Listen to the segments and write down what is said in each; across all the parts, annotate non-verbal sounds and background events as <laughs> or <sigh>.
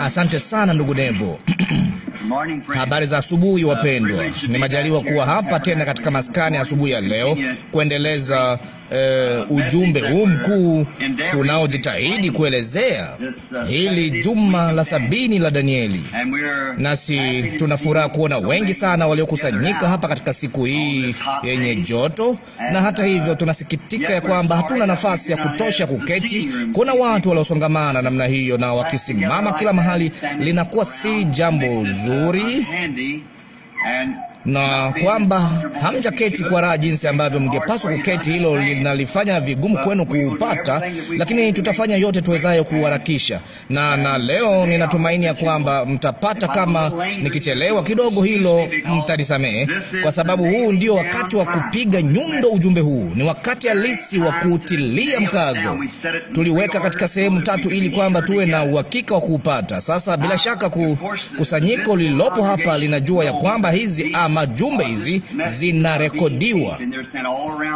Asante sana ndugu Nevo. Habari za asubuhi uh, wapendwa. Nimejaliwa kuwa hapa tena katika maskani asubuhi ya leo kuendeleza uh, ujumbe huu mkuu tunaojitahidi kuelezea hili juma la sabini la Danieli, nasi tuna furaha kuona wengi sana waliokusanyika hapa katika siku hii yenye joto, na hata hivyo tunasikitika ya kwamba hatuna nafasi ya kutosha kuketi. Kuna watu waliosongamana namna hiyo, na wakisimama kila mahali linakuwa si jambo zuri na kwamba hamjaketi kwa raha jinsi ambavyo mngepaswa kuketi. Hilo linalifanya vigumu kwenu kuupata, lakini tutafanya yote tuwezayo kuharakisha, na na leo ninatumaini ya kwamba mtapata. Kama nikichelewa kidogo, hilo mtanisamehe, kwa sababu huu ndio wakati wa kupiga nyundo. Ujumbe huu ni wakati halisi wa kuutilia mkazo. Tuliweka katika sehemu tatu ili kwamba tuwe na uhakika wa kuupata. Sasa bila shaka kusanyiko lililopo hapa linajua ya kwamba hizi ama ama jumbe hizi zinarekodiwa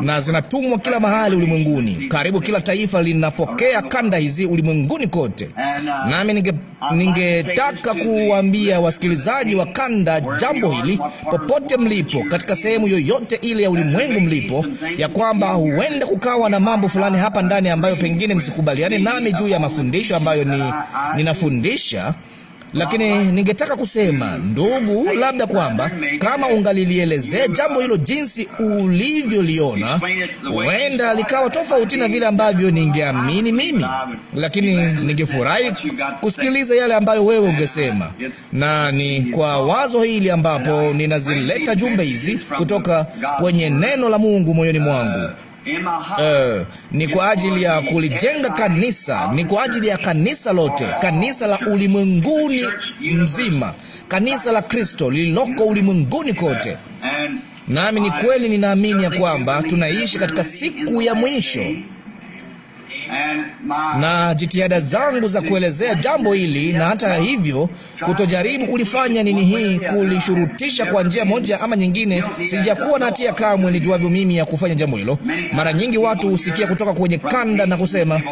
na zinatumwa kila mahali ulimwenguni. Karibu kila taifa linapokea kanda hizi ulimwenguni kote. Nami ninge ningetaka kuwaambia wasikilizaji wa kanda jambo hili, popote mlipo, katika sehemu yoyote ile ya ulimwengu mlipo, ya kwamba huenda kukawa na mambo fulani hapa ndani ambayo pengine msikubaliane nami juu ya mafundisho ambayo ni ninafundisha lakini ningetaka kusema ndugu, labda kwamba kama ungalilielezea jambo hilo jinsi ulivyoliona, huenda likawa tofauti na vile ambavyo ningeamini mimi, lakini ningefurahi kusikiliza yale ambayo wewe ungesema. Na ni kwa wazo hili ambapo ninazileta jumbe hizi kutoka kwenye neno la Mungu moyoni mwangu. Uh, ni kwa ajili ya kulijenga kanisa, ni kwa ajili ya kanisa lote, kanisa la ulimwenguni mzima, kanisa la Kristo lililoko ulimwenguni kote. Nami ni kweli ninaamini ya kwamba tunaishi katika siku ya mwisho na jitihada zangu za kuelezea jambo hili, na hata hivyo kutojaribu kulifanya nini hii, kulishurutisha kwa njia moja ama nyingine. Sijakuwa na hatia kamwe nijuavyo mimi ya kufanya jambo hilo. Mara nyingi watu husikia kutoka kwenye kanda na kusema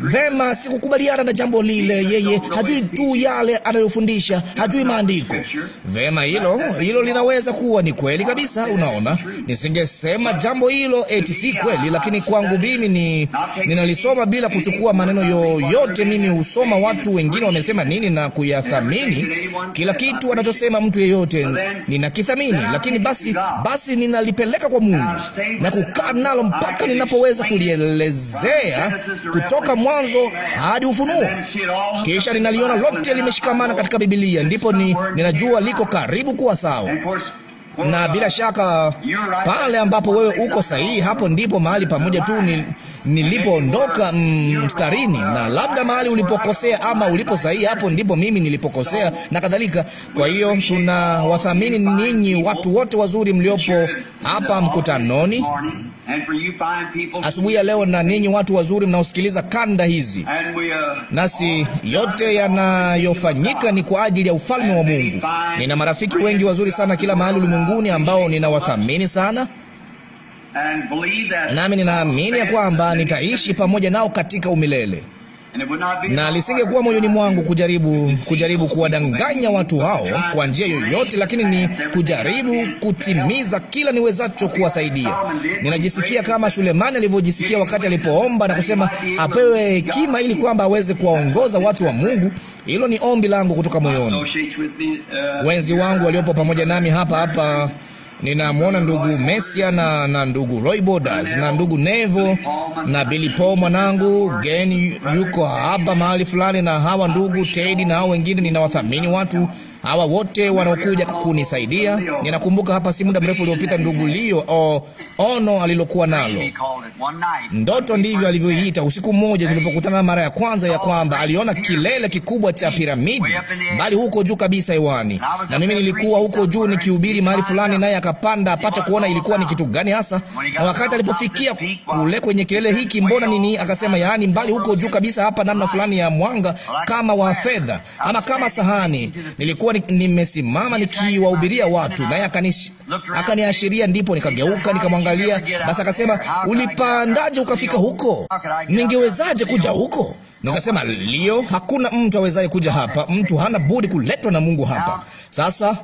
vema, sikukubaliana na jambo lile, yeye hajui tu yale anayofundisha, hajui maandiko. Vema, hilo hilo linaweza kuwa ni kweli kabisa. Unaona, nisingesema jambo hilo eti si kweli, lakini kwangu mimi ni ninali kusoma bila kuchukua maneno yoyote. Mimi husoma watu wengine wamesema nini na kuyathamini. Kila kitu anachosema mtu yeyote ninakithamini, lakini basi basi ninalipeleka kwa Mungu na kukaa nalo mpaka ninapoweza kulielezea kutoka mwanzo hadi Ufunuo. Kisha ninaliona lote limeshikamana katika Biblia, ndipo ni ninajua liko karibu kuwa sawa na bila shaka pale ambapo wewe uko sahihi, hapo ndipo mahali pamoja tu nilipoondoka mm, mstarini, mm, na labda mahali ulipokosea ama ulipo sahihi, hapo ndipo mimi nilipokosea na kadhalika. Kwa hiyo tunawathamini ninyi watu wote wazuri mliopo hapa mkutanoni asubuhi ya leo, na ninyi watu wazuri mnaosikiliza kanda hizi, nasi yote yanayofanyika ni kwa ajili ya ufalme wa Mungu. Nina marafiki wengi wazuri sana kila mahali ulimwenguni ulimwenguni ambao ninawathamini sana, nami ninaamini ya kwamba nitaishi pamoja nao katika umilele na lisingekuwa moyoni mwangu kujaribu kujaribu kuwadanganya watu hao kwa njia yoyote, lakini ni kujaribu kutimiza kila niwezacho kuwasaidia. Ninajisikia kama Sulemani alivyojisikia wakati alipoomba na kusema apewe hekima ili kwamba aweze kuwaongoza watu wa Mungu. Hilo ni ombi langu kutoka moyoni. Uh, Wenzi wangu waliopo pamoja nami hapa hapa ninamwona ndugu Mesia na, na ndugu Roy Borders na ndugu Nevo na Billy Paul mwanangu Geni yuko hapa mahali fulani, na hawa ndugu Teddy na hao wengine, ninawathamini watu hawa wote wanaokuja kunisaidia. Ninakumbuka hapa si muda mrefu uliopita, ndugu Lio o, ono alilokuwa nalo ndoto, ndivyo alivyoiita usiku mmoja tulipokutana mara ya kwanza, ya kwamba aliona kilele kikubwa cha piramidi, bali huko juu kabisa hewani, na mimi nilikuwa huko juu nikihubiri mahali fulani, naye akapanda apate kuona ilikuwa ni kitu gani hasa. Na wakati alipofikia kule kwenye kilele hiki, mbona nini, akasema yaani, mbali huko juu kabisa hapa namna fulani ya mwanga kama wa fedha ama kama sahani, nilikuwa nilikuwa nimesimama nikiwahubiria watu, naye akaniashiria, ndipo nikageuka nikamwangalia. Basi akasema, ulipandaje ukafika huko? Ningewezaje kuja huko? Nikasema, lio, hakuna mtu awezaye kuja hapa. Mtu hana budi kuletwa na Mungu hapa. Sasa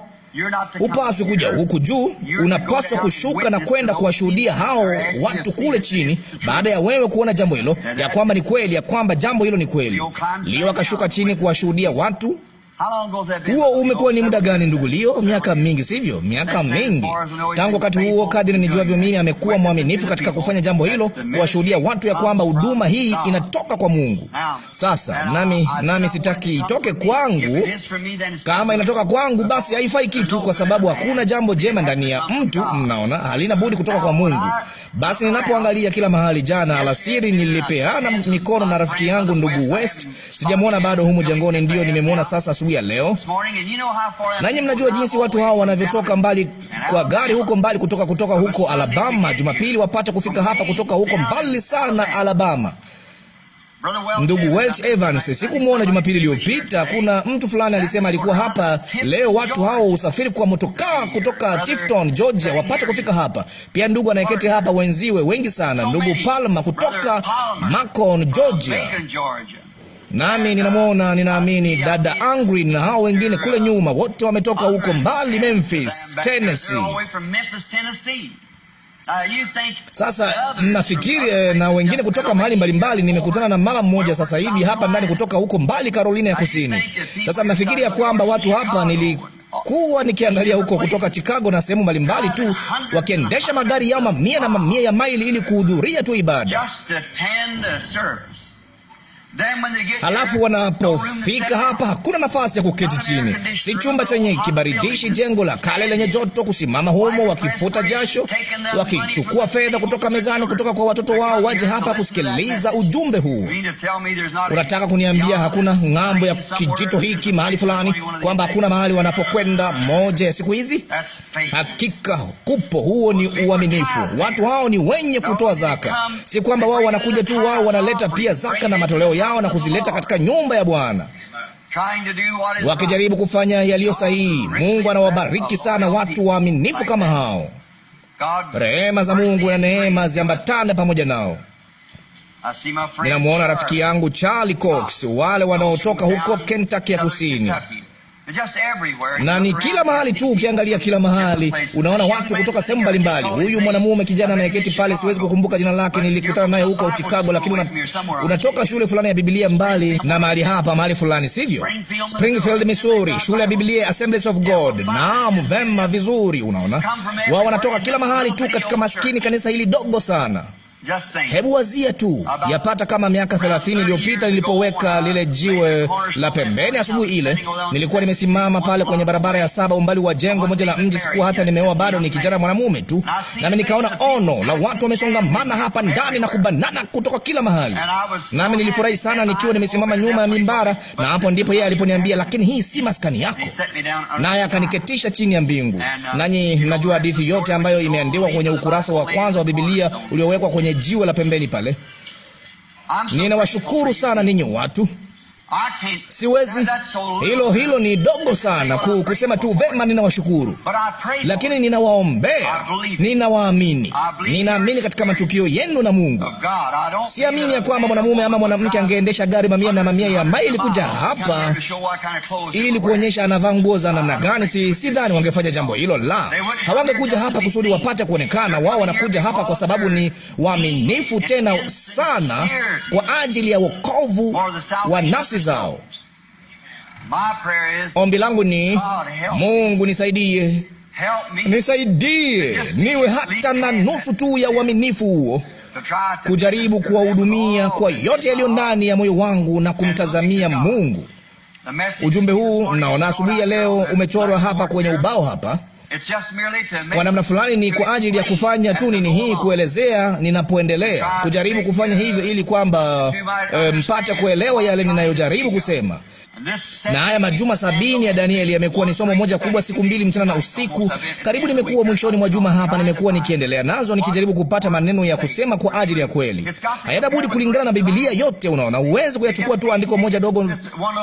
upaswi kuja huku juu, unapaswa kushuka na kwenda kuwashuhudia hao watu kule chini, baada ya wewe kuona jambo hilo, ya kwamba ni kweli, ya kwamba jambo hilo ni kweli. Leo akashuka chini kuwashuhudia watu huo umekuwa ni muda gani, ndugu Leo? Miaka mingi, sivyo? Miaka mingi tangu wakati huo. Kadiri nijuavyo mimi, amekuwa mwaminifu katika kufanya jambo hilo, kuwashuhudia watu ya kwamba huduma hii inatoka kwa Mungu. Sasa nami, nami sitaki itoke kwangu. Kama inatoka kwangu, basi haifai kitu, kwa sababu hakuna jambo jema ndani ya mtu. Mnaona, halina budi kutoka kwa Mungu. Basi ninapoangalia kila mahali, jana alasiri nilipeana mikono na rafiki yangu ndugu West, sijamwona bado humu jengoni, ndio nimemwona sasa asubuhi ya leo. Nanyi mnajua jinsi watu hao wanavyotoka mbali kwa gari huko mbali, kutoka kutoka huko Alabama Jumapili wapata kufika hapa kutoka huko mbali sana Alabama. Ndugu Welch Evans sikumwona Jumapili iliyopita. Kuna mtu fulani alisema alikuwa hapa leo. Watu hao usafiri kwa motokaa kutoka Tifton, Georgia, wapata kufika hapa pia. Ndugu anayeketi hapa, wenziwe wengi sana, ndugu Palma kutoka Macon, Georgia nami ninamwona, ninaamini dada Angry na hao wengine kule nyuma, wote wametoka huko mbali Memphis, Tennessee. Uh, sasa mnafikiri eh, na wengine kutoka mahali mbalimbali. Nimekutana na mama mmoja sasa hivi hapa ndani kutoka huko mbali Carolina ya Kusini. Sasa nafikiri ya kwamba watu hapa nili kuwa nikiangalia huko kutoka Chicago na sehemu mbalimbali tu wakiendesha magari yao mamia na mamia ya maili ili kuhudhuria tu ibada. Halafu wanapofika hapa hakuna nafasi ya kuketi chini, si chumba chenye kibaridishi, jengo la kale lenye joto, kusimama humo wakifuta jasho, wakichukua fedha kutoka mezani, kutoka kwa watoto wao, waje hapa kusikiliza ujumbe huu. Unataka kuniambia hakuna ng'ambo ya kijito hiki mahali fulani, kwamba hakuna mahali wanapokwenda moja ya siku hizi? Hakika kupo. Huo ni uaminifu. Watu hao ni wenye kutoa zaka, si kwamba wao wanakuja tu, wao wanaleta pia zaka na matoleo yao na kuzileta katika nyumba ya Bwana, wakijaribu kufanya yaliyo sahihi. Mungu anawabariki sana watu waaminifu kama hao. Rehema za Mungu na neema ziambatane pamoja nao. Ninamwona rafiki yangu Charlie Cox, wale wanaotoka huko Kentucky ya Kusini na ni kila mahali tu. Ukiangalia kila mahali unaona watu kutoka sehemu mbalimbali. Huyu mwanamume kijana anayeketi pale, siwezi kukumbuka jina lake, nilikutana naye huko Chicago, lakini una, unatoka shule fulani ya Biblia mbali na mahali hapa, mahali fulani, sivyo? Springfield, Missouri, shule ya Biblia Assemblies of God. Naam, vema, vizuri. Unaona wao wanatoka kila mahali tu katika maskini kanisa hili dogo sana. Hebu wazia tu, yapata kama miaka thelathini iliyopita nilipoweka uh, lile jiwe la pembeni. Asubuhi ile nilikuwa nimesimama pale kwenye barabara ya saba, umbali wa jengo moja la mji. Sikuwa hata nimeoa bado, ni kijana mwanamume tu, nami nikaona ono la watu wamesongamana hapa ndani na kubanana kutoka kila mahali, nami nilifurahi sana nikiwa nimesimama nyuma ya mimbara, na hapo ndipo yeye aliponiambia, lakini hii si maskani yako, naye akaniketisha chini ya mbingu. Uh, Nanyi mnajua hadithi yote ambayo imeandikwa kwenye ukurasa wa kwanza wa Biblia uliowekwa kwenye kwenye jiwe la pembeni pale. Ninawashukuru sana ninyi watu siwezi. Hilo hilo ni dogo sana kusema tu vema, ninawashukuru, lakini ninawaombea, ninawaamini, ninaamini katika matukio yenu na Mungu. Siamini ya kwamba mwanamume ama mwanamke angeendesha gari mamia na mamia ya maili kuja hapa ili kuonyesha anavaa nguo za namna gani. Si sidhani wangefanya jambo hilo, la, hawangekuja hapa kusudi wapate kuonekana. Wao wanakuja hapa kwa sababu ni waaminifu tena sana kwa ajili ya wokovu wa nafsi nafsi zao. Ombi langu ni Mungu nisaidie, nisaidie niwe hata na nusu tu ya uaminifu huo, kujaribu kuwahudumia kwa yote yaliyo ndani ya moyo wangu na kumtazamia Mungu. Ujumbe huu mnaona asubuhi ya leo umechorwa hapa kwenye ubao hapa kwa namna fulani ni kwa ajili ya kufanya tu nini hii, kuelezea ninapoendelea kujaribu kufanya hivyo, ili kwamba e, mpate kuelewa yale ninayojaribu kusema. Na haya majuma sabini ya Danieli yamekuwa ni somo moja kubwa, siku mbili mchana na usiku. Karibu nimekuwa mwishoni mwa juma hapa, nimekuwa nikiendelea nazo, nikijaribu kupata maneno ya kusema kwa ajili ya kweli. Hayana budi kulingana na Biblia yote. Unaona, uwezi kuyachukua tu andiko moja dogo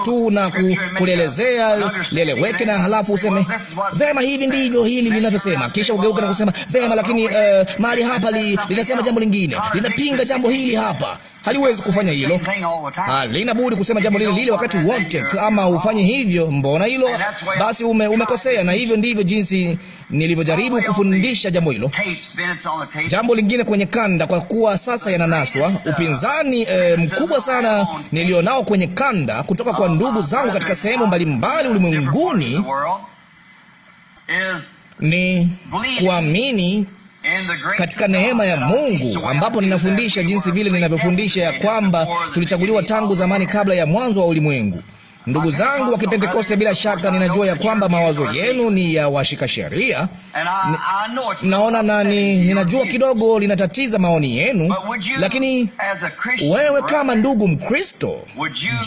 tu na kulielezea lieleweke, na halafu useme vema, hivi ndivyo hili linavyosema, kisha ugeuka na kusema vema, lakini uh, mahali hapa li, linasema jambo lingine, linapinga jambo hili hapa Haliwezi kufanya hilo, halina budi kusema jambo lile lile wakati wote. Kama ufanye hivyo, mbona hilo basi ume, umekosea. Na hivyo ndivyo jinsi nilivyojaribu kufundisha jambo hilo. Jambo lingine kwenye kanda, kwa kuwa sasa yananaswa, upinzani e, mkubwa sana nilionao kwenye kanda kutoka kwa ndugu zangu katika sehemu mbalimbali ulimwenguni ni kuamini katika neema ya Mungu, ambapo ninafundisha jinsi vile ninavyofundisha ya kwamba tulichaguliwa tangu zamani kabla ya mwanzo wa ulimwengu. Ndugu zangu wa Kipentekoste, bila shaka ninajua ya kwamba mawazo yenu ni ya washika sheria, naona nani, ninajua kidogo linatatiza maoni yenu, lakini wewe kama ndugu Mkristo,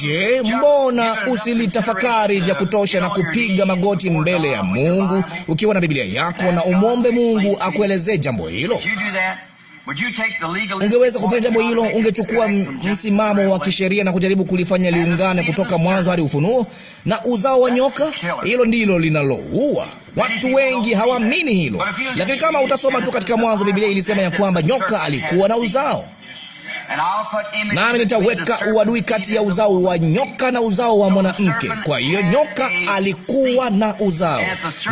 je, mbona usilitafakari vya kutosha na kupiga magoti mbele ya Mungu ukiwa na Biblia yako na umwombe Mungu akuelezee jambo hilo? Ungeweza kufanya jambo hilo? Ungechukua msimamo wa kisheria na kujaribu kulifanya liungane kutoka mwanzo hadi Ufunuo? Na uzao wa nyoka, hilo ndilo linaloua. Watu wengi hawaamini hilo, lakini kama utasoma tu katika Mwanzo, Biblia ilisema ya kwamba nyoka alikuwa na uzao nami nitaweka uadui kati ya uzao wa nyoka na uzao wa mwanamke. Kwa hiyo nyoka alikuwa na uzao,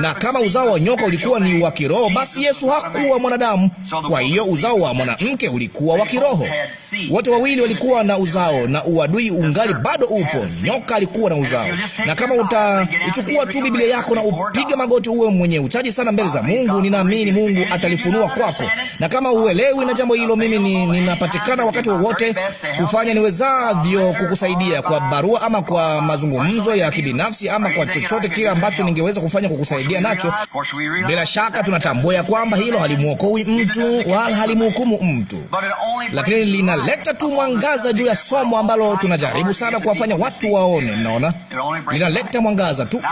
na kama uzao wa nyoka ulikuwa ni wa kiroho, basi Yesu hakuwa mwanadamu. Kwa hiyo uzao wa mwanamke ulikuwa wa kiroho. Wote wawili walikuwa na uzao, na uadui ungali bado upo. Nyoka alikuwa na uzao, na kama utaichukua tu Biblia yako na upige magoti, uwe mwenye uchaji sana mbele za Mungu, ninaamini Mungu atalifunua kwako. Na kama uelewi na jambo hilo, mimi ninapatikana ni wakati wakati wowote, kufanya niwezavyo kukusaidia kwa barua ama kwa mazungumzo ya kibinafsi ama kwa chochote kile ambacho ningeweza kufanya kukusaidia nacho. Bila shaka tunatambua ya kwamba hilo halimwokoi mtu wala halimhukumu mtu, lakini linaleta tu mwangaza juu ya somo ambalo tunajaribu sana kuwafanya watu waone. Mnaona, linaleta mwangaza tu.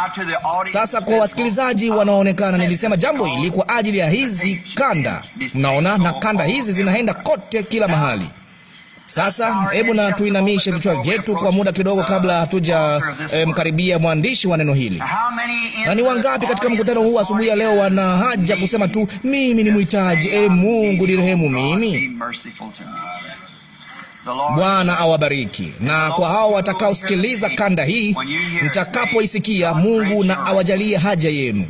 Sasa kwa wasikilizaji wanaonekana, nilisema jambo hili kwa ajili ya hizi kanda, mnaona, na kanda hizi zinaenda kote, kila mahali. Sasa hebu na tuinamishe vichwa vyetu kwa muda kidogo, kabla hatuja e, mkaribia mwandishi wa neno hili. Na ni wangapi katika mkutano huu asubuhi ya leo wana haja kusema tu, mimi ni mhitaji, e eh, Mungu nirehemu mimi. Bwana awabariki. Na kwa hao watakaosikiliza kanda hii, mtakapoisikia, Mungu na awajalie haja yenu.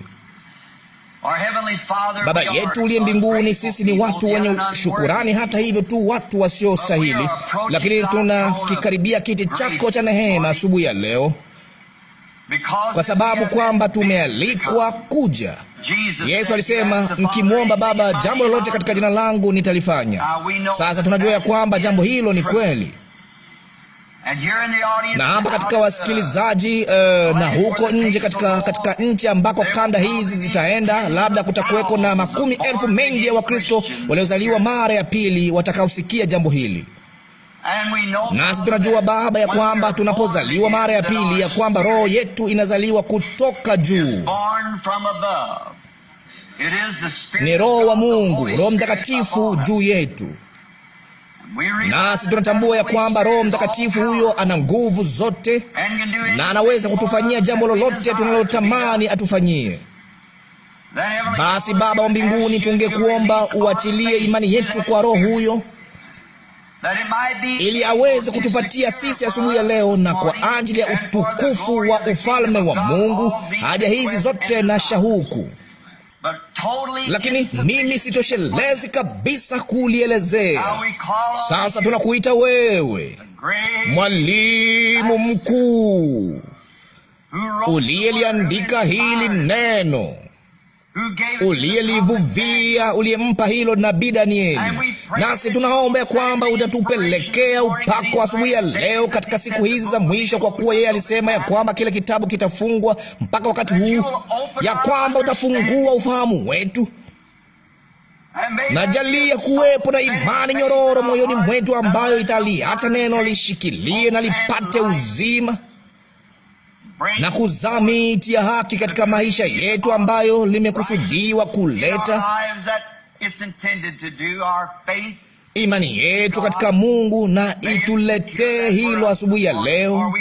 Baba yetu uliye mbinguni, sisi ni watu wenye shukurani, hata hivyo tu watu wasiostahili, lakini tunakikaribia kiti chako cha neema asubuhi ya leo, kwa sababu kwamba tumealikwa kuja. Yesu alisema, mkimwomba Baba jambo lolote katika jina langu nitalifanya. Sasa tunajua ya kwamba jambo hilo ni kweli na hapa katika uh, wasikilizaji uh, na huko nje katika, katika nchi ambako kanda hizi zitaenda, labda kutakuweko na makumi elfu mengi ya Wakristo waliozaliwa mara ya pili watakaosikia jambo hili. Nasi tunajua Baba ya kwamba tunapozaliwa mara ya pili, ya kwamba roho yetu inazaliwa kutoka juu ni Roho wa Mungu, Roho Mtakatifu juu yetu nasi tunatambua ya kwamba Roho Mtakatifu huyo ana nguvu zote na anaweza kutufanyia jambo lolote tunalotamani atufanyie. Basi Baba wa mbinguni, tungekuomba uachilie imani yetu kwa Roho huyo ili aweze kutupatia sisi asubuhi ya leo na kwa ajili ya utukufu wa ufalme wa Mungu haja hizi zote na shahuku lakini mimi sitoshelezi kabisa kulielezea. Sasa tunakuita wewe mwalimu mkuu uliyeliandika hili neno uliyelivuvia uliyempa hilo nabii Danieli, Nasi tunaomba ya kwamba utatupelekea upako asubuhi ya leo katika siku hizi za mwisho, kwa kuwa yeye alisema ya kwamba kile kitabu kitafungwa mpaka wakati huu, ya kwamba utafungua ufahamu wetu na jalia kuwepo na imani nyororo moyoni mwetu ambayo italiacha neno lishikilie na lipate uzima na kuzaa miti ya haki katika maisha yetu ambayo limekusudiwa kuleta Imani yetu katika Mungu na ituletee hilo asubuhi ya leo,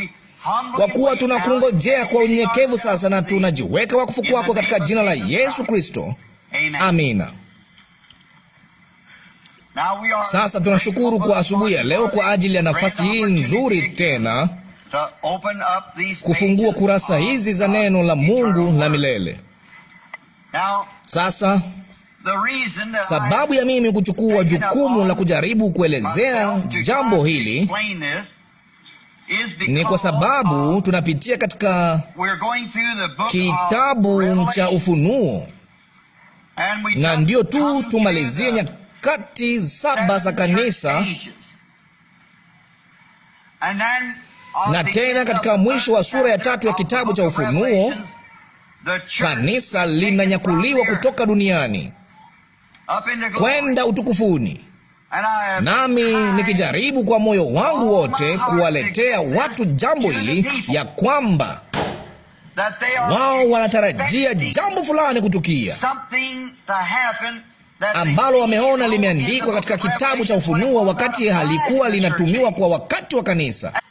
kwa kuwa tunakungojea kwa unyenyekevu sasa, na tunajiweka wakufu kwako katika jina la Yesu Kristo, amina. Sasa tunashukuru kwa asubuhi ya leo kwa ajili ya nafasi hii nzuri tena kufungua kurasa hizi za neno la Mungu la milele. Sasa Sababu ya mimi kuchukua jukumu la kujaribu kuelezea jambo hili ni kwa sababu um, tunapitia katika kitabu cha Ufunuo, na ndio tu tumalizie nyakati saba za kanisa, na tena katika mwisho wa sura ya tatu ya kitabu cha Ufunuo kanisa linanyakuliwa kutoka duniani kwenda utukufuni. Eh, Nami nikijaribu kwa moyo wangu wote kuwaletea watu jambo hili ya kwamba wao wanatarajia jambo fulani kutukia ambalo wameona limeandikwa katika kitabu cha Ufunuo wakati halikuwa linatumiwa kwa wakati wa kanisa,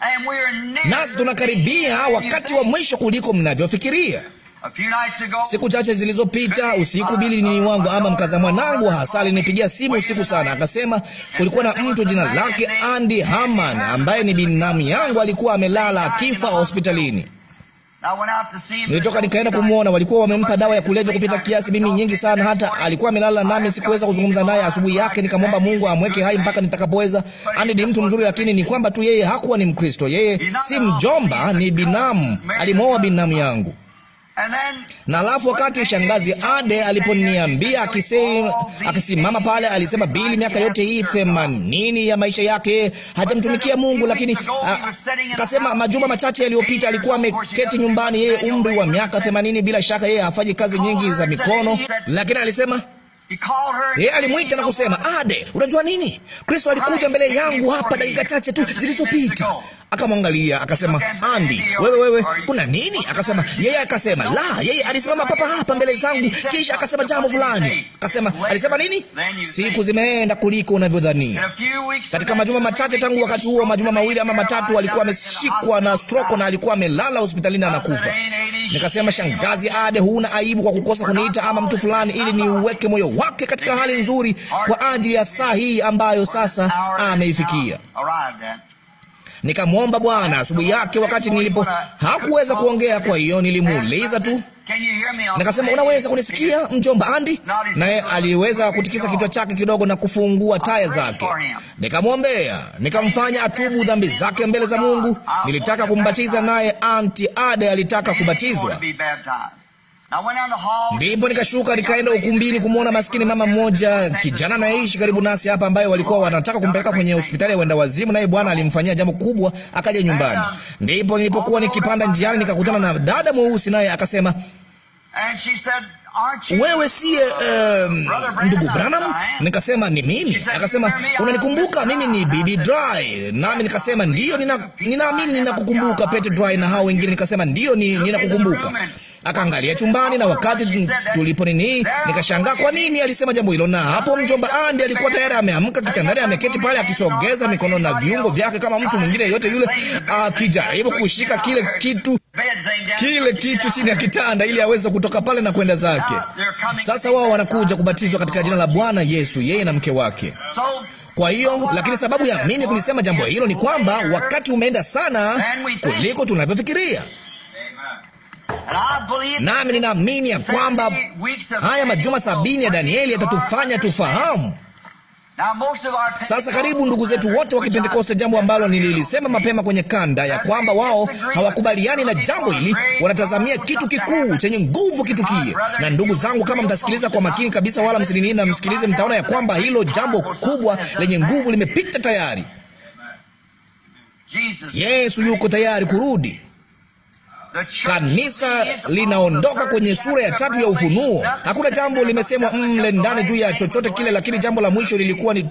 nasi tunakaribia wakati wa mwisho kuliko mnavyofikiria. Siku chache zilizopita usiku, Bili nini wangu ama mkaza mwanangu hasa alinipigia simu usiku sana, akasema kulikuwa na mtu jina lake Andy Haman ambaye ni binamu yangu alikuwa amelala akifa hospitalini. Nilitoka nikaenda kumwona. Walikuwa wamempa dawa ya kulevya kupita kiasi, mimi nyingi sana, hata alikuwa amelala nami sikuweza kuzungumza naye. Asubuhi yake nikamwomba Mungu amweke hai mpaka nitakapoweza. Andy ni mtu mzuri, lakini ni kwamba tu yeye hakuwa ni Mkristo. Yeye si mjomba, ni binamu, alimwoa binamu yangu. Na alafu wakati shangazi Ade aliponiambia akisimama pale, alisema Bili, miaka yote hii themanini ya maisha yake hajamtumikia Mungu, lakini ah, akasema majuma machache yaliyopita alikuwa ameketi nyumbani, yeye umri wa miaka themanini. Bila shaka yeye hafanyi kazi nyingi za mikono, lakini alisema yeye alimwita na kusema, Ade, unajua nini? Kristo alikuja mbele yangu hapa dakika chache tu zilizopita akamwangalia akasema, Andi, wewe wewe, kuna nini? Akasema yeye, akasema la, yeye alisimama papa hapa mbele zangu, kisha akasema jambo fulani. Akasema alisema nini? Siku zimeenda kuliko unavyodhania Katika majuma machache tangu wakati huo, majuma mawili ama matatu, alikuwa ameshikwa na stroke na alikuwa amelala hospitalini anakufa. Nikasema, shangazi Ade, huna aibu kwa kukosa kuniita ama mtu fulani, ili niuweke moyo wake katika hali nzuri kwa ajili ya saa hii ambayo sasa ameifikia. Nikamwomba Bwana asubuhi yake wakati nilipo, hakuweza kuongea, kwa hiyo nilimuuliza tu nikasema unaweza kunisikia mjomba Andi? Naye aliweza kutikisa kichwa chake kidogo na kufungua taya zake. Nikamwombea, nikamfanya atubu dhambi zake mbele za Mungu. Nilitaka kumbatiza naye, anti Ade alitaka kubatizwa. Ndipo nikashuka nikaenda ukumbini kumwona maskini mama mmoja, kijana anayeishi karibu nasi hapa, ambaye walikuwa wanataka kumpeleka kwenye hospitali ya wenda wazimu, naye bwana alimfanyia jambo kubwa, akaja nyumbani. Ndipo nilipokuwa nikipanda njiani nikakutana na dada mweusi, naye akasema wewe siye um, ndugu Branham? Nikasema ni mimi. Akasema unanikumbuka, mimi ni Bibi Dry. Nami nikasema ndiyo, ninaamini ninakukumbuka Pete Dry na hao wengine. Nikasema ndiyo, ninakukumbuka. Akaangalia chumbani, na wakati tulipo nini, nikashangaa kwa nini alisema jambo hilo. Na hapo mjomba Andy alikuwa tayari ameamka kitandani, ameketi pale akisogeza mikono na viungo vyake kama mtu mwingine yote yule, akijaribu kushika kile kitu kile kitu chini ya kitanda ili aweze kutoka pale na kwenda zake. Sasa wao wanakuja kubatizwa katika jina la Bwana Yesu, yeye na mke wake. Kwa hiyo, lakini sababu ya mimi kulisema jambo hilo ni kwamba wakati umeenda sana kuliko tunavyofikiria. Nami ninaamini ya kwamba haya majuma sabini ya Danieli yatatufanya tufahamu sasa karibu ndugu zetu wote wa Kipentekoste, jambo ambalo nililisema mapema kwenye kanda ya kwamba wao hawakubaliani na jambo hili, wanatazamia kitu kikuu chenye nguvu, kitu Na ndugu zangu, kama mtasikiliza kwa makini kabisa, wala msinini na msikilize, mtaona ya kwamba hilo jambo kubwa lenye nguvu limepita tayari. Yesu yuko tayari kurudi. Kanisa linaondoka kwenye sura ya tatu ya Ufunuo. Hakuna jambo limesemwa mm, mle ndani juu ya chochote kile, lakini jambo la mwisho lilikuwa ni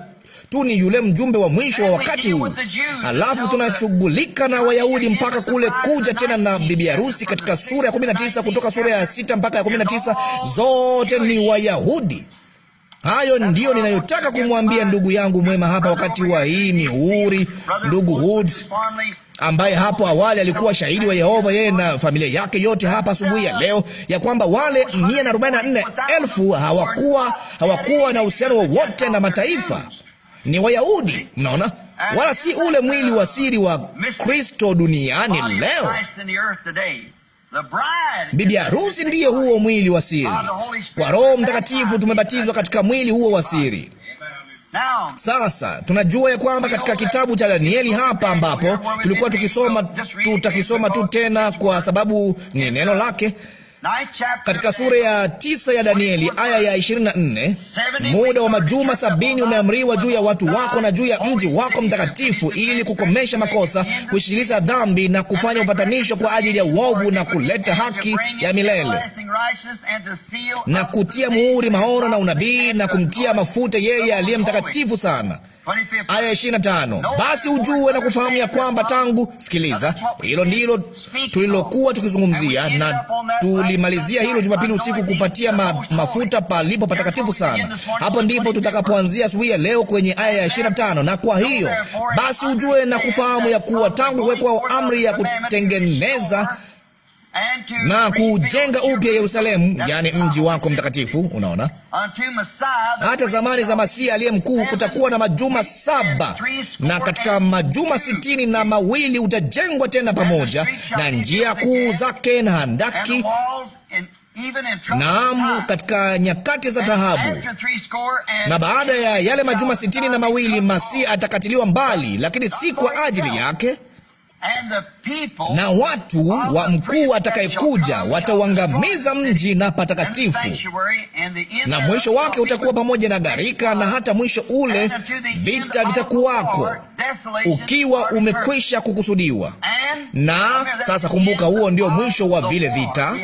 tu ni yule mjumbe wa mwisho wa wakati huu. Alafu tunashughulika na Wayahudi mpaka kule kuja tena na bibi harusi katika sura ya 19 kutoka sura ya sita mpaka ya 19 zote ni Wayahudi. Hayo ndiyo ninayotaka kumwambia ndugu yangu mwema hapa wakati wa hii mihuri, ndugu Hood, ambaye hapo awali alikuwa shahidi wa Yehova, yeye na familia yake yote, hapa asubuhi ya leo, ya kwamba wale 144,000 hawakuwa hawakuwa na uhusiano wowote na mataifa, ni Wayahudi. Mnaona, wala si ule mwili wa siri wa Kristo duniani leo. Bibi harusi ndiye huo mwili wa siri. Kwa Roho Mtakatifu tumebatizwa katika mwili huo wa siri. Sasa tunajua ya kwamba katika kitabu cha Danieli hapa ambapo tulikuwa tukisoma, tutakisoma tu tena kwa sababu ni neno lake. Katika sura ya tisa ya Danieli aya ya 24, muda wa majuma sabini umeamriwa juu ya watu wako na juu ya mji wako mtakatifu, ili kukomesha makosa, kushiriza dhambi na kufanya upatanisho kwa ajili ya uovu na kuleta haki ya milele na kutia muhuri maono na unabii na kumtia mafuta yeye aliye mtakatifu sana aya ishirini na tano basi ujue na kufahamu ya kwamba tangu, sikiliza, hilo ndilo tulilokuwa tukizungumzia na tulimalizia hilo Jumapili usiku, kupatia ma, mafuta palipo patakatifu sana. Hapo ndipo tutakapoanzia asubuhi ya leo kwenye aya ya ishirini na tano na kwa hiyo basi ujue na kufahamu ya kuwa tangu kuwekwa amri ya kutengeneza na kujenga upya Yerusalemu, yani mji wako mtakatifu. Unaona, hata zamani za Masihi aliye mkuu kutakuwa na majuma saba, na katika majuma sitini na mawili utajengwa tena pamoja na njia kuu zake na handaki Naam, katika nyakati za dhahabu. Na baada ya yale majuma sitini na mawili Masihi atakatiliwa mbali, lakini si kwa ajili yake na watu wa mkuu atakayekuja watauangamiza mji na patakatifu, na mwisho wake utakuwa pamoja na gharika, na hata mwisho ule vita vitakuwako, ukiwa umekwisha kukusudiwa. Na sasa kumbuka, huo ndio mwisho wa vile vita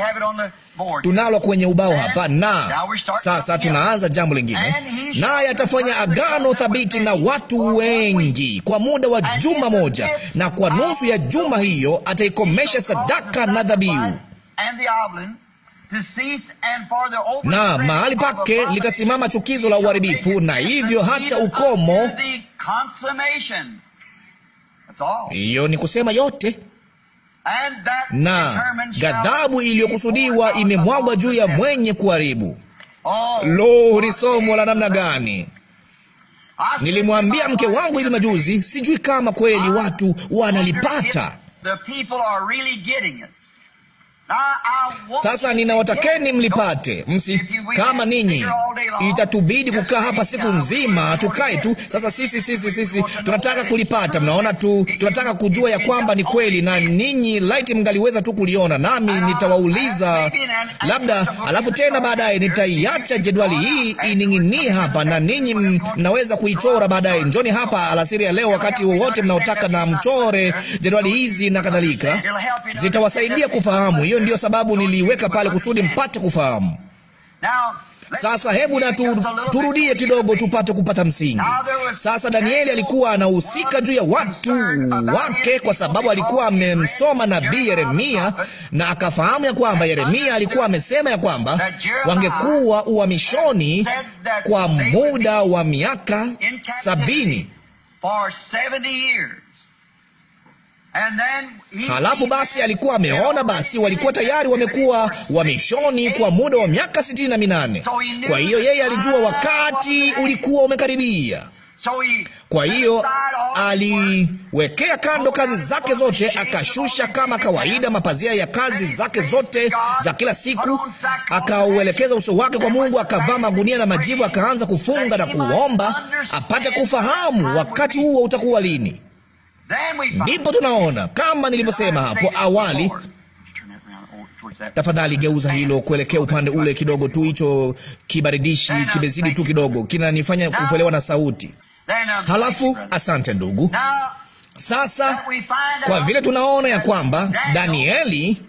tunalo kwenye ubao hapa, na sasa tunaanza jambo lingine, naye atafanya agano thabiti na watu wengi kwa muda wa juma moja, na kwa nusu ya juma hiyo ataikomesha sadaka na dhabihu na mahali pake litasimama chukizo la uharibifu, na hivyo hata ukomo. Hiyo ni kusema yote na ghadhabu iliyokusudiwa imemwagwa juu ya mwenye kuharibu. Oh, Lo, ni somo la namna gani! Nilimwambia mke wangu hivi majuzi, sijui kama kweli watu wanalipata sasa ninawatakeni mlipate, msi kama ninyi, itatubidi kukaa hapa siku nzima, tukae tu. Sasa sisi sisi sisi tunataka kulipata, mnaona tu, tunataka kujua ya kwamba ni kweli, na ninyi light mngaliweza tu kuliona. Nami nitawauliza labda, alafu tena baadaye nitaiacha jedwali hii ining'inii hapa, na ninyi mnaweza kuichora baadaye. Njoni hapa alasiri ya leo, wakati wowote mnaotaka, na mchore jedwali hizi na kadhalika, zitawasaidia kufahamu hiyo hiyo ndiyo sababu niliweka pale kusudi mpate kufahamu. Sasa hebu na tu, turudie kidogo tupate kupata msingi. Sasa Danieli alikuwa anahusika juu ya watu wake kwa sababu alikuwa amemsoma nabii Yeremia na akafahamu ya kwamba Yeremia alikuwa amesema ya kwamba wangekuwa uhamishoni kwa muda wa miaka sabini. Halafu basi alikuwa ameona, basi walikuwa tayari wamekuwa wamishoni kwa muda wa miaka sitini na minane. Kwa hiyo yeye alijua ah, wakati ah, ah, ulikuwa umekaribia. Kwa hiyo aliwekea kando kazi zake zote, akashusha kama kawaida mapazia ya kazi zake zote za kila siku, akauelekeza uso wake kwa Mungu, akavaa magunia na majivu, akaanza kufunga na kuomba apate kufahamu wakati huo utakuwa lini ndipo tunaona kama nilivyosema hapo awali. Tafadhali geuza hilo kuelekea upande ule kidogo tu, hicho kibaridishi kimezidi tu kidogo, kinanifanya kupelewa na sauti. Halafu asante ndugu. Sasa kwa vile tunaona ya kwamba Danieli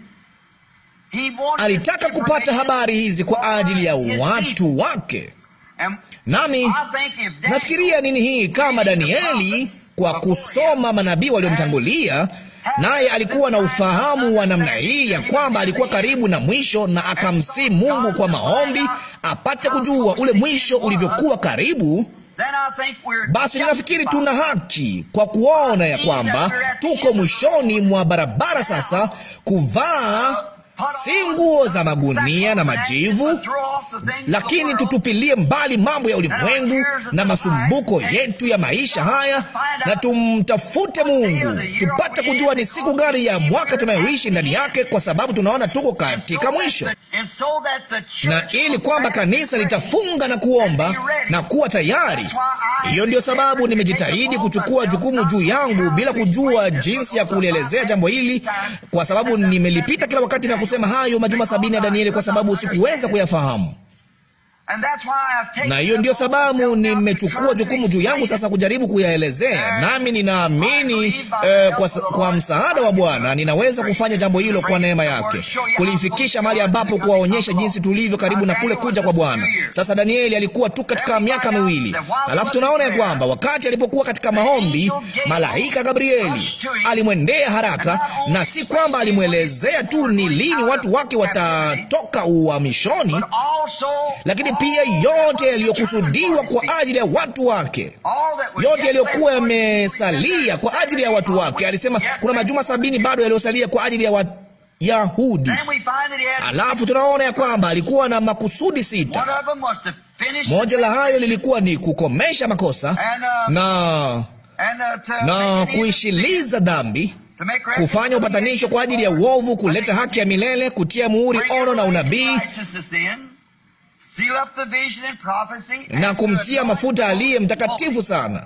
alitaka kupata habari hizi kwa ajili ya watu wake, nami nafikiria nini hii, kama Danieli kwa kusoma manabii waliomtangulia, naye alikuwa na ufahamu wa namna hii ya kwamba alikuwa karibu na mwisho, na akamsii Mungu kwa maombi apate kujua ule mwisho ulivyokuwa karibu. Basi ninafikiri tuna haki kwa kuona ya kwamba tuko mwishoni mwa barabara sasa, kuvaa si nguo za magunia na majivu, lakini tutupilie mbali mambo ya ulimwengu na masumbuko yetu ya maisha haya, na tumtafute Mungu, tupate kujua ni siku gani ya mwaka tunayoishi ndani yake, kwa sababu tunaona tuko katika mwisho, na ili kwamba kanisa litafunga na kuomba na kuwa tayari. Hiyo ndio sababu nimejitahidi kuchukua jukumu juu yangu bila kujua jinsi ya kulielezea jambo hili, kwa sababu nimelipita kila wakati na kusema hayo majuma sabini ya Danieli kwa sababu sikuweza kuyafahamu na hiyo ndiyo sababu nimechukua jukumu juu yangu sasa kujaribu kuyaelezea, nami ninaamini eh, kwa, kwa msaada wa Bwana ninaweza kufanya jambo hilo kwa neema yake, kulifikisha mahali ambapo kuwaonyesha jinsi tulivyo karibu na kule kuja kwa Bwana. Sasa Danieli alikuwa tu katika miaka miwili, alafu tunaona ya kwamba wakati alipokuwa katika maombi, malaika Gabrieli alimwendea haraka, na si kwamba alimwelezea tu ni lini watu wake watatoka uhamishoni, lakini pia yote yaliyokusudiwa kwa ajili ya watu wake, yote yaliyokuwa yamesalia kwa ajili ya watu wake. Alisema kuna majuma sabini bado yaliyosalia kwa ajili ya watu Yahudi. Alafu tunaona ya kwamba alikuwa na makusudi sita. Moja la hayo lilikuwa ni kukomesha makosa uh, na uh, na kuishiliza dhambi, kufanya upatanisho kwa ajili ya uovu, kuleta haki ya milele, kutia muhuri ono na unabii na kumtia mafuta aliye mtakatifu sana.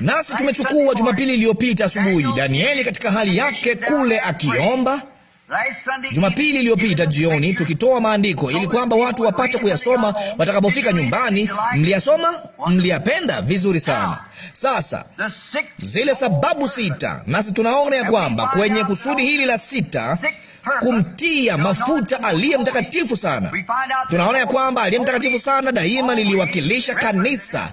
Nasi tumechukua Jumapili iliyopita asubuhi Danieli katika hali yake kule akiomba Jumapili iliyopita jioni tukitoa maandiko ili kwamba watu wapate kuyasoma watakapofika nyumbani. Mliyasoma, mliyapenda vizuri sana. Sasa zile sababu sita, nasi tunaona ya kwamba kwenye kusudi hili la sita, kumtia mafuta aliye mtakatifu sana, tunaona ya kwamba aliye mtakatifu sana daima liliwakilisha kanisa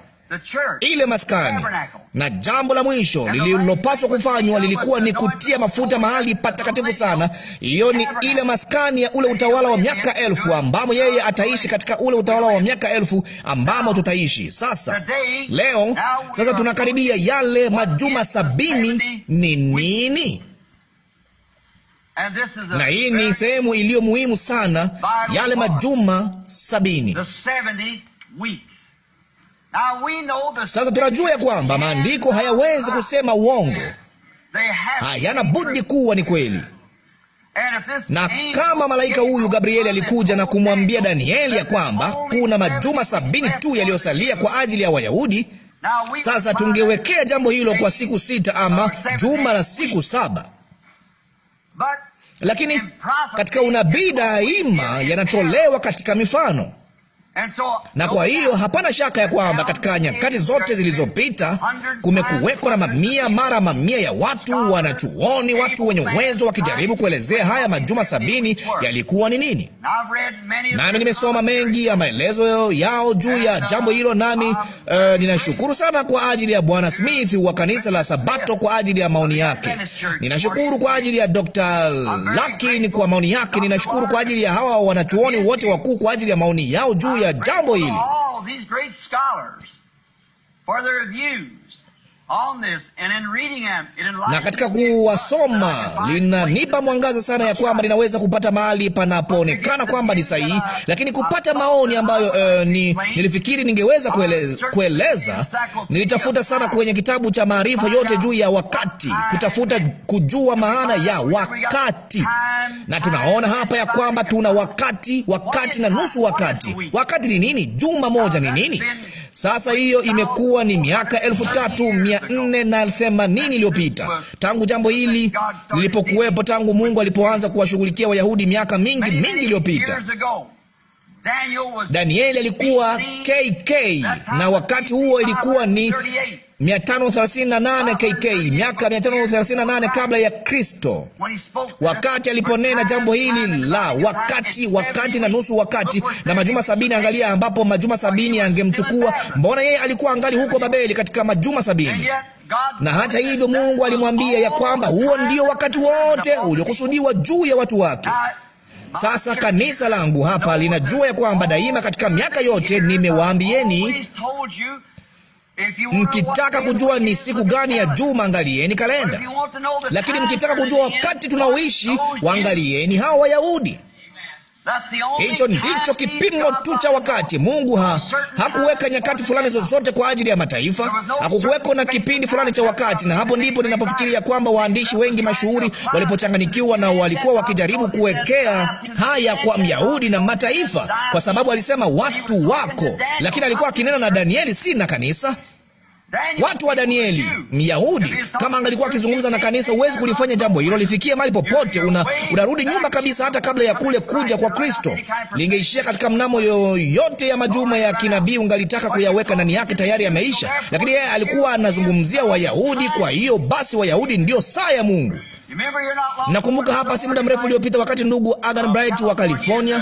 ile maskani. Na jambo la mwisho lililopaswa kufanywa lilikuwa ni kutia mafuta mahali patakatifu sana. Hiyo ni ile maskani ya ule utawala wa miaka elfu ambamo yeye ataishi, katika ule utawala wa miaka elfu ambamo tutaishi sasa. Leo sasa tunakaribia yale majuma sabini. Ni nini? na hii ni sehemu iliyo muhimu sana, yale majuma sabini. Sasa tunajua ya kwamba maandiko hayawezi kusema uongo, hayana budi kuwa ni kweli. Na kama malaika huyu Gabrieli alikuja na kumwambia Danieli ya kwamba kuna majuma sabini tu yaliyosalia kwa ajili ya Wayahudi, sasa tungewekea jambo hilo kwa siku sita ama juma la siku saba, lakini katika unabii daima yanatolewa katika mifano. Na kwa hiyo hapana shaka ya kwamba katika nyakati zote zilizopita kumekuweko na mamia mara mamia ya watu wanachuoni, watu wenye uwezo wakijaribu kuelezea haya majuma sabini yalikuwa ni nini. Nami nimesoma mengi ya maelezo yao juu ya jambo hilo, nami uh, ninashukuru sana kwa ajili ya Bwana Smith wa kanisa la Sabato kwa ajili ya maoni yake. Ninashukuru kwa ajili ya Dr. Lakin kwa maoni yake. Ninashukuru kwa ajili ya hawa wanachuoni wote wakuu kwa ajili ya maoni yao juu ya All these great scholars for their views. na katika kuwasoma linanipa mwangaza sana ya kwamba ninaweza kupata mahali panapoonekana kwamba ni sahihi, lakini kupata maoni ambayo uh, ni, nilifikiri ningeweza kueleza, kueleza. Nilitafuta sana kwenye kitabu cha maarifa yote juu ya wakati, kutafuta kujua maana ya wakati, na tunaona hapa ya kwamba tuna wakati, wakati na nusu wakati. Wakati ni nini? Juma moja ni nini? Sasa hiyo imekuwa ni miaka elfu tatu mia nne na themanini iliyopita tangu jambo hili lilipokuwepo, tangu Mungu alipoanza kuwashughulikia Wayahudi miaka mingi mingi iliyopita. Danieli alikuwa KK na wakati huo ilikuwa ni 538 KK, miaka 538 kabla ya Kristo, wakati aliponena jambo hili la wakati, wakati na nusu wakati na majuma sabini. Angalia ambapo majuma sabini angemchukua mbona yeye alikuwa angali huko Babeli katika majuma sabini na hata hivyo Mungu alimwambia ya kwamba huo ndio wakati wote uliokusudiwa juu ya watu wake. Sasa kanisa langu hapa linajua ya kwamba daima katika miaka yote nimewaambieni Mkitaka kujua ni siku gani ya juma, angalieni kalenda. Lakini mkitaka kujua wakati tunaoishi, waangalieni hao Wayahudi. Hicho ndicho kipimo tu cha wakati. Mungu ha, hakuweka nyakati fulani zozote kwa ajili ya mataifa, hakukuweko na kipindi fulani cha wakati. Na hapo ndipo ninapofikiria kwamba waandishi wengi mashuhuri walipochanganyikiwa na walikuwa wakijaribu kuwekea haya kwa Myahudi na mataifa, kwa sababu alisema watu wako, lakini alikuwa akinena na Danieli, si na kanisa watu wa Danieli, Myahudi. Kama angalikuwa akizungumza na kanisa, huwezi kulifanya jambo hilo lifikie mahali popote. Una, unarudi nyuma kabisa, hata kabla ya kule kuja kwa Kristo. Lingeishia katika mnamo yoyote ya majuma ya kinabii ungalitaka kuyaweka ndani yake, tayari yameisha. Lakini yeye alikuwa anazungumzia Wayahudi. Kwa hiyo basi, Wayahudi ndio saa ya Mungu. Nakumbuka hapa si muda mrefu uliopita, wakati ndugu Agan Bright wa California,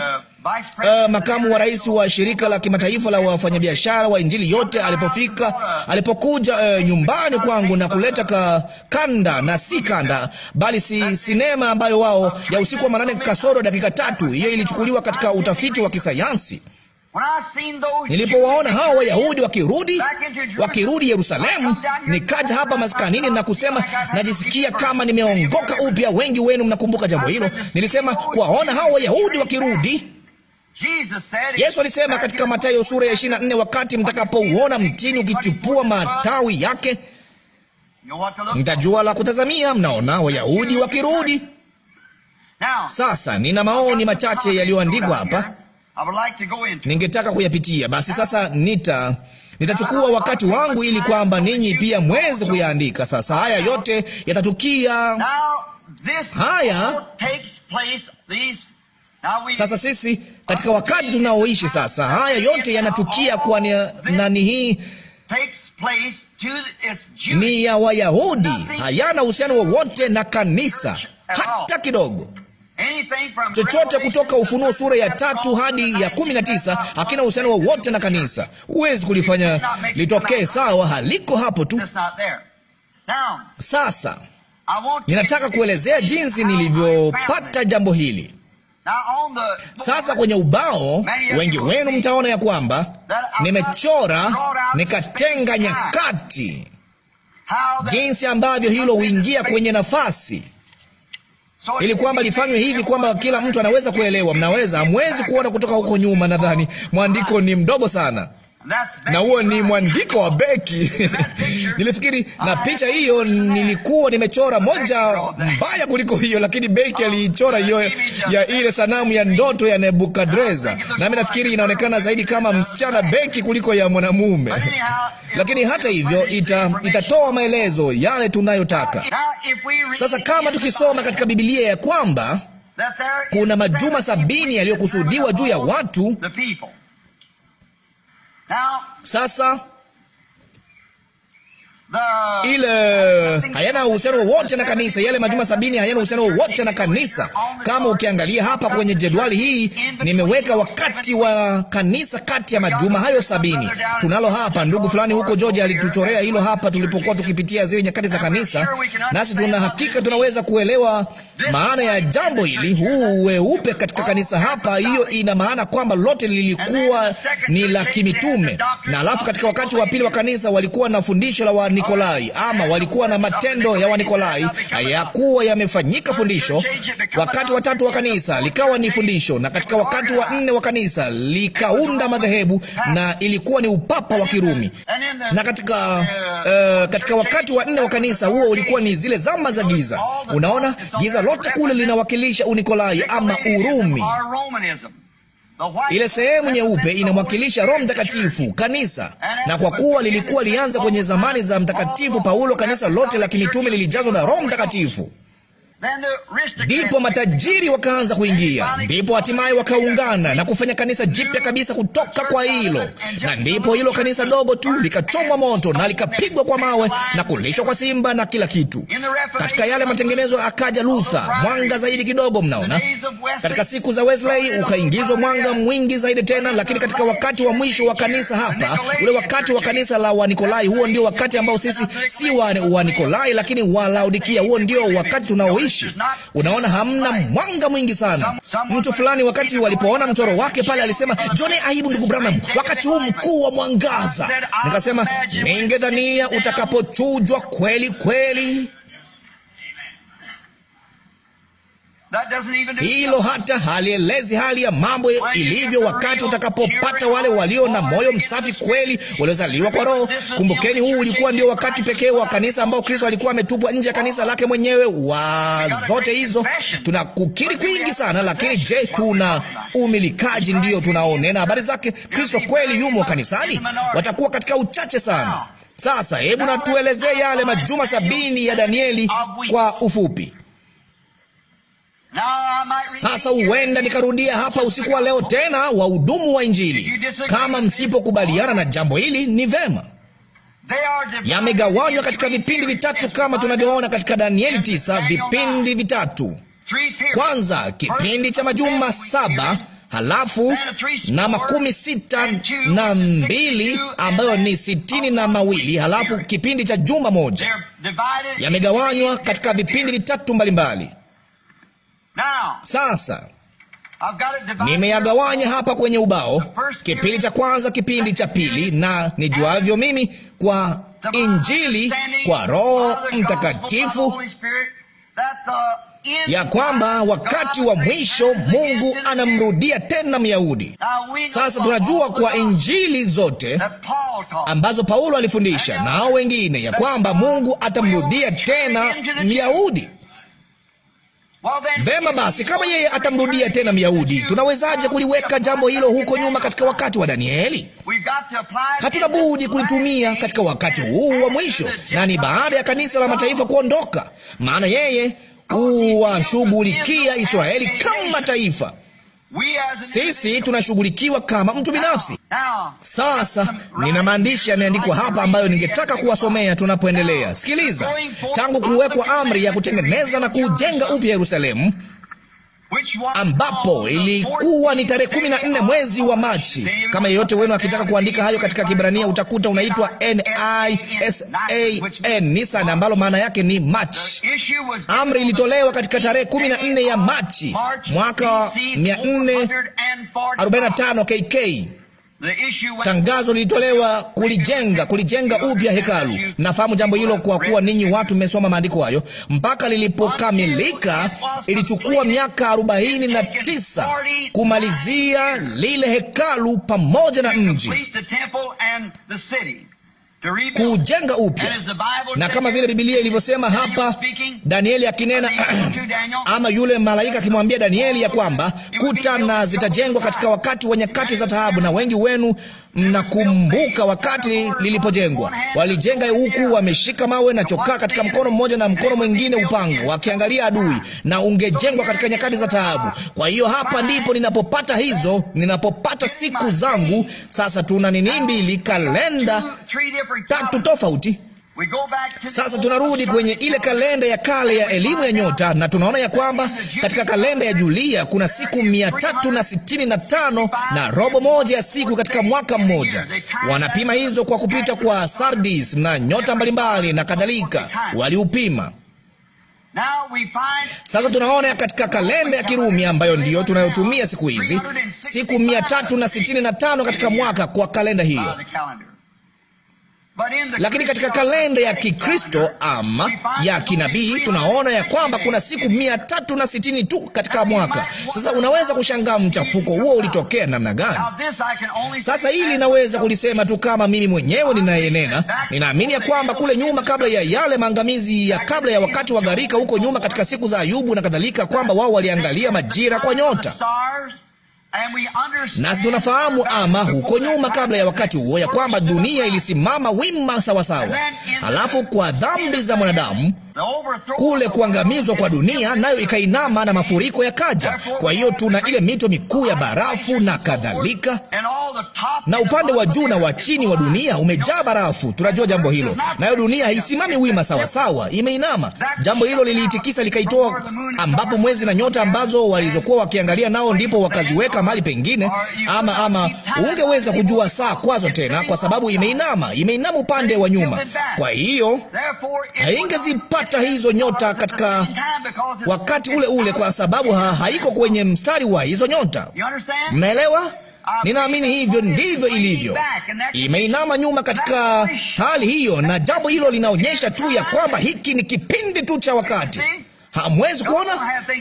uh, uh makamu wa rais wa shirika la kimataifa la wafanyabiashara wa Injili yote, alipofika alipokuja uh, nyumbani kwangu na kuleta ka, kanda na si kanda bali si sinema ambayo wao ya usiku wa manane kasoro dakika tatu. Hiyo ilichukuliwa katika utafiti wa kisayansi Nilipowaona hao Wayahudi wakirudi wakirudi Yerusalemu, nikaja hapa maskanini na kusema najisikia kama nimeongoka upya. Wengi wenu mnakumbuka jambo hilo. Nilisema kuwaona hao Wayahudi wakirudi Yesu alisema katika Mathayo sura ya nne wakati mtakapouona mtini ukichupua matawi yake, mtajua la kutazamia. Mnaona Wayahudi wakirudi. Sasa nina maoni machache yaliyoandikwa hapa ningetaka kuyapitia. Basi sasa nita nitachukua wakati wangu ili kwamba ninyi pia mweze kuyaandika. Sasa haya yote yatatukia haya sasa sisi katika wakati tunaoishi sasa, haya yote yanatukia kwa nani? Hii ni ya Wayahudi, hayana uhusiano wowote na kanisa hata kidogo. Chochote kutoka Ufunuo sura ya tatu hadi ya kumi na tisa hakina uhusiano wowote na kanisa. Huwezi kulifanya litokee sawa, haliko hapo tu. Sasa ninataka kuelezea jinsi nilivyopata jambo hili. Sasa kwenye ubao wengi wenu mtaona ya kwamba nimechora nikatenga nyakati, jinsi ambavyo hilo huingia kwenye nafasi ili kwamba lifanywe hivi kwamba kila mtu anaweza kuelewa. Mnaweza, hamwezi kuona kutoka huko nyuma. Nadhani mwandiko ni mdogo sana na huo ni mwandiko wa Beki. <laughs> Nilifikiri na picha hiyo, nilikuwa nimechora moja mbaya kuliko hiyo, lakini Beki aliichora hiyo ya ile sanamu ya ndoto ya Nebukadreza, nami nafikiri inaonekana zaidi kama msichana Beki kuliko ya mwanamume. Lakini hata hivyo ita, itatoa maelezo yale tunayotaka. Sasa kama tukisoma katika Biblia ya kwamba kuna majuma sabini yaliyokusudiwa juu ya watu 啥啥。ile hayana uhusiano wowote na kanisa. Yale majuma sabini hayana uhusiano wowote na kanisa. Kama ukiangalia hapa kwenye jedwali hii, nimeweka wakati wa kanisa kati ya majuma hayo sabini. Tunalo hapa, ndugu fulani huko Georgia alituchorea hilo hapa tulipokuwa tukipitia zile nyakati za kanisa, nasi tuna hakika tunaweza kuelewa maana ya jambo hili. Huu weupe katika kanisa hapa, hiyo ina maana kwamba lote lilikuwa ni la kimitume, na alafu katika wakati wa pili wa kanisa walikuwa na fundisho la wa Wanikolai, ama walikuwa na matendo ya Wanikolai, hayakuwa yamefanyika fundisho. Wakati wa tatu wa kanisa likawa ni fundisho, na katika wakati wa nne wa kanisa likaunda madhehebu, na ilikuwa ni upapa wa Kirumi. Na katika uh, katika wakati wa nne wa kanisa huo ulikuwa ni zile zama za giza. Unaona, giza lote kule linawakilisha Unikolai ama Urumi. Ile sehemu nyeupe inamwakilisha Roho Mtakatifu, kanisa. Na kwa kuwa lilikuwa lianza kwenye zamani za Mtakatifu Paulo, kanisa lote la kimitume lilijazwa na Roho Mtakatifu ndipo matajiri wakaanza kuingia, ndipo hatimaye wakaungana na kufanya kanisa jipya kabisa kutoka kwa hilo, na ndipo hilo kanisa dogo tu likachomwa moto na likapigwa kwa mawe na kulishwa kwa simba na kila kitu. Katika yale matengenezo akaja Luther, mwanga zaidi kidogo, mnaona. Katika siku za Wesley ukaingizwa mwanga mwingi zaidi tena, lakini katika wakati wa mwisho wa kanisa hapa, ule wakati wa kanisa la Wanikolai, huo ndio wakati ambao sisi si wa Wanikolai, lakini wa Laodikia, huo ndio wakati tunao haijalishi. Unaona, hamna mwanga mwingi sana. Mtu fulani wakati walipoona mchoro wake pale alisema, jone aibu ndugu Branham, wakati huu mkuu wa mwangaza. Nikasema ningedhania utakapochujwa kweli kweli Hilo hata halielezi hali ya mambo ilivyo wakati utakapopata wale walio na moyo msafi kweli, waliozaliwa kwa Roho. Kumbukeni, huu ulikuwa ndio wakati pekee wa kanisa ambao Kristo alikuwa ametupwa nje ya kanisa lake mwenyewe. Wa zote hizo tuna kukiri kwingi sana, lakini je, tuna umilikaji? Ndiyo tunaonena habari zake. Kristo kweli yumo kanisani, watakuwa katika uchache sana. Sasa hebu natuelezee yale majuma sabini ya Danieli kwa ufupi. Sasa huenda nikarudia hapa usiku wa leo tena, wahudumu wa Injili. Kama msipokubaliana na jambo hili, ni vema yamegawanywa katika vipindi vitatu kama tunavyoona katika Danieli tisa. Vipindi vitatu, kwanza kipindi cha majuma saba, halafu na makumi sita na mbili ambayo ni sitini na mawili, halafu kipindi cha juma moja. Yamegawanywa katika vipindi vitatu mbalimbali mbali. Sasa nimeyagawanya hapa kwenye ubao, kipindi cha kwanza, kipindi cha pili, na nijuavyo mimi, kwa Injili, kwa Roho Mtakatifu, ya kwamba wakati wa mwisho Mungu anamrudia tena Myahudi. Sasa tunajua kwa Injili zote ambazo Paulo alifundisha nao wengine, ya kwamba Mungu atamrudia tena Myahudi. Vema basi, kama yeye atamrudia tena Myahudi, tunawezaje kuliweka jambo hilo huko nyuma katika wakati wa Danieli? Hatuna budi kulitumia katika wakati huu wa mwisho, na ni baada ya kanisa la mataifa kuondoka, maana yeye huwashughulikia Israeli kama taifa. Sisi tunashughulikiwa kama mtu binafsi. Sasa nina maandishi yameandikwa hapa ambayo ningetaka kuwasomea tunapoendelea. Sikiliza, tangu kuwekwa amri ya kutengeneza na kujenga upya Yerusalemu, ambapo ilikuwa ni tarehe kumi na nne mwezi wa Machi. Kama yeyote wenu akitaka kuandika hayo katika Kibrania utakuta unaitwa Nisan, Nisan, ambalo maana yake ni Machi. Amri ilitolewa katika tarehe kumi na nne ya Machi mwaka 445 KK. Tangazo lilitolewa kulijenga kulijenga upya hekalu. Nafahamu jambo hilo kwa kuwa ninyi watu mmesoma maandiko hayo. Mpaka lilipokamilika, ilichukua miaka arobaini na tisa kumalizia lile hekalu pamoja na mji kujenga upya, na kama vile Biblia ilivyosema hapa, Danieli akinena <clears throat> ama yule malaika akimwambia Danieli ya kwamba kuta na zitajengwa katika wakati wa nyakati za taabu, na wengi wenu Nakumbuka wakati lilipojengwa, walijenga huku wameshika mawe na chokaa katika mkono mmoja na mkono mwingine upanga, wakiangalia adui, na ungejengwa katika nyakati za taabu. Kwa hiyo hapa ndipo ninapopata hizo, ninapopata siku zangu. Sasa tuna nini mbili, kalenda tatu tofauti sasa tunarudi kwenye ile kalenda ya kale ya elimu ya nyota, na tunaona ya kwamba katika kalenda ya Julia kuna siku mia tatu na sitini na tano na robo moja ya siku katika mwaka mmoja. Wanapima hizo kwa kupita kwa sardis na nyota mbalimbali na kadhalika, waliupima. Sasa tunaona katika kalenda ya Kirumi ambayo ndiyo tunayotumia siku hizi, siku mia tatu na sitini na tano katika mwaka kwa kalenda hiyo. Lakini katika kalenda ya Kikristo ama ya kinabii tunaona ya kwamba kuna siku mia tatu na sitini tu katika mwaka. Sasa unaweza kushangaa mchafuko huo ulitokea namna gani? Sasa hili naweza kulisema tu kama mimi mwenyewe ninayenena. Ninaamini ya kwamba kule nyuma, kabla ya yale maangamizi ya kabla ya wakati wa gharika, huko nyuma katika siku za Ayubu na kadhalika, kwamba wao waliangalia majira kwa nyota nasi tunafahamu ama huko nyuma, kabla ya wakati huo, ya kwamba dunia ilisimama wima sawasawa, alafu kwa dhambi za mwanadamu kule kuangamizwa kwa dunia, nayo ikainama na mafuriko yakaja. Kwa hiyo tuna ile mito mikuu ya barafu na kadhalika, na upande wa juu na wa chini wa dunia umejaa barafu. Tunajua jambo hilo, nayo dunia haisimami wima sawasawa, imeinama. Jambo hilo liliitikisa likaitoa, ambapo mwezi na nyota ambazo walizokuwa wakiangalia nao ndipo wakaziweka mahali pengine, ama ama ungeweza kujua saa kwazo tena, kwa sababu imeinama, imeinama upande wa nyuma. Kwa hiyo haingezipata hata hizo nyota katika wakati ule ule, kwa sababu ha, haiko kwenye mstari wa hizo nyota. Mnaelewa? Ninaamini hivyo ndivyo ilivyo. Imeinama nyuma katika hali hiyo, na jambo hilo linaonyesha tu ya kwamba hiki ni kipindi tu cha wakati. Hamwezi kuona,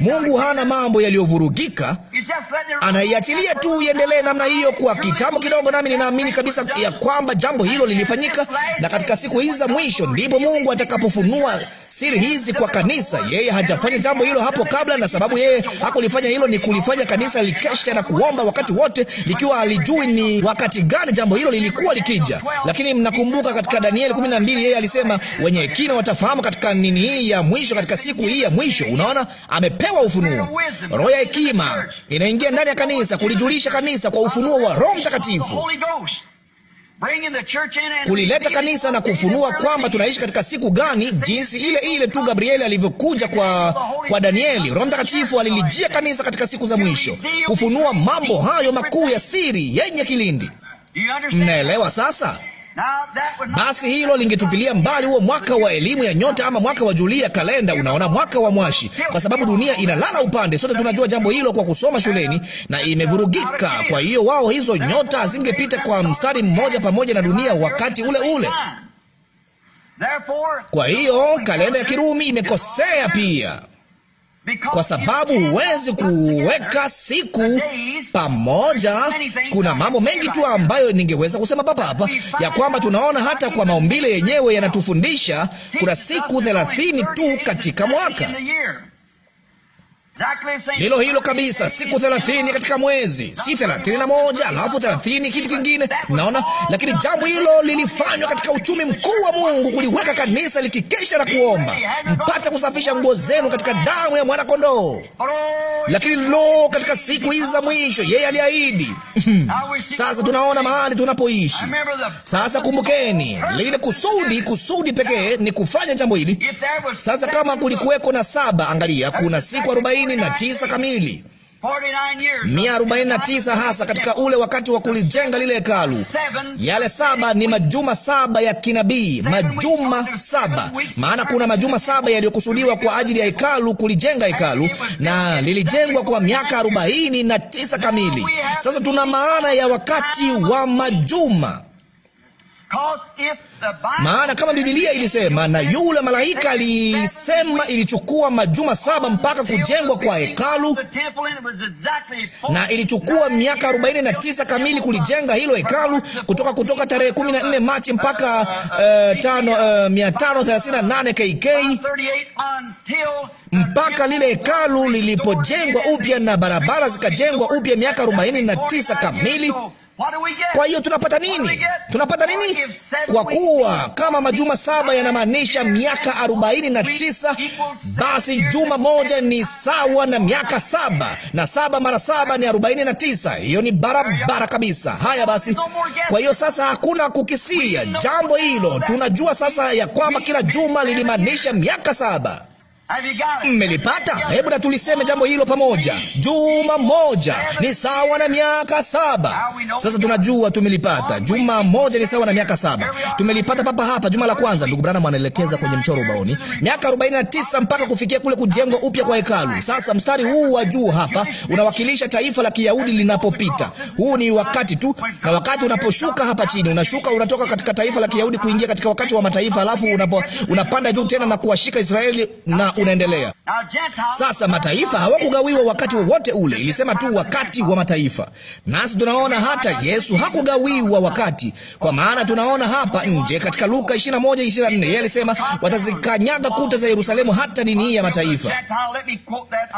Mungu hana mambo yaliyovurugika, anaiachilia tu iendelee namna hiyo kwa kitambo kidogo. Nami ninaamini kabisa ya kwamba jambo hilo lilifanyika, na katika siku hizi za mwisho ndipo Mungu atakapofunua siri hizi kwa kanisa. Yeye hajafanya jambo hilo hapo kabla, na sababu yeye hakulifanya hilo ni kulifanya kanisa likesha na kuomba wakati wote, likiwa alijui ni wakati gani jambo hilo lilikuwa likija. Lakini mnakumbuka katika Danieli 12 yeye alisema wenye hekima watafahamu katika nini hii ya mwisho, katika siku hii ya mwisho. Unaona, amepewa ufunuo. Roho ya hekima inaingia ndani ya kanisa kulijulisha kanisa kwa ufunuo wa Roho Mtakatifu kulileta kanisa na kufunua kwamba tunaishi katika siku gani, jinsi ile ile tu Gabrieli alivyokuja kwa, kwa Danieli. Roho Mtakatifu alilijia kanisa katika siku za mwisho kufunua mambo hayo makuu ya siri yenye kilindi. Mnaelewa sasa? Basi hilo lingetupilia mbali huo mwaka wa elimu ya nyota ama mwaka wa Julia kalenda, unaona, mwaka wa mwashi, kwa sababu dunia inalala upande. Sote tunajua jambo hilo kwa kusoma shuleni, na imevurugika. Kwa hiyo wao, hizo nyota hazingepita kwa mstari mmoja pamoja na dunia wakati ule ule. Kwa hiyo kalenda ya Kirumi imekosea pia kwa sababu huwezi kuweka siku pamoja. Kuna mambo mengi tu ambayo ningeweza kusema papa hapa, ya kwamba tunaona hata kwa maumbile yenyewe yanatufundisha kuna siku thelathini tu katika mwaka. Hilo hilo kabisa, siku thelathini katika mwezi, si thelathini na moja alafu thelathini kitu kingine, naona. Lakini jambo hilo lilifanywa katika uchumi mkuu wa Mungu, kuliweka kanisa likikesha na kuomba, mpate kusafisha nguo zenu katika damu ya mwana kondoo. Lakini lo, katika siku hizi za mwisho, yeye aliahidi. <laughs> Sasa tunaona mahali tunapoishi sasa. Kumbukeni lile kusudi, kusudi pekee ni kufanya jambo hili. Sasa kama kulikuweko na saba, angalia, kuna siku arobaini arobaini na tisa kamili mia arobaini na tisa hasa katika ule wakati wa kulijenga lile hekalu. Yale saba ni majuma saba ya kinabii, majuma saba, maana kuna majuma saba yaliyokusudiwa kwa ajili ya hekalu, kulijenga hekalu, na lilijengwa kwa miaka arobaini na tisa kamili. Sasa tuna maana ya wakati wa majuma maana kama Biblia ilisema, na yule malaika alisema, ilichukua majuma saba mpaka kujengwa kwa hekalu, na ilichukua miaka 49 kamili kulijenga hilo hekalu, kutoka Kutoka tarehe 14 Machi mpaka uh, uh, 538 uh, uh, uh, KK mpaka lile hekalu lilipojengwa upya na barabara zikajengwa upya miaka 49 kamili. Kwa hiyo tunapata nini? Tunapata nini? Kwa kuwa kama majuma saba yanamaanisha miaka arobaini na tisa, basi juma moja ni sawa na miaka saba, na saba mara saba ni arobaini na tisa. Hiyo ni barabara kabisa. Haya basi, kwa hiyo sasa hakuna kukisia jambo hilo. Tunajua sasa ya kwamba kila juma lilimaanisha miaka saba. Mmelipata? Hebu na tuliseme jambo hilo pamoja. Juma moja ni sawa na miaka saba. Sasa tunajua tumelipata. Juma moja ni sawa na miaka saba. Tumelipata papa hapa juma la kwanza. Ndugu Branham anaelekeza kwenye mchoro ubaoni, miaka 49 mpaka kufikia kule kujengwa upya kwa hekalu. Sasa mstari huu wa juu hapa unawakilisha taifa la Kiyahudi linapopita. Huu ni wakati tu, na wakati unaposhuka hapa chini, unashuka unatoka katika taifa la Kiyahudi kuingia katika wakati wa mataifa, alafu unapo, unapanda juu tena na kuwashika Israeli na unaendelea. Sasa mataifa hawakugawiwa wakati wowote ule, ilisema tu wakati wa mataifa. Nasi tunaona hata Yesu hakugawiwa wakati, kwa maana tunaona hapa nje katika Luka 21:24 yeye alisema watazikanyaga kuta za Yerusalemu hata dini ya mataifa.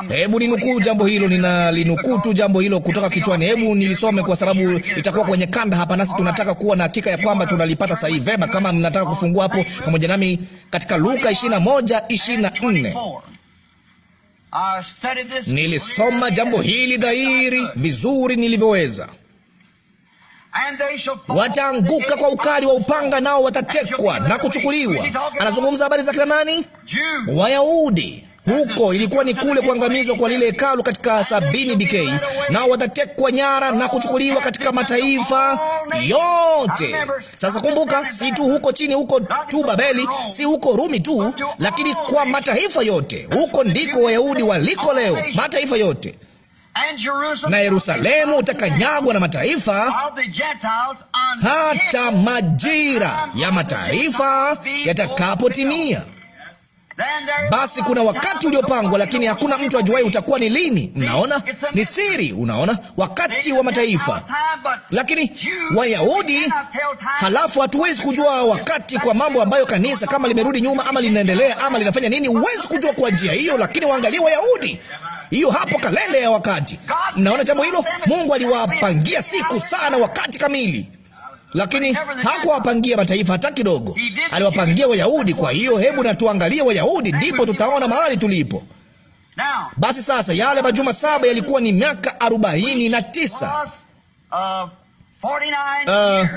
Hebu ninukuu jambo hilo, ninalinukuu tu jambo hilo kutoka kichwani. Hebu nilisome kwa sababu itakuwa kwenye kanda hapa, nasi tunataka kuwa na hakika ya kwamba tunalipata sahihi. Vema, kama mnataka kufungua hapo pamoja nami katika Luka 21:24 nne. Nilisoma jambo hili dhahiri vizuri nilivyoweza. Wataanguka kwa ukali wa upanga, nao watatekwa na kuchukuliwa. Anazungumza habari za kina nani? Wayahudi huko ilikuwa ni kule kuangamizwa kwa lile hekalu katika sabini BK, na watatekwa nyara na kuchukuliwa katika mataifa yote. Sasa kumbuka, si tu huko chini, huko tu Babeli, si huko Rumi tu, lakini kwa mataifa yote. Huko ndiko Wayahudi waliko leo, mataifa yote na Yerusalemu utakanyagwa na mataifa, hata majira ya mataifa yatakapotimia. Basi kuna wakati uliopangwa, lakini hakuna mtu ajuaye utakuwa ni lini. Mnaona, ni siri. Unaona, wakati wa mataifa, lakini Wayahudi. Halafu hatuwezi kujua wakati kwa mambo ambayo kanisa kama limerudi nyuma ama linaendelea ama linafanya nini, huwezi kujua kwa njia hiyo, lakini waangalie Wayahudi hiyo hapo, kalenda ya wakati. Mnaona jambo hilo? Mungu aliwapangia siku sana, wakati kamili lakini hakuwapangia mataifa hata kidogo, aliwapangia Wayahudi. Kwa hiyo hebu na tuangalie Wayahudi, ndipo tutaona mahali tulipo. Basi sasa, yale majuma saba yalikuwa ni miaka arobaini na tisa. Uh,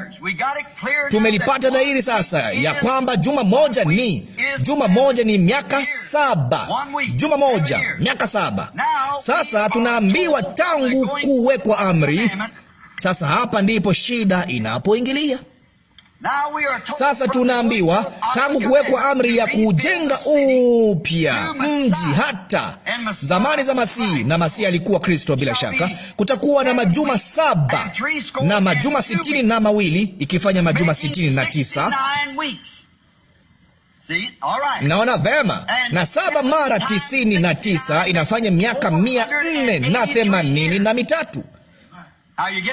tumelipata dhahiri sasa ya kwamba juma moja ni juma moja ni miaka saba, juma moja miaka saba. Sasa tunaambiwa tangu kuwekwa amri sasa hapa ndipo shida inapoingilia. Sasa tunaambiwa tangu kuwekwa amri ya kujenga upya mji hata zamani za Masihi, na Masihi alikuwa Kristo, bila shaka kutakuwa na majuma saba na majuma sitini na mawili ikifanya majuma sitini na tisa Mnaona vema, na saba mara tisini na tisa inafanya miaka mia nne na themanini na mitatu.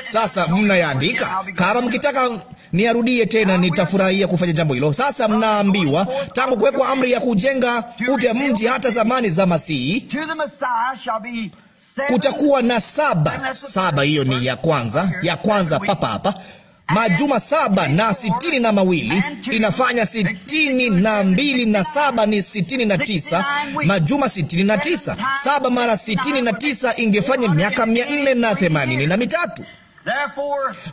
Sasa mnayaandika kama mkitaka niarudie tena, nitafurahia kufanya jambo hilo. Sasa mnaambiwa tangu kuwekwa amri ya kujenga upya mji hata zamani za Masihi kutakuwa na saba. Saba hiyo ni ya kwanza, ya kwanza papa hapa majuma saba na sitini na mawili inafanya sitini na mbili na saba ni sitini na tisa majuma sitini na tisa saba mara sitini na tisa ingefanya miaka mia nne na themanini na mitatu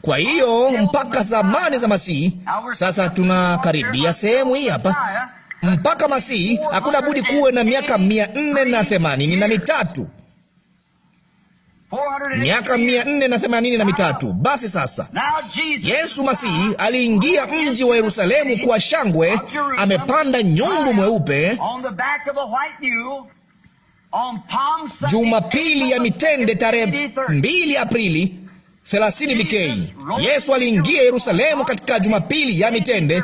kwa hiyo mpaka zamani za Masihi. Sasa tunakaribia sehemu hii hapa mpaka Masihi, hakuna budi kuwe na miaka mia nne na themanini na mitatu miaka mia nne na themanini na mitatu. Basi sasa Yesu Masihi aliingia mji wa Yerusalemu kwa shangwe, amepanda nyumbu mweupe Jumapili ya mitende tarehe 2 Aprili 30 BK. Yesu aliingia Yerusalemu katika Jumapili ya mitende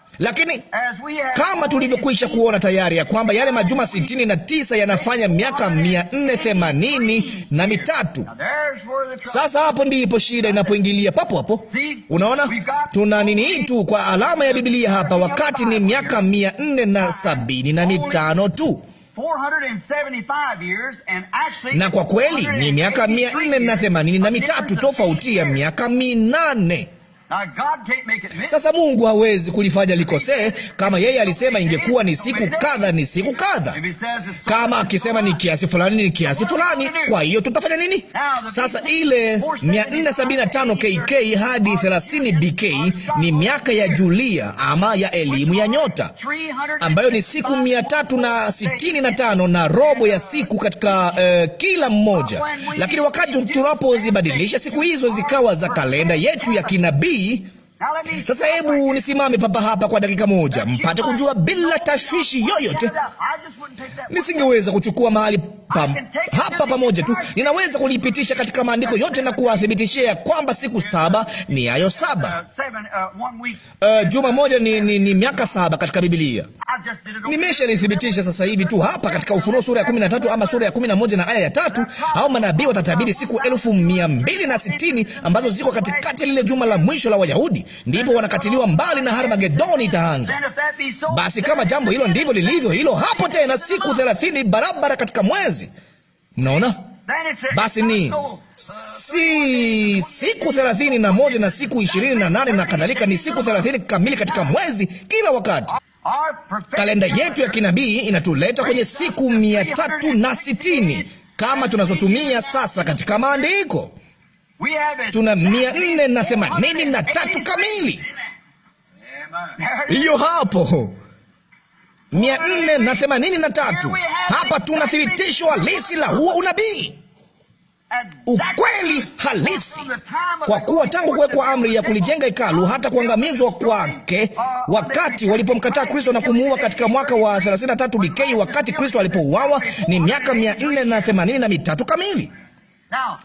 Lakini kama tulivyokwisha kuona tayari ya kwamba yale majuma sitini na tisa yanafanya miaka mia nne themanini na mitatu. Sasa hapo ndipo shida inapoingilia papo hapo. Unaona, tuna nini tu kwa alama ya Biblia hapa, wakati ni miaka mia nne na sabini na mitano tu na kwa kweli ni miaka mia nne na themanini na mitatu tofauti ya miaka minane. Sasa Mungu hawezi kulifanya likosee. Kama yeye alisema ingekuwa ni siku kadha, ni siku kadha. Kama akisema ni kiasi fulani, ni kiasi fulani. Kwa hiyo tutafanya nini? Sasa ile 475 KK hadi 30 BK ni miaka ya Julia ama ya elimu ya nyota, ambayo ni siku 365 na robo ya siku katika uh, kila mmoja. Lakini wakati tunapozibadilisha siku hizo zikawa za kalenda yetu ya kinabii see Sasa hebu nisimame papa hapa kwa dakika moja, mpate kujua bila tashwishi yoyote. Nisingeweza kuchukua mahali pa, hapa pamoja tu, ninaweza kulipitisha katika maandiko yote na kuwathibitishia kwamba siku saba ni ayo saba. Uh, juma moja ni, ni, ni miaka saba katika Biblia. Nimesha nithibitisha sasa hivi tu hapa katika Ufunuo sura ya 13 ama sura ya 11 na aya ya tatu, au manabii watatabiri siku elfu mia mbili na sitini ambazo ziko katikati lile juma la mwisho la Wayahudi ndipo wanakatiliwa mbali na Harmagedoni itaanza. Basi kama jambo hilo ndivyo lilivyo, hilo hapo tena siku thelathini barabara katika mwezi. Mnaona? Basi ni si siku thelathini na moja na siku ishirini na nane na kadhalika, ni siku thelathini kamili katika mwezi kila wakati. Kalenda yetu ya kinabii inatuleta kwenye siku mia tatu na sitini kama tunazotumia sasa katika maandiko tuna mia nne na themanini na tatu kamili. Hiyo hapo mia nne na themanini na tatu. Hapa tuna thibitisho halisi la huo unabii, ukweli halisi, kwa kuwa tangu kuwekwa amri ya kulijenga hekalu hata kuangamizwa kwake, wakati walipomkataa Kristo na kumuua katika mwaka wa 33 BK, wakati Kristo alipouawa ni miaka mia nne na themanini na mitatu kamili.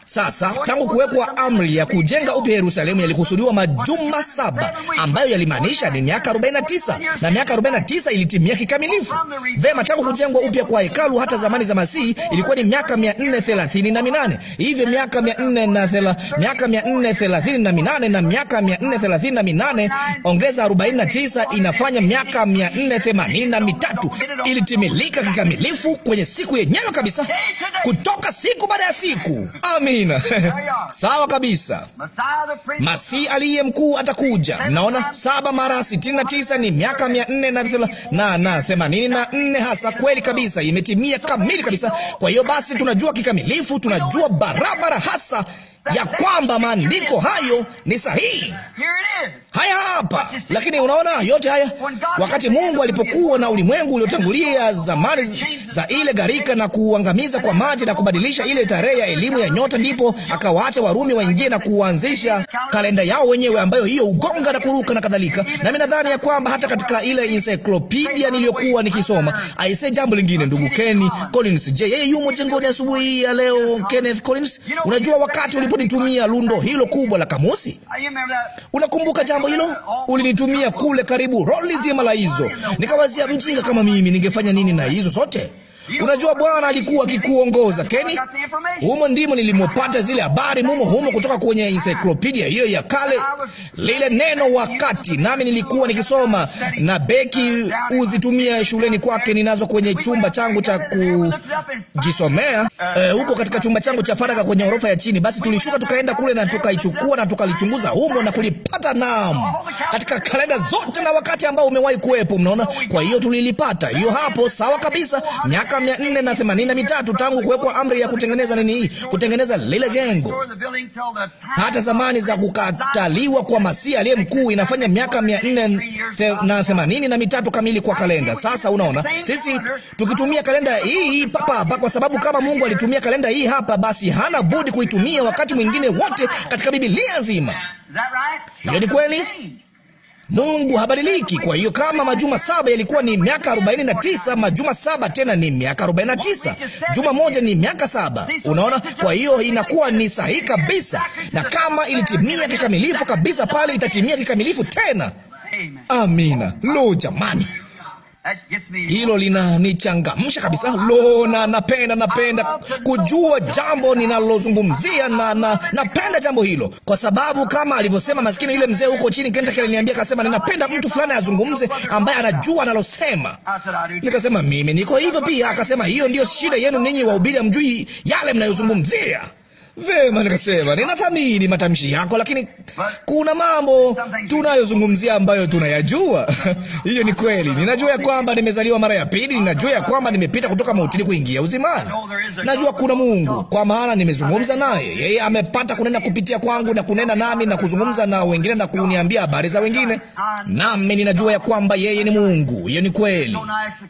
Sasa tangu kuwekwa amri ya kujenga upya Yerusalemu yalikusudiwa majuma saba ambayo yalimaanisha ni miaka 49 na miaka 49 ilitimia kikamilifu. Vema, tangu kujengwa upya kwa hekalu hata zamani za Masihi ilikuwa ni miaka 438. Hivyo miaka 400 miaka 438 na miaka 438 ongeza 49 inafanya miaka 483 ilitimilika kikamilifu kwenye siku yenyewe kabisa kutoka siku baada ya siku. Amina. <laughs> Sawa kabisa. Masihi aliye mkuu atakuja. Naona saba mara sitini na tisa ni miaka mia nne na na na themanini na nne hasa. Kweli kabisa, imetimia kamili kabisa. Kwa hiyo basi, tunajua kikamilifu, tunajua barabara hasa ya kwamba maandiko hayo ni sahihi haya hapa. Lakini unaona yote haya, wakati Mungu alipokuwa na ulimwengu uliotangulia zamani za ile gharika na kuangamiza kwa maji na kubadilisha ile tarehe ya elimu ya nyota, ndipo akawaacha Warumi waingie na kuanzisha kalenda yao wenyewe, ambayo hiyo ugonga na kuruka na kadhalika. Nami nadhani ya kwamba hata katika ile encyclopedia niliyokuwa nikisoma aisee, jambo lingine, ndugu Kenny Collins, je, yeye yumo jengoni asubuhi ya leo? Kenneth Collins, unajua wakati uliponitumia lundo hilo kubwa la kamusi, unakumbuka jambo jambo hilo ulinitumia kule karibu roli zima la hizo. Nikawazia, mjinga kama mimi ningefanya nini na hizo zote? Unajua, Bwana alikuwa akikuongoza Keni. Humo ndimo nilimopata zile habari, mumo humo, kutoka kwenye encyclopedia hiyo ya kale, lile neno wakati. Nami nilikuwa nikisoma na Beki uzitumia shuleni kwake, ninazo kwenye chumba changu cha kujisomea eh, huko, e, katika chumba changu cha faragha kwenye orofa ya chini. Basi tulishuka tukaenda kule na tukaichukua na tukalichunguza humo na kulipata, naam, katika kalenda zote na wakati ambao umewahi kuwepo. Mnaona, kwa hiyo tulilipata hiyo hapo, sawa kabisa, miaka miaka mia nne na themanini na mitatu tangu kuwekwa amri ya kutengeneza nini hii, kutengeneza lile jengo. Hata zamani za kukataliwa kwa Masihi aliye mkuu inafanya miaka mia nne na themanini na mitatu kamili kwa kalenda. Sasa unaona sisi tukitumia kalenda hii papa hapa, kwa sababu kama Mungu alitumia kalenda hii hapa, basi hana budi kuitumia wakati mwingine wote katika Biblia nzima. Hiyo ni kweli. Mungu habadiliki. Kwa hiyo kama majuma saba yalikuwa ni miaka 49, majuma saba tena ni miaka 49, juma moja ni miaka saba. Unaona, kwa hiyo inakuwa ni sahihi kabisa, na kama ilitimia kikamilifu kabisa pale, itatimia kikamilifu tena. Amina. Lo, jamani! Hilo linanichangamsha kabisa. Lo, na napenda napenda kujua jambo ninalozungumzia, na, na napenda jambo hilo, kwa sababu kama alivyosema maskini yule mzee huko chini Kentucky, aliniambia akasema, ninapenda mtu fulani azungumze ambaye anajua analosema. Nikasema mimi niko hivyo pia. Akasema hiyo ndiyo shida yenu ninyi wahubiri, hamjui yale mnayozungumzia. Vema, nikasema ninathamini matamshi yako, lakini kuna mambo tunayozungumzia ambayo tunayajua. <laughs> Hiyo ni kweli. Ninajua ya kwamba nimezaliwa mara ya pili, ninajua ya kwamba nimepita kutoka mautini kuingia uzimani, najua kuna Mungu kwa maana nimezungumza naye, yeye amepata kunena kupitia kwangu na kunena nami na kuzungumza na wengine na kuniambia habari za wengine, nami ninajua ya kwamba yeye ni Mungu. Hiyo ni kweli.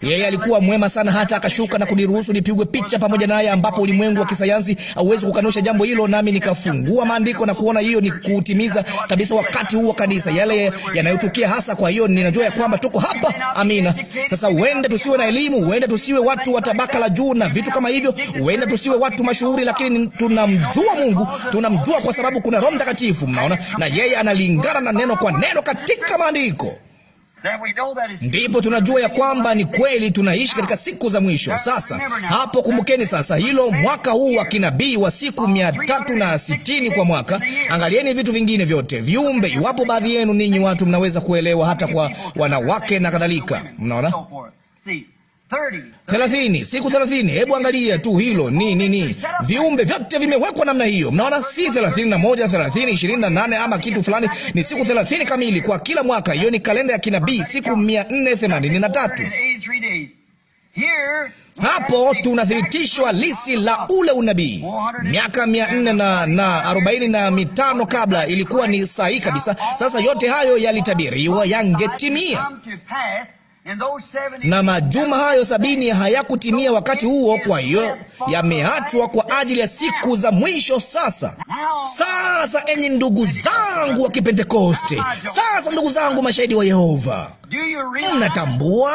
Yeye alikuwa mwema sana, hata akashuka na kuniruhusu nipigwe picha pamoja naye, ambapo ulimwengu wa kisayansi hauwezi kukanusha jambo jambo hilo, nami nikafungua maandiko na kuona hiyo ni kutimiza kabisa wakati huu wa kanisa, yale yanayotukia hasa. Kwa hiyo ninajua ya kwamba tuko hapa. Amina. Sasa huenda tusiwe na elimu, huenda tusiwe watu wa tabaka la juu na vitu kama hivyo, huenda tusiwe watu mashuhuri, lakini tunamjua Mungu, tunamjua kwa sababu kuna Roho Mtakatifu, mnaona, na yeye analingana na neno kwa neno katika maandiko ndipo tunajua ya kwamba ni kweli tunaishi katika siku za mwisho. Sasa hapo, kumbukeni sasa hilo, mwaka huu wa kinabii wa siku mia tatu na sitini kwa mwaka. Angalieni vitu vingine vyote, viumbe, iwapo baadhi yenu ninyi watu mnaweza kuelewa, hata kwa wanawake na kadhalika. Mnaona? thelathini siku thelathini. Hebu angalia tu hilo ni ni Viumbe vyote vimewekwa namna hiyo, mnaona, si thelathini na moja, thelathini, ishirini na nane ama kitu fulani. Ni siku thelathini kamili kwa kila mwaka. Hiyo ni kalenda ya kinabii, siku mia nne themanini na tatu. Hapo tunathibitishwa lisi la ule unabii miaka mia nne na, na arobaini na mitano kabla ilikuwa ni sahihi kabisa. Sasa yote hayo yalitabiriwa yangetimia na majuma hayo sabini hayakutimia wakati huo, kwa hiyo yameachwa kwa ajili ya siku za mwisho. Sasa, sasa enyi ndugu zangu wa Kipentekoste, sasa ndugu zangu mashahidi wa Yehova, mnatambua,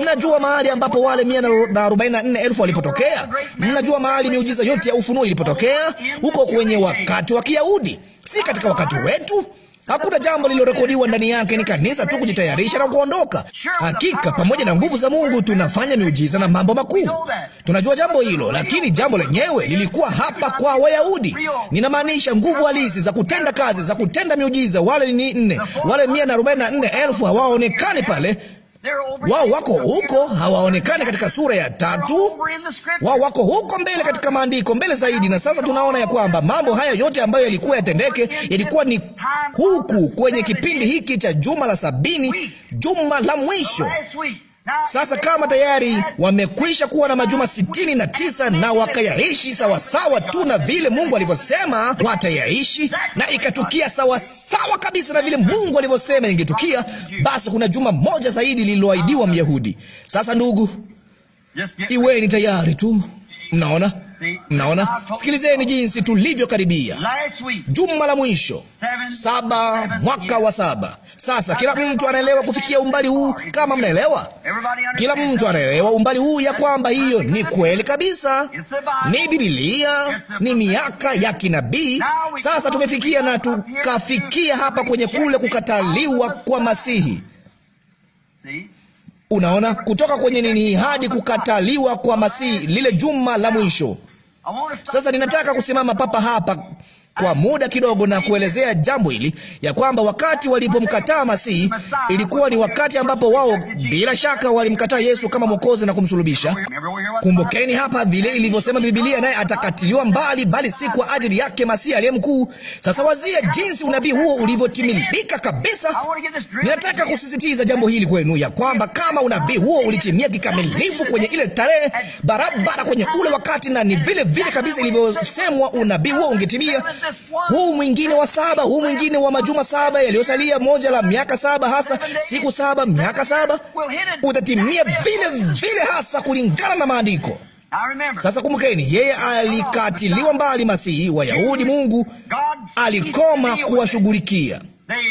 mnajua mahali ambapo wale mia na arobaini na nne elfu walipotokea. Mnajua mahali miujiza yote ya ufunuo ilipotokea, huko kwenye wakati wa Kiyahudi, si katika wakati wetu. Hakuna jambo lililorekodiwa ndani yake, ni kanisa tu kujitayarisha na kuondoka. Hakika pamoja na nguvu za Mungu tunafanya miujiza na mambo makuu, tunajua jambo hilo, lakini jambo lenyewe lilikuwa hapa kwa Wayahudi. Ninamaanisha nguvu halisi za kutenda kazi, za kutenda miujiza. Wale ni nne, wale mia na arobaini na nne elfu hawaonekani pale wao wako huko, hawaonekani katika sura ya tatu. Wao wako huko mbele katika maandiko, mbele zaidi. Na sasa tunaona ya kwamba mambo haya yote ambayo yalikuwa yatendeke yalikuwa ni huku kwenye kipindi hiki cha juma la sabini, juma la mwisho sasa kama tayari wamekwisha kuwa na majuma sitini na tisa na wakayaishi sawasawa tu na vile Mungu alivyosema watayaishi, na ikatukia sawasawa kabisa na vile Mungu alivyosema ingetukia, basi kuna juma moja zaidi lililoahidiwa Myahudi. Sasa ndugu, iweni tayari tu, mnaona Mnaona, sikilizeni jinsi tulivyokaribia juma la mwisho saba, mwaka wa saba. Sasa kila mtu anaelewa kufikia umbali huu, kama mnaelewa, kila mtu anaelewa umbali huu ya kwamba hiyo ni kweli kabisa, ni Biblia, ni miaka ya kinabii. Sasa tumefikia na tukafikia hapa kwenye kule kukataliwa kwa Masihi. Unaona, kutoka kwenye nini hadi kukataliwa kwa Masihi, lile juma la mwisho sasa ninataka kusimama papa hapa kwa muda kidogo na kuelezea jambo hili ya kwamba wakati walipomkataa Masihi ilikuwa ni wakati ambapo wao bila shaka walimkataa Yesu kama Mwokozi na kumsulubisha. Kumbukeni hapa vile ilivyosema Biblia, naye atakatiliwa mbali, bali si kwa ajili yake Masihi aliye mkuu. Sasa wazia jinsi unabii huo ulivyotimilika kabisa. Ninataka kusisitiza jambo hili kwenu ya kwamba kama unabii huo ulitimia kikamilifu kwenye ile tarehe barabara, kwenye ule wakati, na ni vile vile kabisa ilivyosemwa, unabii huo ungetimia huu mwingine wa saba, huu mwingine wa majuma saba yaliyosalia, moja la miaka saba, hasa siku saba, miaka saba, utatimia vile vile hasa kulingana na maandiko. Sasa kumbukeni, yeye alikatiliwa mbali, Masihi, Wayahudi, Mungu alikoma kuwashughulikia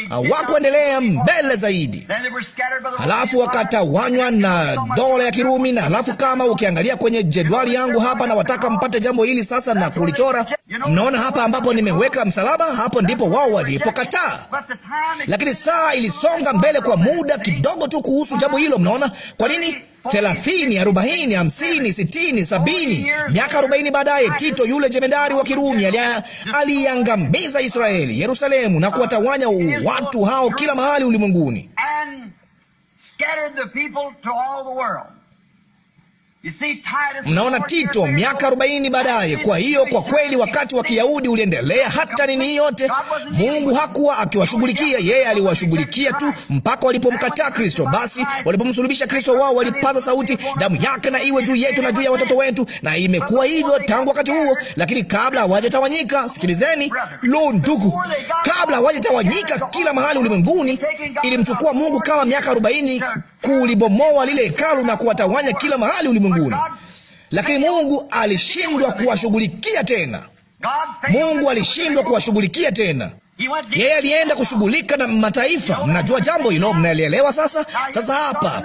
hawakuendelea mbele zaidi. Halafu wakatawanywa na dola ya Kirumi. Na halafu kama ukiangalia kwenye jedwali yangu hapa, na wataka mpate jambo hili sasa na kulichora, mnaona hapa ambapo nimeweka msalaba, hapo ndipo wao walipokataa. Lakini saa ilisonga mbele kwa muda kidogo tu kuhusu jambo hilo. Mnaona kwa nini? thelathini, arobaini, hamsini, sitini, sabini. Miaka arobaini baadaye, Tito yule jemedari wa Kirumi aliangamiza Israeli, Yerusalemu, na kuwatawanya watu hao kila mahali ulimwenguni. Mnaona Tito miaka arobaini baadaye. Kwa hiyo kwa kweli wakati wa Kiyahudi uliendelea hata nini yote. Mungu hakuwa akiwashughulikia, yeye aliwashughulikia tu mpaka walipomkataa Kristo. Basi walipomsulubisha Kristo, wao walipaza sauti, damu yake na iwe juu yetu na juu ya watoto wetu, na imekuwa hivyo tangu wakati huo. Lakini kabla hawajatawanyika, sikilizeni lo, ndugu, kabla hawajatawanyika kila mahali ulimwenguni, ilimchukua Mungu kama miaka arobaini kulibomoa lile hekalu na kuwatawanya kila mahali ulimwenguni, lakini Mungu alishindwa kuwashughulikia tena. Mungu alishindwa kuwashughulikia tena. Yeye alienda kushughulika na mataifa. Mnajua jambo hilo, mnalielewa sasa. Sasa hapa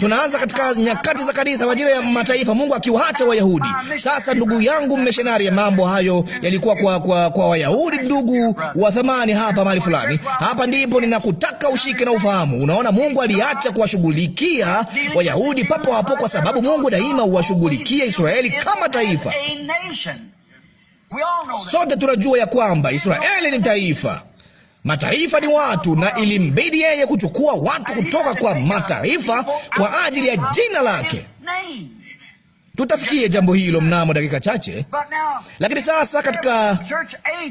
tunaanza katika nyakati za kanisa, majira ya mataifa, Mungu akiwaacha Wayahudi. Sasa ndugu yangu mmishenari, ya mambo hayo yalikuwa kwa, kwa, kwa Wayahudi, ndugu wa thamani hapa mahali fulani. Hapa ndipo ninakutaka ushike na ufahamu. Unaona, Mungu aliacha kuwashughulikia Wayahudi papo hapo, kwa sababu Mungu daima huwashughulikia Israeli kama taifa. Sote tunajua ya kwamba Israeli ni taifa, mataifa ni watu, na ilimbidi yeye kuchukua watu kutoka kwa mataifa kwa ajili ya jina lake. Tutafikia jambo hilo mnamo dakika chache, lakini sasa katika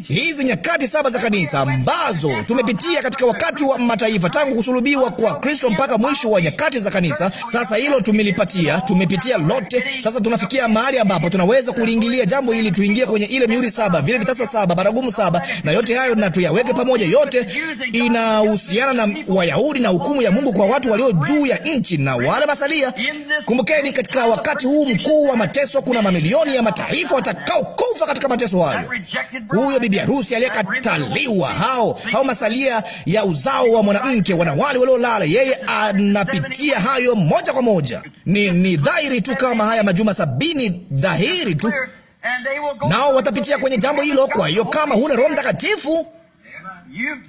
hizi nyakati saba za kanisa ambazo tumepitia katika wakati wa mataifa tangu kusulubiwa kwa Kristo mpaka mwisho wa nyakati za kanisa, sasa hilo tumelipatia, tumepitia lote. Sasa tunafikia mahali ambapo tunaweza kuliingilia jambo hili, tuingie kwenye ile mihuri saba, vile vitasa saba, baragumu saba, na yote hayo na tuyaweke pamoja. Yote inahusiana na Wayahudi na hukumu ya Mungu kwa watu walio juu ya nchi na wale masalia. Kumbukeni katika wakati huu mkuu mkuu wa mateso, kuna mamilioni ya mataifa watakaokufa katika mateso hayo. Huyo bibi harusi aliyekataliwa, hao hao masalia ya uzao wa mwanamke, wanawali waliolala, yeye anapitia hayo moja kwa moja. Ni, ni dhahiri tu kama haya majuma sabini, dhahiri tu nao watapitia kwenye jambo hilo. Kwa hiyo kama huna Roho Mtakatifu,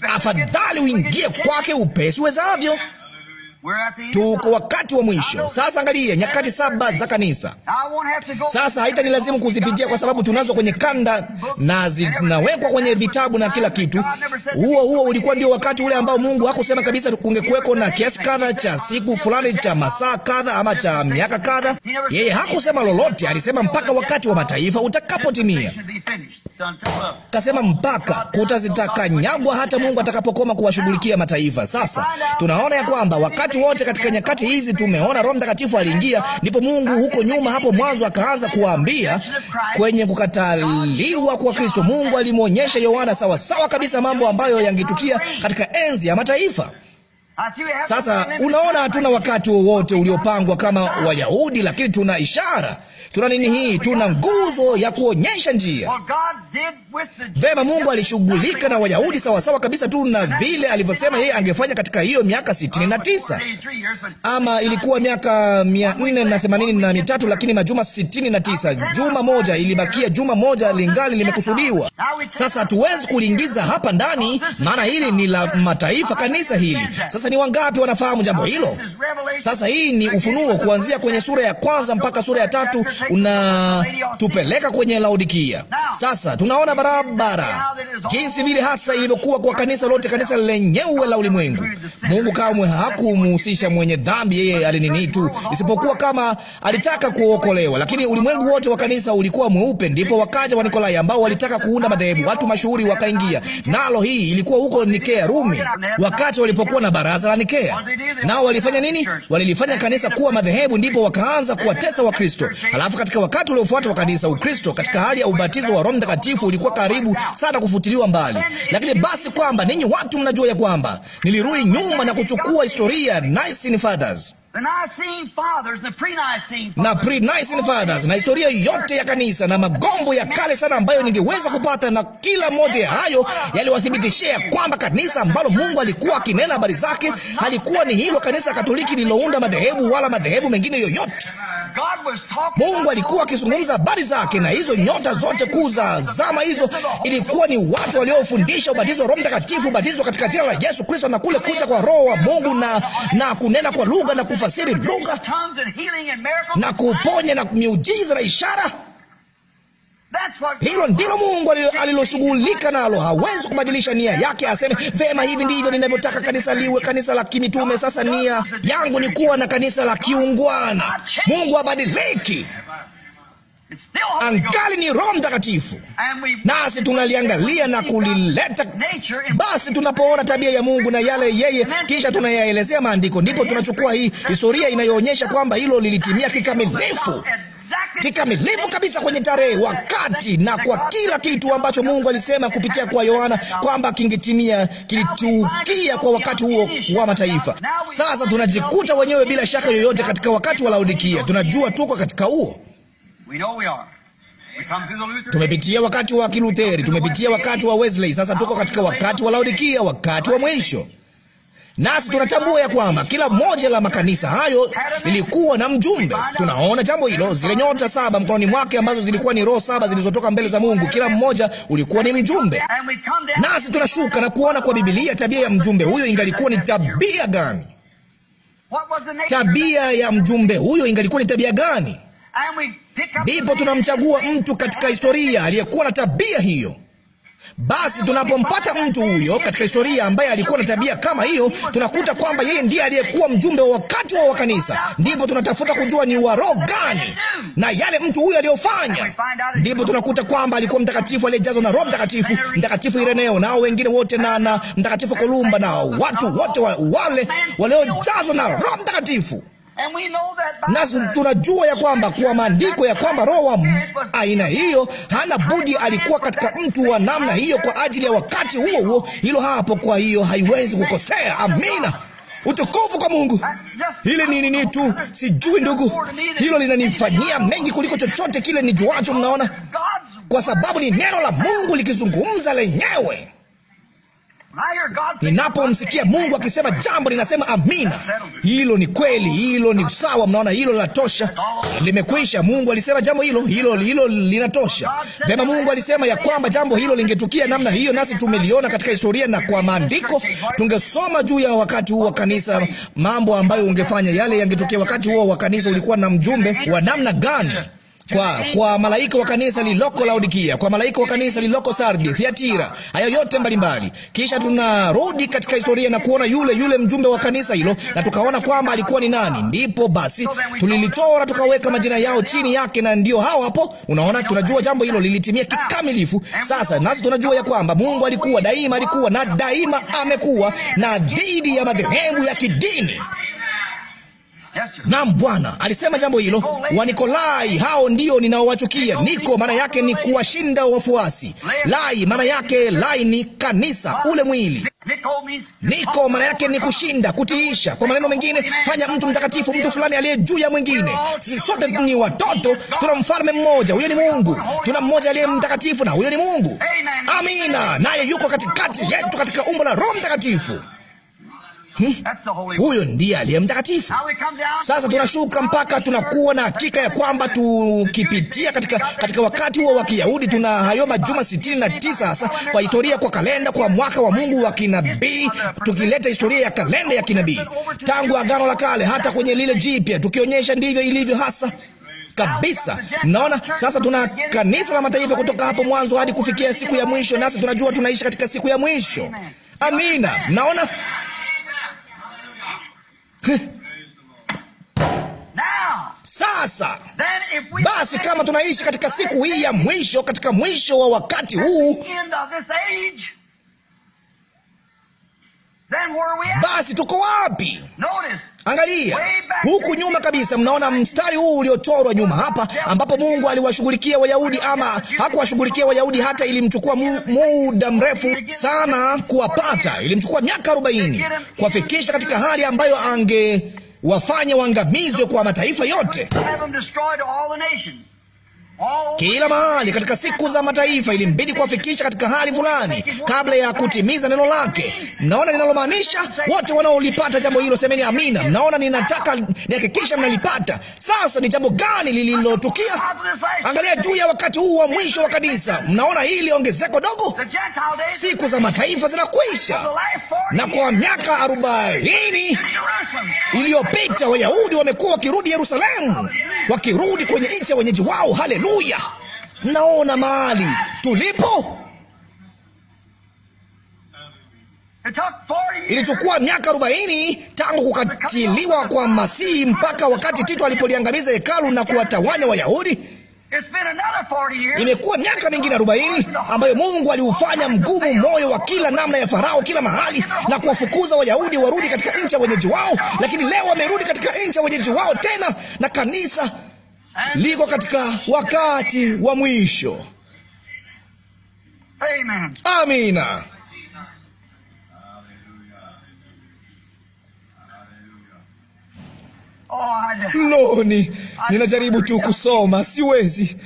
afadhali uingie kwake upesi wezavyo. Tuko wakati wa mwisho sasa. Angalia nyakati saba za kanisa. Sasa haita ni lazima kuzipitia kwa sababu tunazo kwenye kanda na zinawekwa kwenye vitabu na kila kitu. Huo huo ulikuwa ndio wakati ule ambao Mungu hakusema kabisa kungekuweko na kiasi kadha cha siku fulani cha masaa kadha ama cha miaka kadha. Yeye hakusema lolote, alisema mpaka wakati wa mataifa utakapotimia. Kasema mpaka kuta zitakanyagwa hata Mungu atakapokoma kuwashughulikia mataifa. Sasa tunaona ya kwamba wakati wakati wote katika nyakati hizi tumeona Roho Mtakatifu aliingia. Ndipo Mungu huko nyuma, hapo mwanzo, akaanza kuambia kwenye kukataliwa kwa Kristo, Mungu alimwonyesha Yohana sawasawa kabisa mambo ambayo yangetukia katika enzi ya mataifa. Sasa unaona, hatuna wakati wowote uliopangwa kama Wayahudi, lakini tuna ishara, tuna nini hii, tuna nguzo ya kuonyesha njia. Vema, Mungu alishughulika na Wayahudi sawasawa kabisa tu na vile alivyosema yeye angefanya katika hiyo miaka sitini na tisa ama ilikuwa miaka mia nne na themanini na mitatu lakini majuma sitini na tisa juma moja ilibakia, juma moja lingali limekusudiwa. Sasa hatuwezi kuliingiza hapa ndani, maana hili ni la mataifa, kanisa hili sasa ni wangapi wanafahamu jambo hilo? Sasa hii ni ufunuo kuanzia kwenye sura ya kwanza mpaka sura ya tatu unatupeleka kwenye Laodikia. Sasa tunaona barabara jinsi vile hasa ilivyokuwa kwa kanisa lote, kanisa lenyewe la ulimwengu. Mungu kamwe hakumhusisha mwenye dhambi, yeye alinini tu, isipokuwa kama alitaka kuokolewa, lakini ulimwengu wote wa kanisa ulikuwa mweupe. Ndipo wakaja wa Nikolai ambao walitaka kuunda madhehebu, watu mashuhuri wakaingia nalo. Hii ilikuwa huko Nikea, Rumi, wakati walipokuwa na bara baraza la Nikea. Nao walifanya nini? Walilifanya kanisa kuwa madhehebu, ndipo wakaanza kuwatesa Wakristo. Alafu katika wakati uliofuata wa kanisa, Ukristo katika hali ya ubatizo wa Roho Mtakatifu ulikuwa karibu sana kufutiliwa mbali. Lakini basi kwamba ninyi watu mnajua ya kwamba nilirudi nyuma na kuchukua historia Nicene Fathers na pre-Nicene Fathers na historia yote ya kanisa na magombo ya kale sana ambayo ningeweza kupata, na kila moja ya hayo yaliwathibitishia kwamba kanisa ambalo Mungu alikuwa akinena habari zake halikuwa ni hilo kanisa Katoliki lililounda madhehebu wala madhehebu mengine yoyote. Mungu alikuwa akizungumza habari zake, na hizo nyota zote kuu za zama hizo ilikuwa ni watu waliofundisha ubatizo wa Roho Mtakatifu, ubatizo katika jina la Yesu Kristo, na kule kuja kwa Roho wa Mungu na, na kunena kwa lugha na kufasiri lugha na kuponya na miujiza na ishara. Hilo ndilo Mungu aliloshughulika nalo. Hawezi kubadilisha nia yake aseme, vema, hivi ndivyo ninavyotaka kanisa liwe, kanisa la kimitume. Sasa nia yangu ni kuwa na kanisa la kiungwana. Mungu habadiliki, angali ni Roho Mtakatifu, nasi tunaliangalia na kulileta. Basi tunapoona tabia ya Mungu na yale yeye, kisha tunayaelezea Maandiko, ndipo tunachukua hii historia inayoonyesha kwamba hilo lilitimia kikamilifu kikamilifu kabisa kwenye tarehe, wakati na kwa kila kitu ambacho Mungu alisema kupitia kwa Yohana kwamba kingetimia, kilitukia kwa wakati huo wa mataifa. Sasa tunajikuta wenyewe bila shaka yoyote katika wakati wa Laodikia. Tunajua tuko katika huo Tumepitia wakati wa Kilutheri, tumepitia wakati wa Wesley, sasa tuko katika wakati wa Laodikia, wakati wa mwisho. Nasi tunatambua ya kwamba kila moja la makanisa hayo lilikuwa na mjumbe. Tunaona jambo hilo, zile nyota saba mkononi mwake ambazo zilikuwa ni roho saba zilizotoka mbele za Mungu, kila mmoja ulikuwa ni mjumbe. Nasi tunashuka na kuona kwa Biblia tabia ya mjumbe huyo ingalikuwa ni tabia gani? Tabia ya mjumbe huyo ingalikuwa ni tabia gani? Ndipo tunamchagua mtu katika historia aliyekuwa na tabia hiyo. Basi tunapompata mtu huyo katika historia ambaye alikuwa na tabia kama hiyo, tunakuta kwamba yeye ndiye aliyekuwa mjumbe wa wakati wa kanisa. Ndipo tunatafuta kujua ni wa roho gani na yale mtu huyo aliyofanya. Ndipo tunakuta kwamba alikuwa mtakatifu aliyejazwa na Roho Mtakatifu, mtakatifu Ireneo nao wengine wote na na mtakatifu Kolumba na watu wote wale waliojazwa na Roho Mtakatifu nasi tunajua ya kwamba kwa maandiko ya kwamba roho wa aina hiyo hana budi alikuwa katika mtu wa namna hiyo kwa ajili ya wakati huo huo. Hilo hapo, kwa hiyo haiwezi kukosea. Amina. Utukufu kwa Mungu. Hili ni nini tu, sijui ndugu, hilo linanifanyia mengi kuliko chochote kile nijuacho, mnaona, kwa sababu ni neno la Mungu likizungumza lenyewe. Ninapomsikia Mungu akisema jambo, ninasema amina, hilo ni kweli, hilo ni sawa. Mnaona, hilo linatosha, limekwisha. Mungu alisema jambo hilo, hilo hilo linatosha. Vema, Mungu alisema ya kwamba jambo hilo lingetukia namna hiyo, nasi tumeliona katika historia na kwa maandiko. Tungesoma juu ya wakati huo wa kanisa, mambo ambayo ungefanya, yale yangetokea wakati huo wa kanisa. Ulikuwa na mjumbe wa namna gani? kwa, kwa malaika wa kanisa liloko Laodikia, kwa malaika wa kanisa liloko Sardi, Thiatira, hayo yote mbalimbali. Kisha tunarudi katika historia na kuona yule yule mjumbe wa kanisa hilo, na tukaona kwamba alikuwa ni nani. Ndipo basi tulilichora tukaweka majina yao chini yake, na ndio hao hapo. Unaona, tunajua jambo hilo lilitimia kikamilifu. Sasa nasi tunajua ya kwamba Mungu alikuwa daima, alikuwa na daima amekuwa na dhidi ya madhehebu ya kidini. Naam, Bwana alisema jambo hilo. Wanikolai hao ndio ninaowachukia. Niko maana yake ni kuwashinda wafuasi. Lai maana yake lai ni kanisa, ule mwili. Niko maana yake ni kushinda, kutiisha. Kwa maneno mengine, fanya mtu mtakatifu, mtu fulani aliye juu ya mwingine. Sisi sote ni watoto, tuna mfalme mmoja, huyo ni Mungu. Tuna mmoja aliye mtakatifu, na huyo ni Mungu. Amina, naye yuko katikati yetu katika umbo la Roho Mtakatifu. Hmm. Huyo ndiye aliye mtakatifu. Sasa tunashuka mpaka tunakuwa na hakika ya kwamba tukipitia katika, katika wakati huo wa Kiyahudi tuna hayo majuma sitini na tisa hasa kwa historia, kwa kalenda, kwa mwaka wa Mungu wa kinabii, tukileta historia ya kalenda ya kinabii tangu Agano la Kale hata kwenye lile Jipya, tukionyesha ndivyo ilivyo hasa kabisa. Naona sasa tuna kanisa la mataifa kutoka hapo mwanzo hadi kufikia siku ya mwisho, nasi tunajua tunaishi katika siku ya mwisho. Amina, naona sasa basi, kama tunaishi katika siku hii ya mwisho, katika mwisho wa wakati huu basi tuko wapi? Angalia huku nyuma kabisa, mnaona mstari huu uliochorwa nyuma hapa, ambapo Mungu aliwashughulikia Wayahudi ama hakuwashughulikia Wayahudi, hata ilimchukua mu, muda mrefu sana kuwapata. Ilimchukua miaka 40 kuwafikisha katika hali ambayo angewafanya waangamizwe kwa mataifa yote kila mahali katika siku za mataifa, ilimbidi kuwafikisha katika hali fulani kabla ya kutimiza neno lake. Mnaona ninalomaanisha? Wote wanaolipata jambo hilo semeni amina. Mnaona ninataka nihakikisha mnalipata. Sasa ni jambo gani lililotukia? Angalia juu ya wakati huu wa mwisho wa kanisa. Mnaona hili ongezeko dogo? Siku za mataifa zinakwisha, na kwa miaka arobaini iliyopita Wayahudi wamekuwa wakirudi Yerusalemu wakirudi kwenye nchi ya wenyeji wao. Haleluya! naona mahali tulipo. Ilichukua miaka arobaini tangu kukatiliwa kwa Masihi mpaka wakati Tito alipoliangamiza hekalu na kuwatawanya Wayahudi. Imekuwa miaka mingine arobaini ambayo Mungu aliufanya mgumu moyo wa kila namna ya Farao kila mahali na kuwafukuza Wayahudi warudi katika nchi ya wenyeji wao, lakini leo wamerudi katika nchi ya wenyeji wao tena, na kanisa liko katika wakati wa mwisho. Amina. Oh, Loni, ninajaribu tu kusoma, siwezi.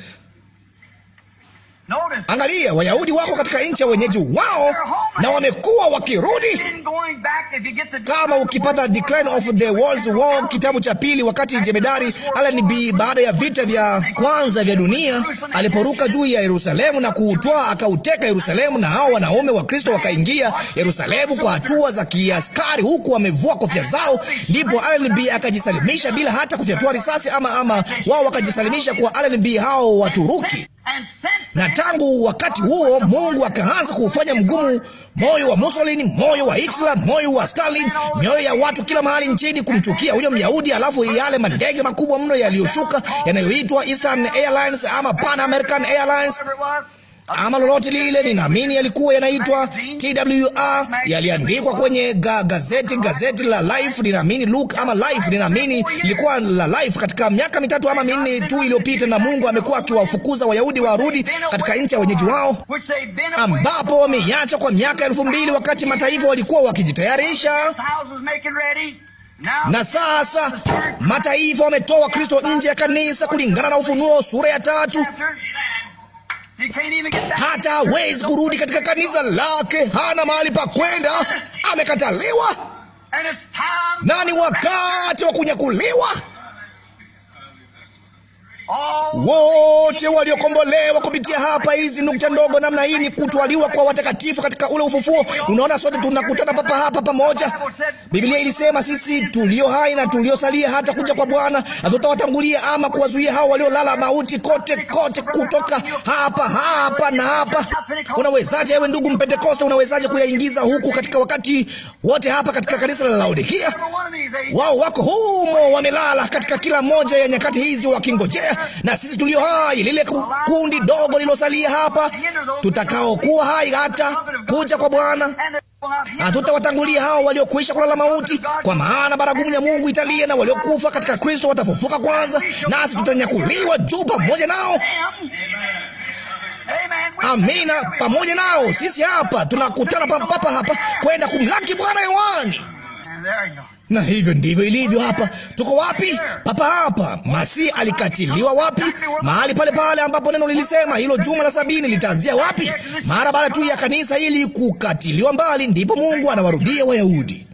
Angalia, Wayahudi wako katika nchi ya wenyeji wao na wamekuwa wakirudi. Kama ukipata Decline of the Walls War, kitabu cha pili, wakati jemedari Allenby baada ya vita vya kwanza vya dunia aliporuka juu ya Yerusalemu na kuutwaa akauteka Yerusalemu, na hao wanaume wa Kristo wakaingia Yerusalemu kwa hatua za kiaskari, huku wamevua kofia zao, ndipo B akajisalimisha bila hata kufyatua risasi, ama ama wao wakajisalimisha kwa B, hao Waturuki na tangu wakati huo Mungu akaanza kuufanya mgumu moyo wa Mussolini, moyo wa Hitler, moyo wa Stalin, mioyo ya watu kila mahali nchini kumchukia huyo Myahudi. Alafu yale mandege makubwa mno yaliyoshuka yanayoitwa Eastern Airlines ama Pan American Airlines ama lolote lile. Ninaamini yalikuwa yanaitwa TWR, yaliandikwa kwenye ga gazeti gazeti la Life, ninaamini Look ama Life, ninaamini ilikuwa la Life katika miaka mitatu ama minne tu iliyopita, na Mungu amekuwa akiwafukuza Wayahudi warudi katika nchi ya wenyeji wao, ambapo wameiacha kwa miaka elfu mbili wakati mataifa walikuwa wakijitayarisha na sasa mataifa wametoa Kristo nje ya kanisa kulingana na Ufunuo sura ya tatu hata hawezi kurudi katika kanisa lake, hana mahali pa kwenda, amekataliwa na ni wakati wa kunyakuliwa. Wote waliokombolewa kupitia hapa, hizi nukta ndogo namna hii ni kutwaliwa kwa watakatifu katika ule ufufuo. Unaona, sote tunakutana papa hapa pamoja. Biblia ilisema sisi tulio hai na tuliosalia hata kuja kwa Bwana hatutawatangulia ama kuwazuia hao waliolala mauti kote kote, kutoka hapa hapa na hapa. Unawezaje ewe ndugu Mpentekoste, unawezaje kuyaingiza huku katika wakati wote hapa katika kanisa la Laodikia? Wao wako humo wamelala katika kila moja ya nyakati hizi wakingojea na sisi tulio hai, lile kundi dogo lilosalia hapa, tutakaokuwa hai hata kuja kwa Bwana. Hatutawatangulia hao waliokwisha kulala mauti, kwa maana baragumu ya Mungu italia, na waliokufa katika Kristo watafufuka kwanza, nasi tutanyakuliwa juu pamoja nao. Amina, pamoja nao. Sisi hapa tunakutana papa hapa kwenda kumlaki Bwana hewani. Na hivyo ndivyo ilivyo hapa. Tuko wapi? Papa hapa. Masi alikatiliwa wapi? Mahali pale pale ambapo neno lilisema hilo juma la sabini litaanzia wapi? Mara baada tu ya kanisa hili kukatiliwa mbali, ndipo Mungu anawarudia Wayahudi.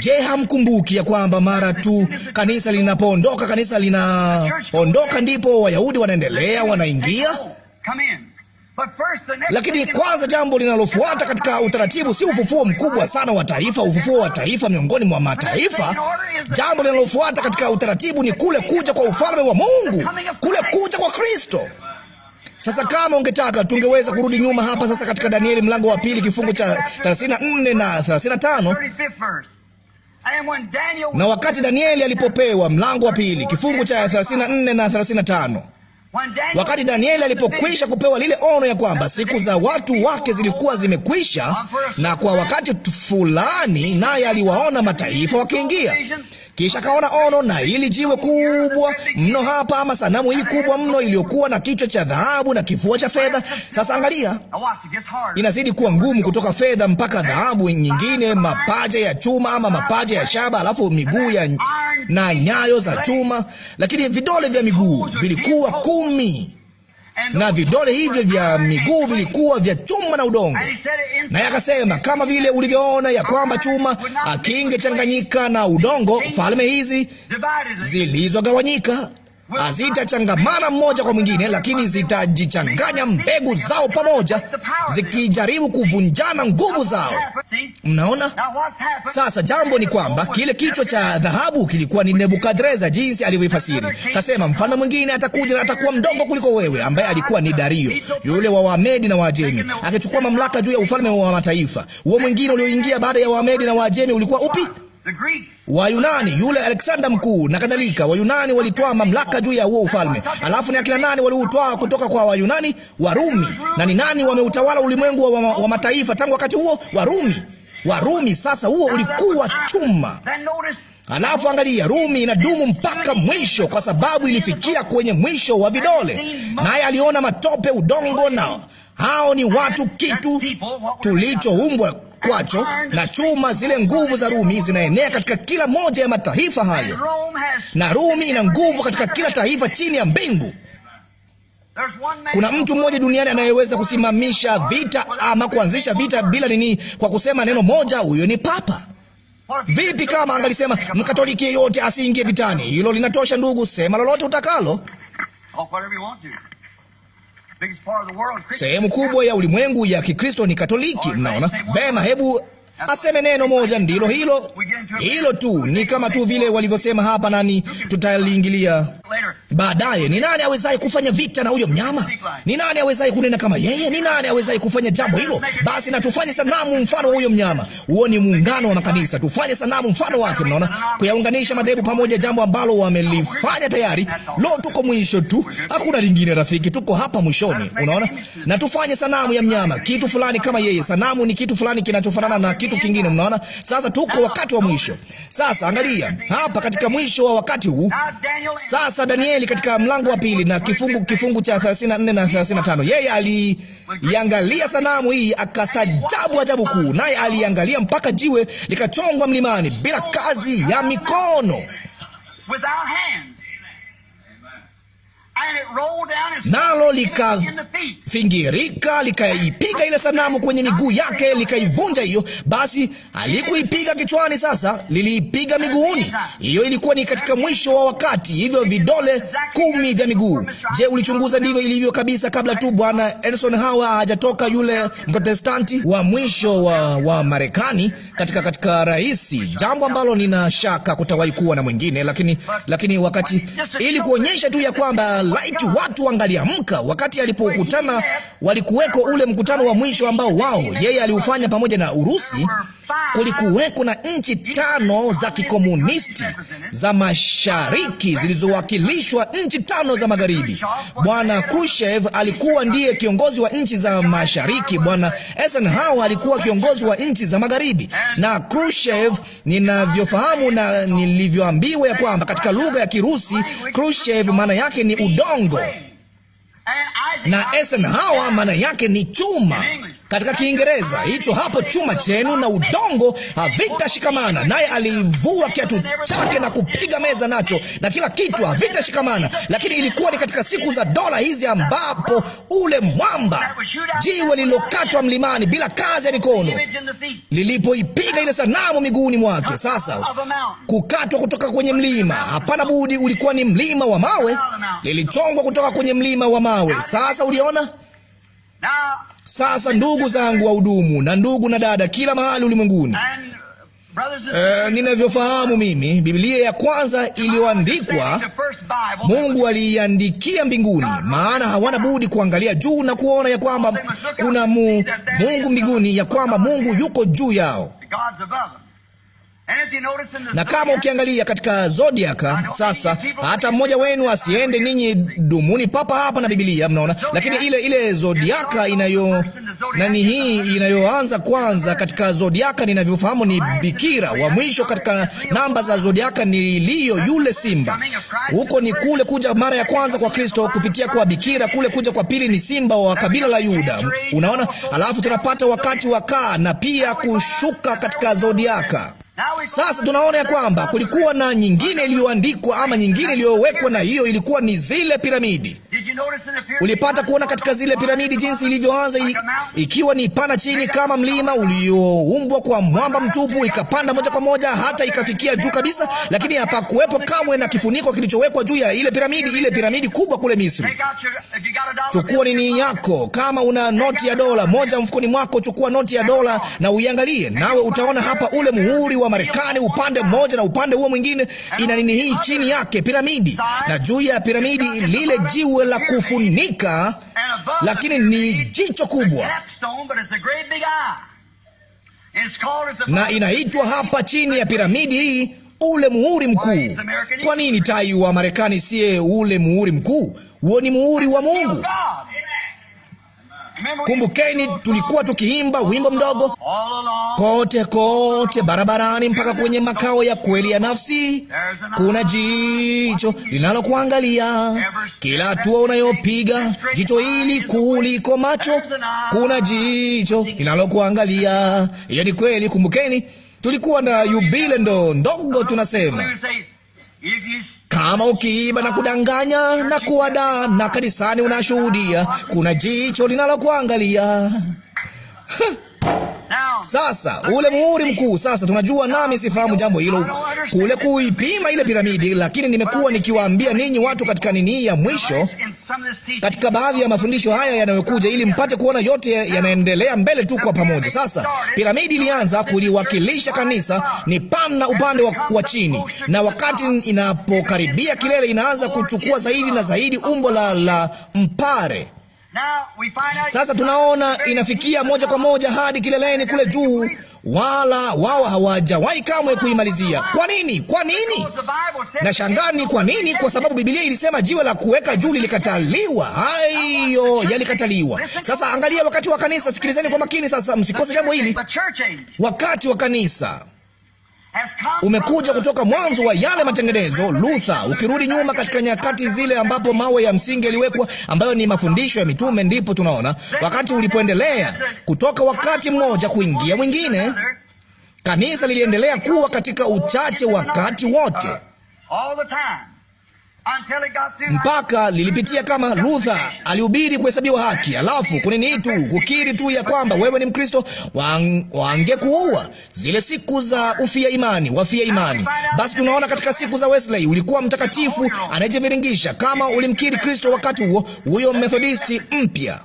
Je, hamkumbuki ya kwamba mara tu kanisa linapoondoka, kanisa linaondoka, ndipo Wayahudi wanaendelea wanaingia lakini kwanza jambo linalofuata katika utaratibu si ufufuo mkubwa sana wa taifa, ufufuo wa taifa miongoni mwa mataifa. Jambo linalofuata katika utaratibu ni kule kuja kwa ufalme wa Mungu, kule kuja kwa Kristo. Sasa kama ungetaka tungeweza kurudi nyuma hapa sasa katika Danieli mlango wa pili kifungu cha 34 na 35. Na wakati Danieli alipopewa mlango wa pili kifungu cha 34 na Wakati Danieli alipokwisha kupewa lile ono ya kwamba siku za watu wake zilikuwa zimekwisha, na kwa wakati fulani naye aliwaona mataifa wakiingia kisha kaona ono na hili jiwe kubwa mno hapa, ama sanamu hii kubwa mno iliyokuwa na kichwa cha dhahabu na kifua cha fedha. Sasa angalia, inazidi kuwa ngumu kutoka fedha mpaka dhahabu nyingine, mapaja ya chuma ama mapaja ya shaba, alafu miguu ya na nyayo za chuma, lakini vidole vya miguu vilikuwa kumi na vidole hivyo vya miguu vilikuwa vya chuma na udongo. Naye akasema kama vile ulivyoona ya kwamba chuma akingechanganyika na udongo, falme hizi zilizogawanyika hazitachangamana mmoja kwa mwingine, lakini zitajichanganya mbegu zao pamoja, zikijaribu kuvunjana nguvu zao. Mnaona sasa, jambo ni kwamba kile kichwa cha dhahabu kilikuwa ni Nebukadreza, jinsi alivyoifasiri. Kasema mfano mwingine atakuja na atakuwa mdogo kuliko wewe, ambaye alikuwa ni Dario yule wa Wamedi na Wajemi, akichukua mamlaka juu ya ufalme wa mataifa. Huo mwingine ulioingia baada ya Wamedi na Wajemi ulikuwa upi? Wayunani, yule Alexander mkuu na kadhalika. Wayunani walitwaa mamlaka juu ya huo ufalme. Alafu ni akina nani waliutwaa kutoka kwa Wayunani? Warumi. Na ni nani wameutawala ulimwengu wa, wa, wa mataifa tangu wakati huo? Warumi. Warumi. Sasa huo ulikuwa chuma. Alafu angalia, Rumi inadumu mpaka mwisho, kwa sababu ilifikia kwenye mwisho wa vidole, naye aliona matope, udongo, na hao ni watu, kitu tulichoumbwa kwacho, na chuma zile nguvu za Rumi zinaenea katika kila moja ya mataifa hayo, na Rumi ina nguvu katika kila taifa chini ya mbingu. Kuna mtu mmoja duniani anayeweza kusimamisha vita ama kuanzisha vita bila nini, kwa kusema neno moja. Huyo ni Papa. Vipi kama angalisema mkatoliki yeyote asiingie vitani? Hilo linatosha ndugu, sema lolote utakalo. Sehemu kubwa ya ulimwengu ya Kikristo ni Katoliki. Mnaona vema? Hebu aseme neno moja, ndilo hilo hilo tu. Ni kama tu vile walivyosema hapa, nani tutaliingilia baadaye. Ni nani awezaye kufanya vita na huyo mnyama? Ni nani awezaye kunena kama yeye? Ni nani awezaye kufanya jambo hilo? Basi na tufanye sanamu mfano wa huyo mnyama. Huo ni muungano wa makanisa, tufanye sanamu mfano wake. Mnaona, kuyaunganisha madhehebu pamoja, jambo ambalo wamelifanya tayari. Lo, tuko mwisho tu, hakuna lingine rafiki, tuko hapa mwishoni. Unaona, na tufanye sanamu ya mnyama, kitu fulani kama yeye. Sanamu ni kitu fulani kinachofanana na kitu kitu kingine. Mnaona, sasa tuko wakati wa mwisho. Sasa angalia hapa katika mwisho wa wakati huu. Sasa Danieli katika mlango wa pili na kifungu kifungu cha 34 na 35, yeye aliangalia sanamu hii akastajabu ajabu kuu, naye aliangalia mpaka jiwe likachongwa mlimani bila kazi ya mikono nalo likafingirika likaipiga ile sanamu kwenye miguu yake, likaivunja hiyo. Basi alikuipiga kichwani, sasa liliipiga miguuni. Hiyo ilikuwa ni katika mwisho wa wakati, hivyo vidole kumi vya miguu. Je, ulichunguza? Ndivyo ilivyo kabisa, kabla tu bwana Edison Hawa hajatoka, yule mprotestanti wa mwisho wa, wa Marekani katika, katika raisi, jambo ambalo nina shaka kutawahi kuwa na mwingine, lakini, lakini wakati ili kuonyesha tu ya kwamba laiti watu wangaliamka. Wakati alipokutana, walikuweko ule mkutano wa mwisho ambao wao yeye aliufanya pamoja na Urusi. Kulikuweko na nchi tano za kikomunisti za mashariki zilizowakilishwa nchi tano za magharibi. Bwana Khrushchev alikuwa ndiye kiongozi wa nchi za mashariki, Bwana Eisenhower alikuwa kiongozi wa nchi za magharibi, na Khrushchev, ninavyofahamu na nilivyoambiwa ya kwamba katika lugha ya Kirusi Khrushchev maana yake ni udo udongo, na Eisenhower maana yake ni chuma katika Kiingereza, hicho hapo chuma chenu na udongo havitashikamana. Naye alivua kiatu chake na kupiga meza nacho, na kila kitu havitashikamana. Lakini ilikuwa ni katika siku za dola hizi ambapo ule mwamba, jiwe lililokatwa mlimani bila kazi ya mikono, lilipoipiga ile sanamu miguuni mwake. Sasa kukatwa kutoka kwenye mlima, hapana budi, ulikuwa ni mlima wa mawe, lilichongwa kutoka kwenye mlima wa mawe. Sasa uliona sasa ndugu zangu wahudumu na ndugu na dada kila mahali ulimwenguni, Uh, ninavyofahamu mimi Biblia ya kwanza iliyoandikwa Mungu aliiandikia mbinguni, maana hawana budi kuangalia juu na kuona ya kwamba kuna mu, Mungu mbinguni, ya kwamba Mungu yuko juu yao. Na kama ukiangalia katika zodiaka sasa, hata mmoja wenu asiende, ninyi dumuni papa hapa na Biblia, mnaona. Lakini ile ile zodiaka inayo nani hii inayoanza kwanza katika zodiaka ninavyofahamu ni bikira. Wa mwisho katika namba za zodiaka ni yule simba. Huko ni kule kuja mara ya kwanza kwa Kristo kupitia kwa bikira, kule kuja kwa pili ni simba wa kabila la Yuda, unaona. Alafu tunapata wakati wa kaa na pia kushuka katika zodiaka sasa tunaona ya kwamba kulikuwa na nyingine iliyoandikwa ama nyingine iliyowekwa, na hiyo ilikuwa ni zile piramidi. Ulipata kuona katika zile piramidi jinsi ilivyoanza ikiwa ni pana chini kama mlima ulioumbwa kwa mwamba mtupu, ikapanda moja kwa moja hata ikafikia juu kabisa, lakini hapakuwepo kamwe na kifuniko kilichowekwa juu ya ile piramidi, ile piramidi kubwa kule Misri. Chukua nini yako, kama una noti ya dola moja mfukoni mwako, chukua noti ya dola na uiangalie, nawe utaona hapa ule muhuri wa Marekani, upande mmoja na upande huo mwingine ina nini hii chini yake, piramidi, na juu ya piramidi lile jiwe la kufunika, lakini ni jicho kubwa na inaitwa hapa chini ya piramidi hii ule muhuri mkuu. Kwa nini tai wa Marekani siye ule muhuri mkuu? Huo ni muhuri wa Mungu. Kumbukeni, tulikuwa tukiimba wimbo mdogo kote kote barabarani mpaka kwenye makao ya kweli ya nafsi. Kuna jicho linalokuangalia kila hatua unayopiga, jicho hili kuliko macho. Kuna jicho linalokuangalia. Hiyo ni kweli. Kumbukeni, tulikuwa na yubile ndo ndogo tunasema kama ukiiba na kudanganya na kuwadaa, na kanisani unashuhudia, kuna jicho linalokuangalia sasa ule muhuri mkuu, sasa tunajua, nami sifahamu jambo hilo kule kuipima ile piramidi, lakini nimekuwa nikiwaambia ninyi watu katika nini ya mwisho, katika baadhi ya mafundisho haya yanayokuja, ili mpate kuona yote yanaendelea mbele tu kwa pamoja. Sasa piramidi ilianza kuliwakilisha kanisa, ni pana upande wa, wa chini, na wakati inapokaribia kilele inaanza kuchukua zaidi na zaidi umbo la, la mpare sasa tunaona inafikia moja kwa moja hadi kileleni kule juu, wala wao hawajawahi kamwe kuimalizia. Kwa nini? Kwa nini? na shangani kwa nini? Kwa sababu Biblia ilisema jiwe la kuweka juu lilikataliwa, hayo yalikataliwa. Sasa angalia wakati wa kanisa, sikilizeni kwa makini sasa, msikose jambo hili, wakati wa kanisa umekuja kutoka mwanzo wa yale matengenezo. Luther, ukirudi nyuma katika nyakati zile ambapo mawe ya msingi yaliwekwa, ambayo ni mafundisho ya mitume, ndipo tunaona wakati ulipoendelea kutoka wakati mmoja kuingia mwingine, kanisa liliendelea kuwa katika uchache wakati wote mpaka lilipitia kama Luther alihubiri kuhesabiwa haki, alafu kunini tu kukiri tu ya kwamba wewe ni Mkristo, wangekuua. Zile siku za ufia imani, wafia imani. Basi tunaona katika siku za Wesley ulikuwa mtakatifu anayejiviringisha kama ulimkiri Kristo wakati huo, huyo Methodisti mpya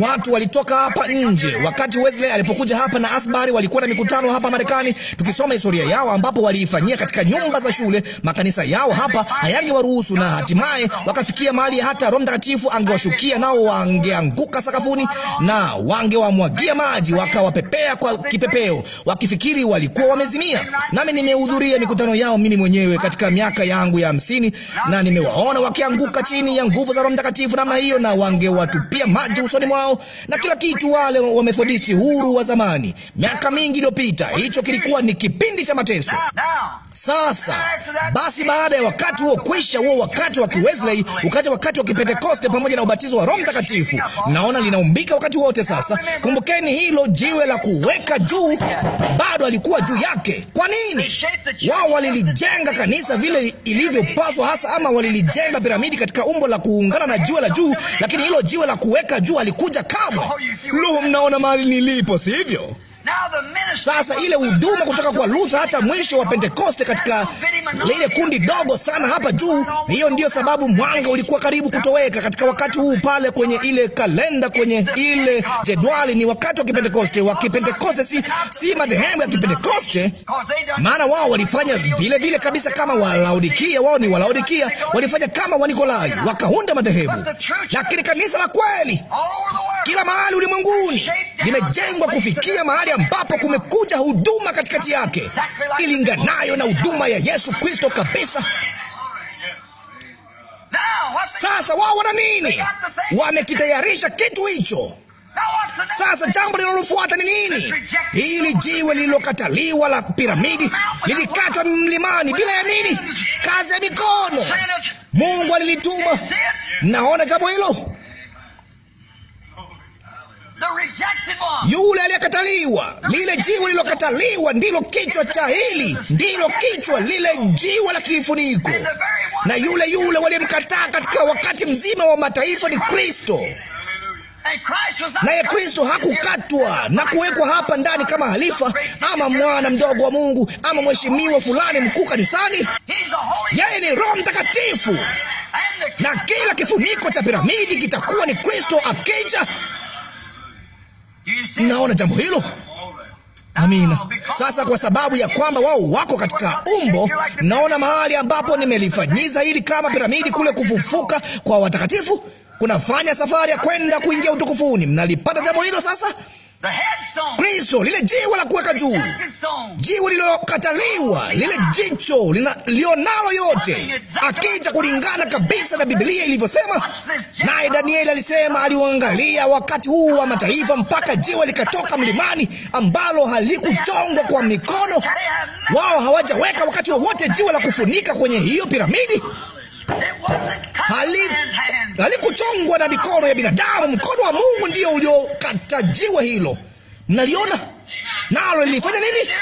Watu walitoka hapa nje. Wakati Wesley alipokuja hapa na Asbury, walikuwa na mikutano hapa Marekani, tukisoma historia yao, ambapo waliifanyia katika nyumba za shule. Makanisa yao hapa waruhusu, na hatimaye wakafikia mahali hata Roho Mtakatifu angewashukia, nao wangeanguka sakafuni na wangewamwagia maji, wakawapepea kwa kipepeo, wakifikiri walikuwa wamezimia. Nami nimehudhuria mikutano yao mimi mwenyewe katika miaka yangu ya hamsini, na nimewaona wakianguka chini ya nguvu za Roho Mtakatifu namna hiyo, na wangewatupia maji maji usoni mwao na kila kitu. Wale wa Methodisti huru wa zamani, miaka mingi iliyopita, hicho kilikuwa ni kipindi cha mateso. Sasa basi, baada ya wakati huo kwisha, huo wakati wa Kiwesley ukaja wakati wa Kipentekoste pamoja na ubatizo wa Roho Mtakatifu. Naona linaumbika wakati wote sasa. Kumbukeni hilo jiwe la kuweka juu bado alikuwa juu yake. Kwa nini wao walilijenga kanisa vile ilivyopaswa hasa, ama walilijenga piramidi katika umbo la kuungana na jiwe la juu, lakini hilo jiwe la kuweka Hakika jua alikuja kamwe. Lo, mnaona mahali nilipo, sivyo? Sasa ile huduma kutoka kwa Luther hata mwisho wa Pentekoste katika lile kundi dogo sana hapa juu, hiyo ndiyo sababu mwanga ulikuwa karibu kutoweka katika wakati huu pale kwenye ile kalenda, kwenye ile jedwali, ni wakati wa Kipentekoste. Wa Kipentekoste si, si madhehebu ya Kipentekoste, maana wao walifanya vile vile kabisa kama Walaodikia. Wao ni Walaodikia, walifanya kama Wanikolai, wakaunda madhehebu. Lakini kanisa la kweli kila mahali ulimwenguni limejengwa kufikia mahali pale ambapo kumekuja huduma katikati yake ilinganayo na huduma ya Yesu Kristo kabisa. Sasa wao wana nini? Wamekitayarisha kitu hicho. Sasa jambo linalofuata ni nini? Hili jiwe lililokataliwa la piramidi lilikatwa mlimani bila ya nini? Kazi ya mikono. Mungu alilituma. Naona jambo hilo yule aliyekataliwa. Lile jiwe lilokataliwa ndilo kichwa cha hili, ndilo kichwa, lile jiwe la kifuniko. Na yule yule waliyemkataa katika wakati mzima wa mataifa ni Kristo. Naye Kristo hakukatwa na kuwekwa hapa ndani kama halifa ama mwana mdogo wa Mungu ama mheshimiwa fulani mkuu kanisani. Yeye ni Roho Mtakatifu, na kila kifuniko cha piramidi kitakuwa ni Kristo akija. Mnaona jambo hilo? Amina. Sasa kwa sababu ya kwamba wao wako katika umbo, naona mahali ambapo nimelifanyiza hili kama piramidi kule, kufufuka kwa watakatifu kunafanya safari ya kwenda kuingia utukufuni. Mnalipata jambo hilo sasa? Kristo, lile jiwe la kuweka juu, jiwe lililokataliwa, lile jicho lionalo yote, akija kulingana kabisa na Biblia ilivyosema. Naye Danieli alisema aliuangalia wakati huu wa mataifa mpaka jiwe likatoka mlimani, ambalo halikuchongwa kwa mikono. Wao hawajaweka wakati wowote jiwe la kufunika kwenye hiyo piramidi halikuchongwa na mikono ya binadamu. Mkono wa Mungu ndio uliokata jiwe hilo. Mnaliona nalo lilifanya nini?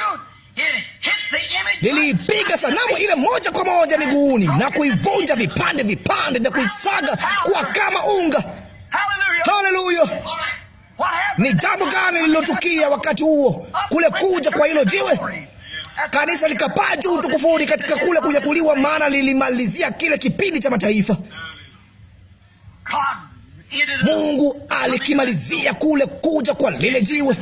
Liliipiga sanamu ile moja kwa moja miguuni na kuivunja vipande vipande na kuisaga kuwa kama unga. Haleluya! Ni jambo gani lililotukia wakati huo, kule kuja kwa hilo jiwe? Kanisa likapaa juu tukufuni katika kule kunyakuliwa, maana lilimalizia kile kipindi cha mataifa. Mungu alikimalizia kule kuja kwa lile jiwe.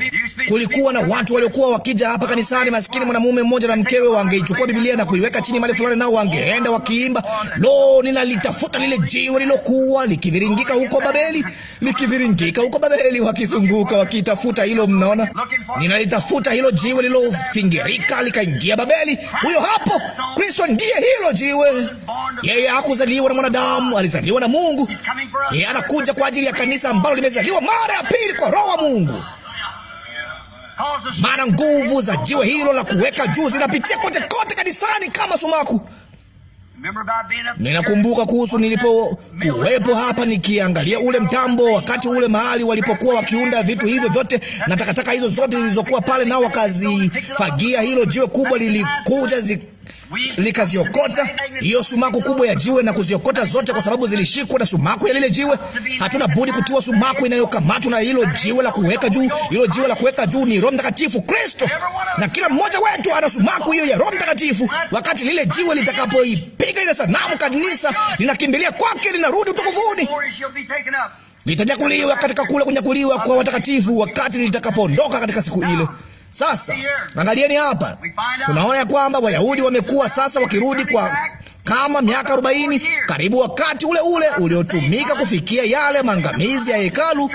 Kulikuwa na watu waliokuwa wakija hapa kanisani, maskini mwanamume mmoja na mkewe, wangeichukua Biblia na kuiweka chini mahali fulani, nao wangeenda wakiimba, lo, ninalitafuta lile jiwe lilokuwa likiviringika huko Babeli, likiviringika huko Babeli, wakizunguka wakitafuta hilo. Mnaona, ninalitafuta hilo jiwe lilofingirika likaingia Babeli. Huyo hapo, Kristo ndiye hilo jiwe. Yeye hakuzaliwa na mwanadamu, alizaliwa na Mungu. Yeye anakuja kwa ajili ya kanisa ambalo limezaliwa mara ya pili kwa Roho wa Mungu. Maana nguvu za jiwe hilo la kuweka juu zinapitia kote kote kanisani kama sumaku. Ninakumbuka kuhusu nilipo kuwepo hapa nikiangalia ule mtambo wakati ule mahali walipokuwa wakiunda vitu hivyo vyote na takataka hizo zote zilizokuwa pale, nao wakazifagia. Hilo jiwe kubwa lilikuja zi likaziokota hiyo sumaku kubwa ya jiwe na kuziokota zote, kwa sababu zilishikwa na sumaku ya lile jiwe. Hatuna budi kutiwa sumaku inayokamatwa na hilo jiwe la kuweka juu. Hilo jiwe la kuweka juu ni Roho Mtakatifu Kristo, na kila mmoja wetu ana sumaku hiyo ya Roho Mtakatifu. Wakati lile jiwe litakapoipiga ile sanamu, kanisa linakimbilia kwake, linarudi utukufuni litanyakuliwa katika kule kunyakuliwa kwa watakatifu, wakati litakapoondoka katika siku ile. Sasa angalieni hapa, tunaona ya kwamba Wayahudi wamekuwa sasa wakirudi kwa kama miaka arobaini, karibu wakati ule ule uliotumika kufikia yale maangamizi ya hekalu.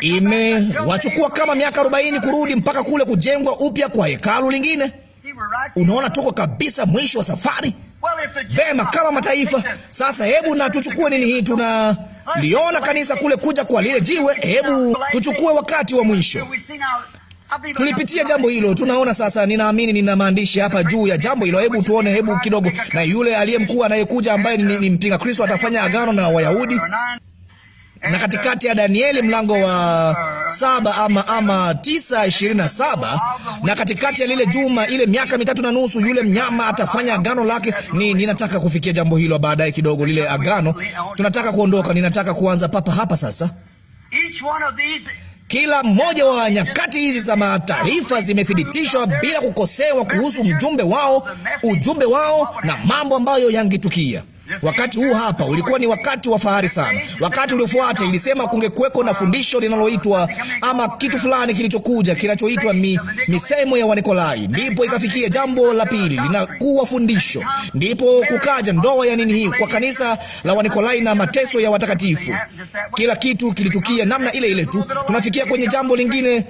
Imewachukua kama miaka arobaini kurudi mpaka kule kujengwa upya kwa hekalu lingine. Unaona, tuko kabisa mwisho wa safari. Vema, kama mataifa sasa, hebu na tuchukue nini hii, tunaliona kanisa kule kuja kwa lile jiwe. Hebu tuchukue wakati wa mwisho tulipitia jambo hilo, tunaona sasa. Ninaamini nina maandishi hapa juu ya jambo hilo. Hebu tuone, hebu kidogo. Na yule aliye mkuu anayekuja ambaye ni, ni mpinga Kristo atafanya agano na Wayahudi na katikati ya Danieli mlango wa saba ama ama tisa ishirini na saba na katikati ya lile juma, ile miaka mitatu na nusu, yule mnyama atafanya agano lake. Ni ninataka kufikia jambo hilo baadaye kidogo, lile agano. Tunataka kuondoka, ninataka kuanza papa hapa sasa. Kila mmoja wa nyakati hizi za mataifa zimethibitishwa bila kukosewa kuhusu mjumbe wao, ujumbe wao na mambo ambayo yangetukia. Wakati huu hapa ulikuwa ni wakati wa fahari sana. Wakati uliofuata ilisema kungekuweko na fundisho linaloitwa ama kitu fulani kilichokuja kinachoitwa mi, misemo ya Wanikolai. Ndipo ikafikia jambo la pili linakuwa fundisho, ndipo kukaja ndoa ya nini hii kwa kanisa la Wanikolai na mateso ya watakatifu. Kila kitu kilitukia namna ile ile tu. Tunafikia kwenye jambo lingine,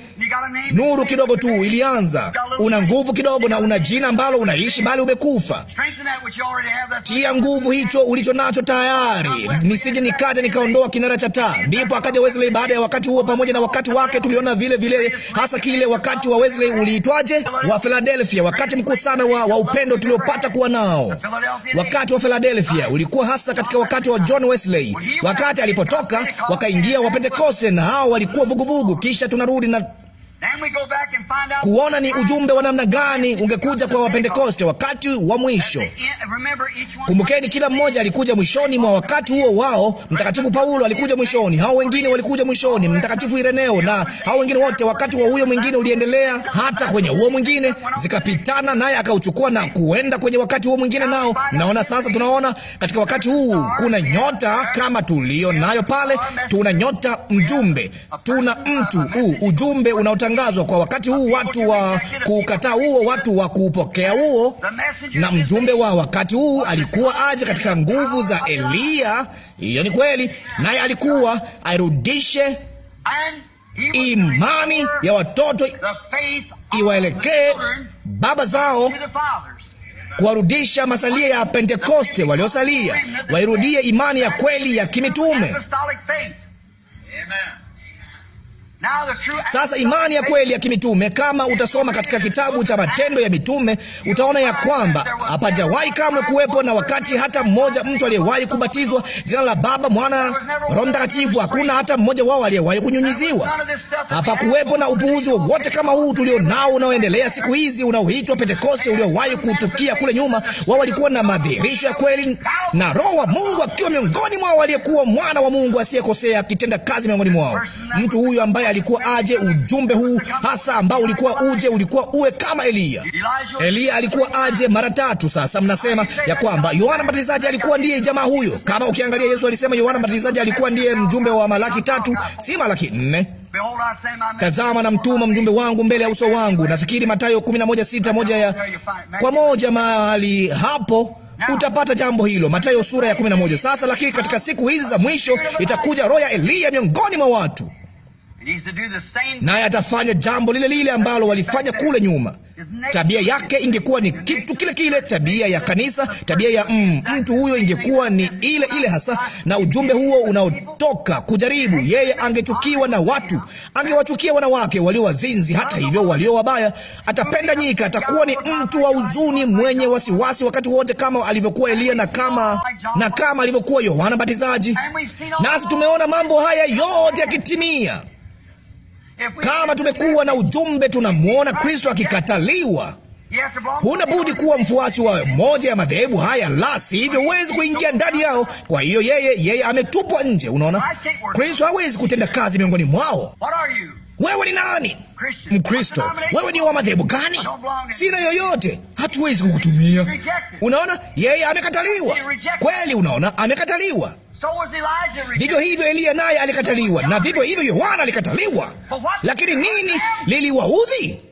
nuru kidogo tu ilianza. Una nguvu kidogo na una jina ambalo unaishi, bali umekufa. Tia nguvu hii ulicho ulicho nacho tayari, nisije nikaja nikaondoa kinara cha taa. Ndipo akaja Wesley baada ya wakati huo, pamoja na wakati wake tuliona vile vile, hasa kile wakati wa Wesley uliitwaje, wa Philadelphia, wakati mkuu sana wa, wa upendo tuliopata kuwa nao. Wakati wa Philadelphia ulikuwa hasa katika wakati wa John Wesley, wakati alipotoka wakaingia Wapentekoste, na hao walikuwa vuguvugu vugu. Kisha tunarudi na kuona ni ujumbe wa namna gani ungekuja kwa Wapentekoste wakati wa mwisho. Kumbukeni, kila mmoja alikuja mwishoni mwa wakati huo wao. Mtakatifu Paulo alikuja mwishoni, hao wengine walikuja mwishoni, Mtakatifu Ireneo na hao wengine wote. Wakati wa huyo mwingine uliendelea hata kwenye huo mwingine, zikapitana naye akauchukua na kuenda kwenye wakati huo mwingine nao. Naona sasa, tunaona katika wakati huu kuna nyota kama tulio nayo pale, tuna nyota mjumbe, tuna mtu u ujumbe unaota kutangazwa kwa wakati huu, watu wa kuukataa huo, watu wa kuupokea huo. Na mjumbe wa wakati huu alikuwa aje katika nguvu za Eliya? Hiyo ni kweli, naye alikuwa airudishe imani ya watoto iwaelekee baba zao kuwarudisha masalia ya Pentekoste waliosalia, wairudie imani ya kweli ya kimitume. Sasa imani ya kweli ya kimitume, kama utasoma katika kitabu cha Matendo ya Mitume utaona ya kwamba hapajawahi kamwe kuwepo na wakati hata mmoja mtu aliyewahi kubatizwa jina la Baba, Mwana, Roho Mtakatifu. Hakuna hata mmoja wao aliyewahi kunyunyiziwa. Hapakuwepo na upuuzi wowote kama huu tulio nao unaoendelea siku hizi unaoitwa Pentekoste uliowahi kutukia kule nyuma. Wao walikuwa na madhihirisho ya kweli na Roho wa Mungu akiwa miongoni mwao, aliyekuwa mwana wa Mungu asiyekosea akitenda kazi miongoni mwao. Mtu huyu ambaye alikuwa aje? Ujumbe huu hasa ambao ulikuwa uje, ulikuwa uwe kama Eliya. Eliya alikuwa aje? Mara tatu sasa mnasema ya kwamba Yohana Mbatizaji alikuwa ndiye jamaa huyo. Kama ukiangalia, Yesu alisema Yohana Mbatizaji alikuwa ndiye mjumbe wa Malaki tatu, si Malaki nne. Tazama, na mtuma mjumbe wangu mbele ya uso wangu. Nafikiri Mathayo 11:6 moja ya kwa moja, mahali hapo utapata jambo hilo, Mathayo sura ya 11. Sasa lakini katika siku hizi za mwisho itakuja roho ya Eliya miongoni mwa watu naye atafanya jambo lile lile ambalo walifanya kule nyuma. Tabia yake ingekuwa ni kitu kile kile. Tabia ya kanisa, tabia ya mm, mtu huyo ingekuwa ni ile ile hasa, na ujumbe huo unaotoka kujaribu. Yeye angechukiwa na watu, angewachukia wanawake walio wazinzi, hata hivyo walio wabaya. Atapenda nyika, atakuwa ni mtu wa huzuni, mwenye wasiwasi wakati wote, kama alivyokuwa elia na kama, na kama alivyokuwa Yohana Mbatizaji. Nasi tumeona mambo haya yote yakitimia. Kama tumekuwa na ujumbe, tunamwona Kristo akikataliwa, huna budi kuwa mfuasi wa moja ya madhehebu haya, la sivyo huwezi kuingia ndani yao. Kwa hiyo yeye yeye ametupwa nje. Unaona, Kristo hawezi kutenda kazi miongoni mwao. Wewe ni nani? Mkristo. Wewe ni wa madhehebu gani? Sina yoyote, hatuwezi kukutumia. Unaona, yeye amekataliwa kweli. Unaona, amekataliwa. Vivyo hivyo Eliya naye alikataliwa, na vivyo hivyo Yohana alikataliwa. Lakini nini liliwaudhi?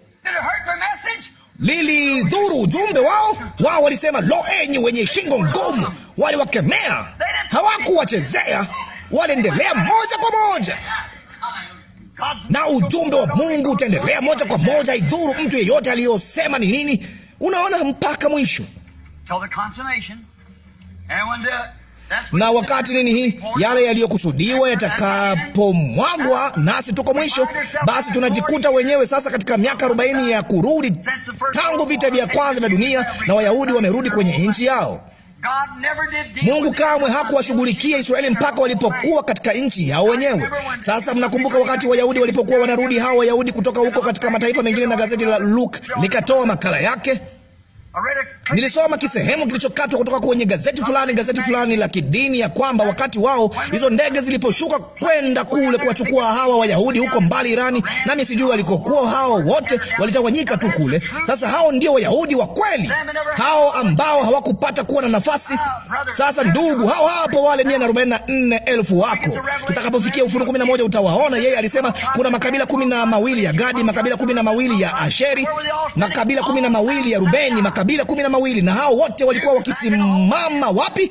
Lilidhuru ujumbe wao. Wao walisema lo, enyi wenye shingo ngumu. Waliwakemea, hawakuwachezea, waliendelea moja kwa moja na ujumbe wa Mungu utaendelea moja kwa moja, idhuru mtu yeyote aliyosema ni nini. Unaona, mpaka mwisho na wakati nini hii yale yaliyokusudiwa yatakapomwagwa, nasi tuko mwisho, basi tunajikuta wenyewe sasa katika miaka arobaini ya kurudi tangu vita vya kwanza vya dunia, na Wayahudi wamerudi kwenye nchi yao. Mungu kamwe hakuwashughulikia Israeli mpaka walipokuwa katika nchi yao wenyewe. Sasa mnakumbuka wakati Wayahudi walipokuwa wanarudi, hawa Wayahudi kutoka huko katika mataifa mengine, na gazeti la Luke likatoa makala yake. Nilisoma kisehemu kilichokatwa kutoka kwenye gazeti fulani, gazeti fulani la kidini, ya kwamba wakati wao hizo ndege ziliposhuka kwenda kule kuwachukua hawa Wayahudi huko mbali Irani, nami sijui walikokuwa hao, wote walitawanyika tu kule. Sasa hao ndio Wayahudi wa kweli, hao ambao hawakupata kuwa na nafasi. Sasa ndugu, hao hapo wale 144,000 wako. Tutakapofikia Ufunuo 11 utawaona. Yeye alisema kuna makabila kumi na mawili ya Gadi, makabila kumi na mawili ya Asheri, makabila kumi na mawili ya Rubeni, makabila makabila kumi na mawili, na hao wote walikuwa wakisimama wapi?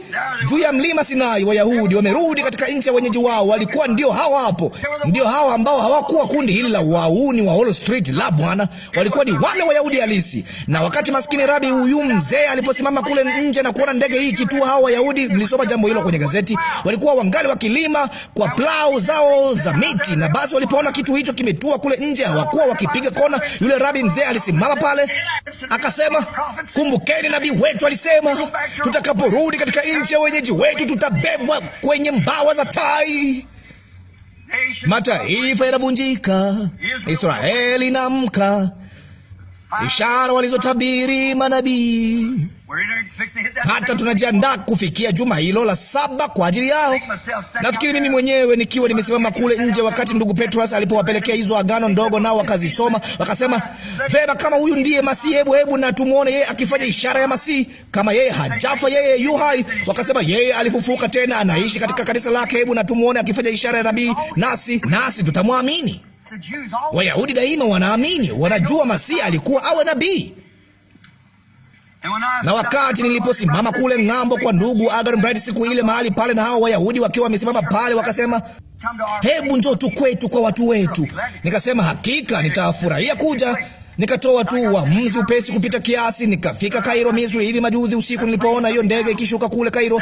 Juu ya mlima Sinai. Wayahudi wamerudi katika nchi ya wenyeji wao, walikuwa ndio hao hapo, ndio hao ambao hawakuwa kundi hili la wauni wa Wall Street, la Bwana, walikuwa ni wale Wayahudi halisi. Na wakati maskini rabi huyu mzee aliposimama kule nje na kuona ndege hii kitua, hao Wayahudi, mlisoma jambo hilo kwenye gazeti, walikuwa wangali wakilima kwa plau zao za miti, na basi walipoona kitu hicho kimetua kule nje, hawakuwa wakipiga kona. Yule rabi mzee alisimama pale Akasema, kumbukeni nabii wetu alisema, tutakaporudi katika nchi ya wenyeji wetu tutabebwa kwenye mbawa za tai. Mataifa yanavunjika, Israeli inaamka, ishara walizotabiri manabii hata tunajiandaa kufikia juma hilo la saba kwa ajili yao. Nafikiri mimi mwenyewe nikiwa nimesimama kule nje wakati ndugu Petrus alipowapelekea hizo agano ndogo, nao wakazisoma wakasema, vema, kama huyu ndiye Masihi, hebu hebu na tumwone yeye akifanya ishara ya Masihi. Kama yeye hajafa, yeye yu hai. Wakasema yeye alifufuka tena, anaishi katika kanisa lake, hebu na tumwone akifanya ishara ya nabii, nasi nasi tutamwamini. Wayahudi daima wanaamini, wanajua Masihi alikuwa awe nabii na wakati niliposimama kule ng'ambo kwa ndugu agar Bright siku ile mahali pale, na hao Wayahudi wakiwa wamesimama pale, wakasema hebu njoo tu kwetu kwa watu wetu, nikasema hakika nitafurahia kuja Nikatoa tu uamuzi upesi kupita kiasi. Nikafika Kairo, Misri hivi majuzi usiku. Nilipoona hiyo ndege ikishuka kule Kairo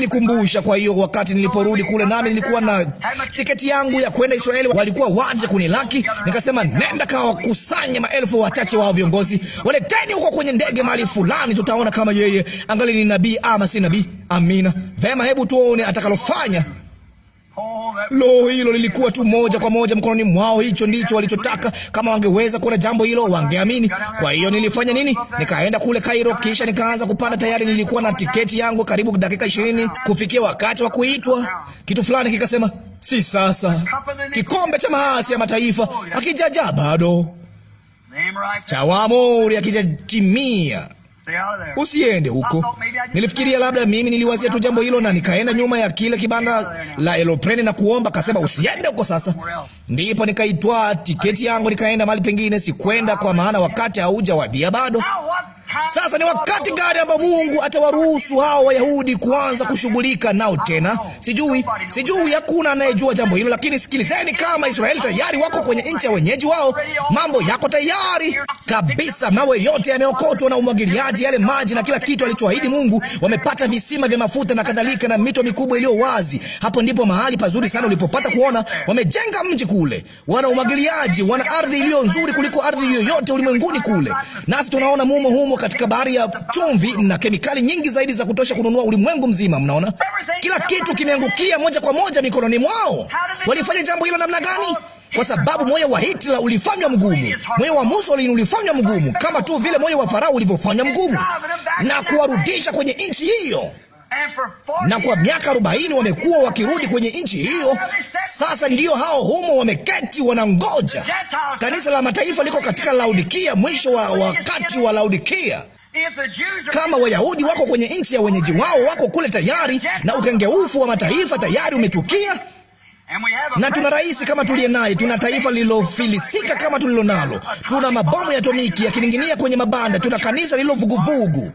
nikumbusha Kwa hiyo wakati niliporudi kule, nami nilikuwa na tiketi yangu ya kwenda Israeli, walikuwa waje kunilaki. Nikasema, nenda kawakusanye maelfu wachache wao viongozi, waleteni huko kwenye ndege mahali fulani, tutaona kama yeye angali ni nabii ama si nabii. Amina. Vema, hebu tuone atakalofanya. Lo, hilo lilikuwa tu moja kwa moja mkononi mwao. Hicho ndicho walichotaka. Kama wangeweza kuona jambo hilo, wangeamini. Kwa hiyo nilifanya nini? Nikaenda kule Kairo, kisha nikaanza kupanda. Tayari nilikuwa na tiketi yangu, karibu dakika ishirini kufikia wakati wa kuitwa. Kitu fulani kikasema, si sasa. Kikombe cha maasi ya mataifa akijajaa bado cha akijatimia usiende huko. Nilifikiria labda mimi niliwazia tu jambo hilo, na nikaenda nyuma ya kile kibanda la elopreni na kuomba. Kasema usiende huko sasa. Ndipo nikaitwaa tiketi yangu nikaenda mahali pengine. Sikwenda kwa maana wakati haujawadia bado. Sasa ni wakati gani ambao Mungu atawaruhusu hao Wayahudi kuanza kushughulika nao tena? Sijui, sijui, hakuna anayejua jambo hilo, lakini sikilizeni, kama Israeli tayari wako kwenye nchi ya wenyeji wao, mambo yako tayari kabisa. Mawe yote yameokotwa na umwagiliaji, yale maji na kila kitu alichoahidi Mungu. Wamepata visima vya mafuta na kadhalika, na mito mikubwa iliyo wazi. Hapo ndipo mahali pazuri sana ulipopata kuona. Wamejenga mji kule, wana umwagiliaji, wana ardhi iliyo nzuri kuliko ardhi yoyote ulimwenguni kule, nasi tunaona mumo humo katika bahari ya chumvi na kemikali nyingi zaidi za kutosha kununua ulimwengu mzima. Mnaona, kila kitu kimeangukia moja kwa moja mikononi mwao. Walifanya jambo hilo namna gani? Kwa sababu moyo wa Hitler ulifanywa mgumu, moyo wa Mussolini ulifanywa mgumu, kama tu vile moyo wa Farao ulivyofanywa mgumu na kuwarudisha kwenye nchi hiyo na kwa miaka arobaini wamekuwa wakirudi kwenye nchi hiyo. Sasa ndiyo hao humo wameketi wanangoja. Kanisa la mataifa liko katika Laodikia, mwisho wa wakati wa Laodikia. Kama Wayahudi wako kwenye nchi ya wenyeji wao, wako kule tayari, na ukengeufu wa mataifa tayari umetukia na tuna rais kama tuliye naye, tuna taifa lililofilisika kama tulilo nalo, tuna mabomu ya atomiki yakining'inia kwenye mabanda, tuna kanisa lililovuguvugu,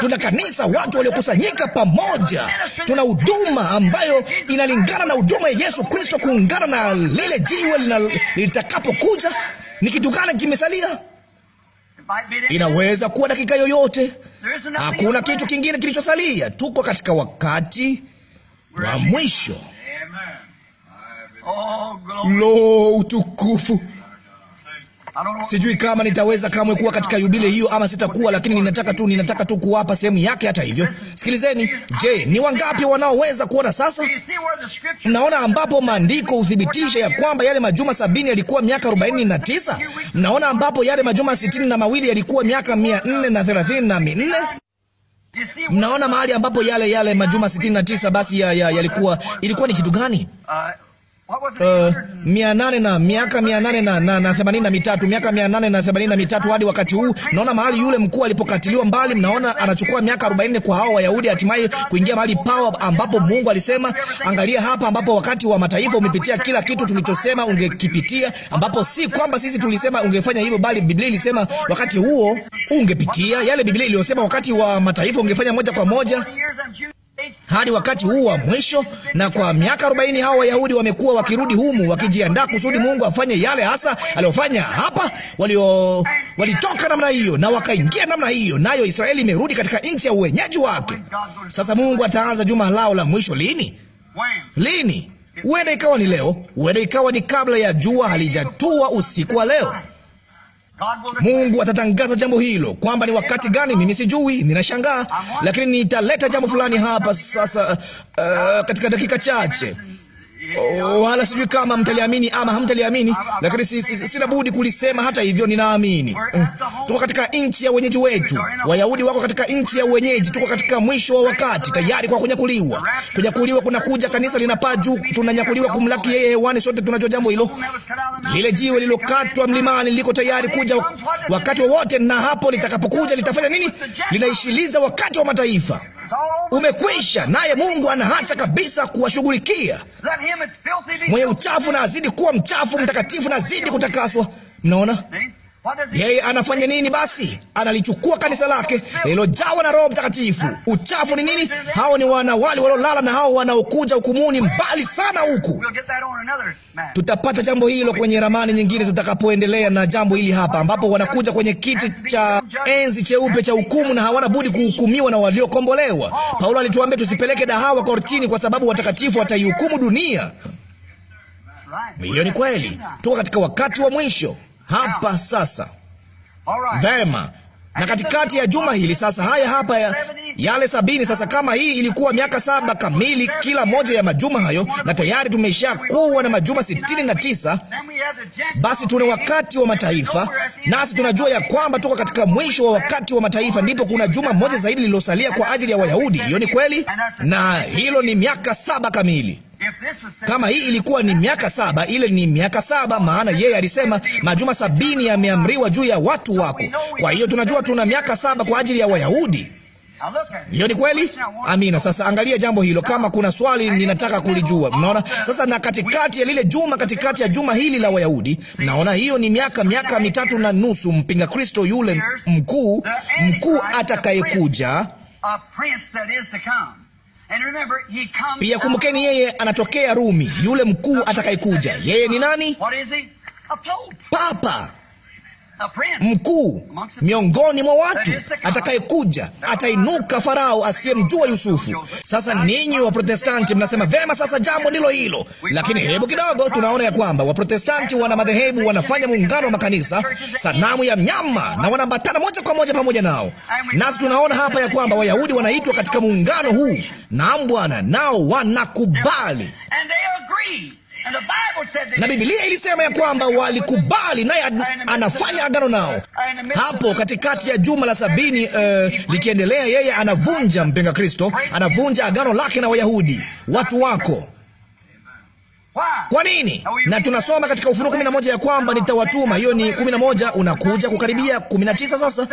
tuna kanisa, watu waliokusanyika pamoja, tuna huduma ambayo inalingana na huduma ya Yesu Kristo, kuungana na lile jiwe litakapokuja. Ni kitu gani kimesalia? Inaweza kuwa dakika yoyote. Hakuna kitu kingine kilichosalia. Tuko katika wakati wa mwisho. Lo, utukufu! Sijui kama nitaweza kamwe kuwa katika yubile hiyo ama sitakuwa, lakini ninataka tu ninataka tu kuwapa sehemu yake. Hata hivyo, sikilizeni. Je, ni wangapi wanaoweza kuona sasa? Mnaona ambapo maandiko huthibitisha ya kwamba yale majuma sabini yalikuwa miaka arobaini na tisa. Mnaona ambapo yale majuma sitini na mawili yalikuwa miaka mia nne na thelathini na minne. Mnaona mahali ambapo yale yale majuma sitini na tisa basi ya, ya, yalikuwa ilikuwa ni kitu gani? Uh, mia nane na miaka mia nane na, na, na themanini na mitatu miaka mia nane na themanini na mitatu hadi wakati huu. Naona mahali yule mkuu alipokatiliwa mbali, mnaona anachukua miaka arobaini kwa hao Wayahudi hatimaye kuingia mahali pao ambapo Mungu alisema, angalia hapa ambapo wakati wa mataifa umepitia kila kitu tulichosema ungekipitia, ambapo si kwamba sisi tulisema ungefanya hivyo, bali Biblia ilisema wakati huo ungepitia yale Biblia iliyosema wakati wa mataifa ungefanya moja kwa moja hadi wakati huu wa mwisho, na kwa miaka arobaini hao Wayahudi wamekuwa wakirudi humu wakijiandaa kusudi Mungu afanye yale hasa aliyofanya hapa. Walio walitoka namna hiyo na wakaingia namna hiyo, nayo Israeli imerudi katika nchi ya uwenyeji wake. Sasa Mungu ataanza juma lao la mwisho lini? Lini? Huenda ikawa ni leo, huenda ikawa ni kabla ya jua halijatua usiku wa leo. Mungu atatangaza jambo hilo, kwamba ni wakati gani, mimi sijui, ninashangaa, lakini nitaleta jambo fulani hapa sasa, uh, katika dakika chache. Oh, wala sijui kama mtaliamini ama hamtaliamini, lakini si, si, sina budi kulisema. Hata hivyo ninaamini. Mm. tuko katika nchi ya wenyeji wetu. Wayahudi wako katika nchi ya wenyeji. Tuko katika mwisho wa wakati, tayari kwa kunyakuliwa. Kunyakuliwa kunakuja, kanisa linapaa juu, tunanyakuliwa kumlaki yeye hewani. Sote tunajua jambo hilo. Lile jiwe lilokatwa mlimani liko tayari kuja wakati wowote, na hapo litakapokuja litafanya nini? Linaishiliza wakati wa mataifa umekwisha, naye Mungu anaacha kabisa kuwashughulikia. Mwenye uchafu na azidi kuwa mchafu, mtakatifu na azidi kutakaswa. Mnaona? Yeye anafanya nini basi? Analichukua kanisa lake lililojawa na Roho Mtakatifu. Uchafu ni nini? Hao ni wanawali waliolala na hao wanaokuja hukumuni mbali sana huku. Tutapata jambo hilo kwenye ramani nyingine tutakapoendelea na jambo hili hapa, ambapo wanakuja kwenye kiti cha enzi cheupe cha hukumu na hawana budi kuhukumiwa na waliokombolewa. Paulo alituambia tusipeleke dahawa kortini, kwa sababu watakatifu wataihukumu dunia. Hiyo ni kweli, tuko katika wakati wa mwisho hapa sasa. Vema, na katikati ya juma hili sasa, haya hapa ya, yale sabini sasa. Kama hii ilikuwa miaka saba kamili kila moja ya majuma hayo, na tayari tumesha kuwa na majuma sitini na tisa, basi tuna wakati wa mataifa, nasi tunajua ya kwamba tuko katika mwisho wa wakati wa mataifa, ndipo kuna juma moja zaidi lililosalia kwa ajili ya Wayahudi. Hiyo ni kweli, na hilo ni miaka saba kamili. Kama hii ilikuwa ni miaka saba, ile ni miaka saba, maana yeye alisema majuma sabini yameamriwa juu ya watu wako. Kwa hiyo tunajua tuna miaka saba kwa ajili ya Wayahudi. Hiyo ni kweli. Amina. Sasa angalia jambo hilo, kama kuna swali ninataka kulijua. Mnaona sasa, na katikati ya lile juma, katikati ya juma hili la Wayahudi, mnaona hiyo ni miaka miaka mitatu na nusu, mpinga Kristo yule mkuu mkuu atakayekuja pia kumbukeni, yeye anatokea Rumi, yule mkuu atakayekuja. Yeye ni nani? Papa mkuu miongoni mwa watu atakayekuja, atainuka Farao asiyemjua Yusufu. Sasa ninyi Waprotestanti mnasema vema, sasa jambo ndilo hilo, lakini hebu kidogo, tunaona ya kwamba Waprotestanti wana madhehebu, wanafanya muungano wa makanisa, sanamu ya mnyama, na wanaambatana moja kwa moja pamoja nao. Nasi tunaona hapa ya kwamba Wayahudi wanaitwa katika muungano huu. Naam Bwana, nao wanakubali na Biblia ilisema ya kwamba walikubali, naye anafanya agano nao. Hapo katikati ya juma la sabini uh, likiendelea, yeye anavunja mpinga Kristo, anavunja agano lake na Wayahudi, watu wako kwa nini? Na tunasoma katika Ufunuo 11 ya kwamba nitawatuma, hiyo ni 11, unakuja kukaribia 19 sasa,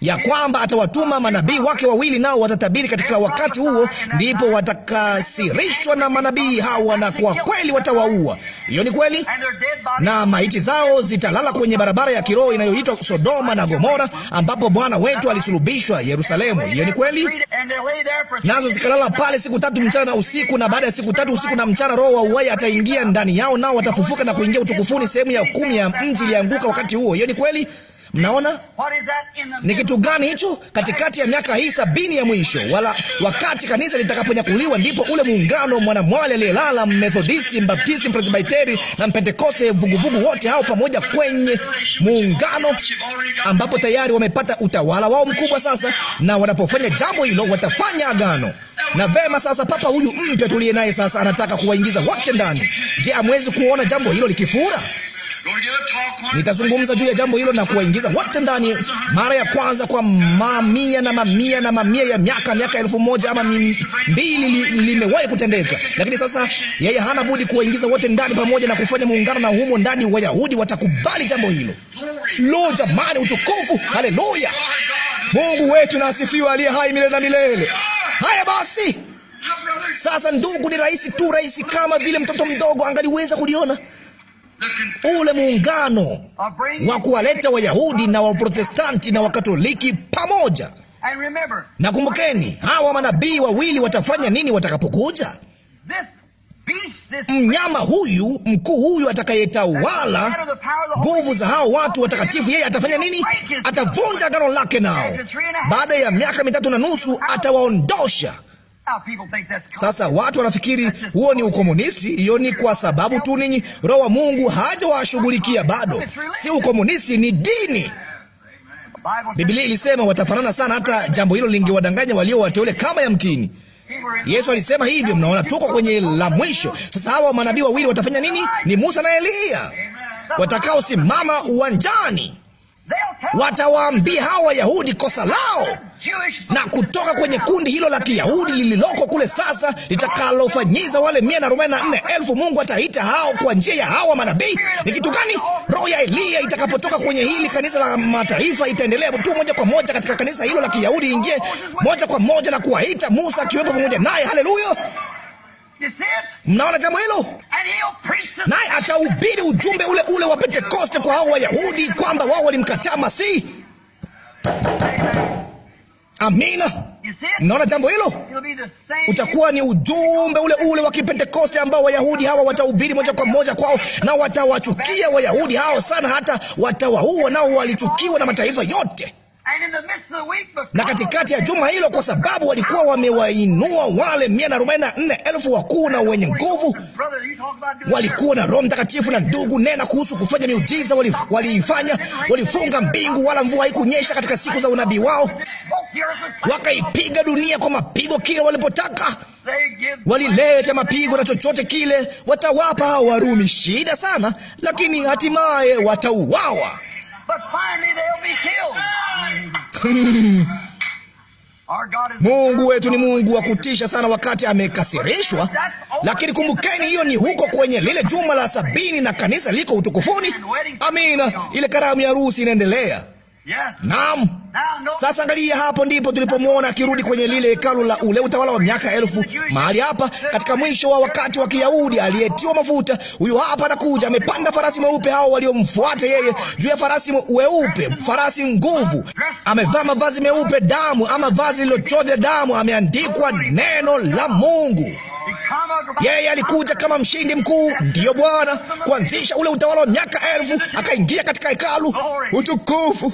ya kwamba atawatuma manabii wake wawili, nao watatabiri katika wakati huo, ndipo watakasirishwa na manabii hawa, na kwa kweli watawaua. Hiyo ni kweli, na maiti zao zitalala kwenye barabara ya kiroho inayoitwa Sodoma na Gomora, ambapo Bwana wetu alisulubishwa Yerusalemu. Hiyo ni kweli, nazo zikalala pale siku tatu mchana na usiku, na baada ya siku tatu usiku na mchana, roho wa uwai wataingia ndani yao, nao watafufuka na kuingia utukufuni. Sehemu ya kumi ya mji ilianguka wakati huo. Hiyo ni kweli. Mnaona ni kitu gani hicho? Katikati ya miaka hii sabini ya mwisho, wala wakati kanisa litakaponyakuliwa, ndipo ule muungano mwanamwali aliyelala, Methodisti, Mbaptisti, Presbiteri na Mpentekoste, vuguvugu wote hao pamoja kwenye muungano ambapo tayari wamepata utawala wao mkubwa sasa, na wanapofanya jambo hilo watafanya agano na vema. Sasa papa huyu mpya tuliye naye sasa anataka kuwaingiza wote ndani. Je, amwezi kuona jambo hilo likifura? Nitazungumza juu ya jambo hilo na kuwaingiza wote ndani, mara ya kwanza kwa mamia na mamia na mamia ya miaka, miaka elfu moja ama mbili li, kutendeka. Lakini sasa yeye hana budi kuwaingiza wote ndani pamoja na kufanya muungano, na humo ndani Wayahudi watakubali jambo hilo. Lo, jamani, utukufu! Haleluya! Mungu wetu na asifiwe, aliye hai milele na milele. Haya basi, sasa ndugu, ni rahisi tu, rahisi kama vile mtoto mdogo angaliweza kuliona ule muungano wa kuwaleta Wayahudi na Waprotestanti na Wakatoliki pamoja. Na kumbukeni, hawa manabii wawili watafanya nini watakapokuja? Mnyama huyu mkuu huyu atakayetawala nguvu za hao watu watakatifu, yeye atafanya nini? Atavunja agano lake nao, baada ya miaka mitatu na nusu atawaondosha sasa watu wanafikiri huo ni ukomunisti. Hiyo ni kwa sababu tu ninyi Roho wa Mungu hajawashughulikia bado. Si ukomunisti, ni dini. Biblia ilisema watafanana sana, hata jambo hilo lingewadanganya walio wateule kama yamkini. Yesu alisema hivyo. Mnaona, tuko kwenye la mwisho. Sasa hawa manabii wawili watafanya nini? Ni Musa na Eliya watakaosimama uwanjani, watawaambia hawa Wayahudi kosa lao na kutoka kwenye kundi hilo la Kiyahudi lililoko kule sasa, litakalofanyiza wale mia na arobaini na nne elfu Mungu ataita hao kwa njia ya hawa manabii. Ni kitu gani? Roho ya Eliya itakapotoka kwenye hili kanisa la mataifa, itaendelea tu moja kwa moja katika kanisa hilo la Kiyahudi, ingie moja kwa moja na kuwaita, Musa akiwepo pamoja naye. Haleluya! Mnaona jambo hilo? Naye atahubiri ujumbe ule ule wa Pentekoste kwa hao Wayahudi kwamba wao walimkataa Masihi. Amina. Naona jambo hilo utakuwa ni ujumbe ule ule wa Kipentekoste ambao Wayahudi hawa watahubiri moja kwa moja kwao, na watawachukia Wayahudi hao sana, hata watawaua, nao walichukiwa na mataifa yote na katikati ya juma hilo, kwa sababu walikuwa wamewainua wale mia na arobaini na nne elfu wakuu na wenye nguvu, walikuwa na Roho Mtakatifu. Na ndugu, nena kuhusu kufanya miujiza waliifanya. Walifunga mbingu, wala mvua haikunyesha katika siku za unabii wao. Wakaipiga dunia kwa mapigo kile walipotaka, walileta mapigo na chochote kile. Watawapa hao Warumi shida sana, lakini hatimaye watauawa. Mungu wetu ni Mungu wa kutisha sana wakati amekasirishwa. Lakini kumbukeni, hiyo ni huko kwenye lile juma la sabini na kanisa liko utukufuni. Amina, ile karamu ya harusi inaendelea. Naam. Sasa angalia, hapo ndipo tulipomwona akirudi kwenye lile hekalu la ule utawala wa miaka elfu, mahali hapa katika mwisho wa wakati wa Kiyahudi, aliyetiwa mafuta. Huyu hapa anakuja amepanda farasi mweupe, hao waliomfuata yeye juu ya farasi weupe, farasi nguvu, amevaa mavazi meupe damu, ama vazi lilochovya damu, ameandikwa neno la Mungu. Yeye alikuja kama mshindi mkuu, ndiyo Bwana, kuanzisha ule utawala wa miaka elfu, akaingia katika hekalu utukufu.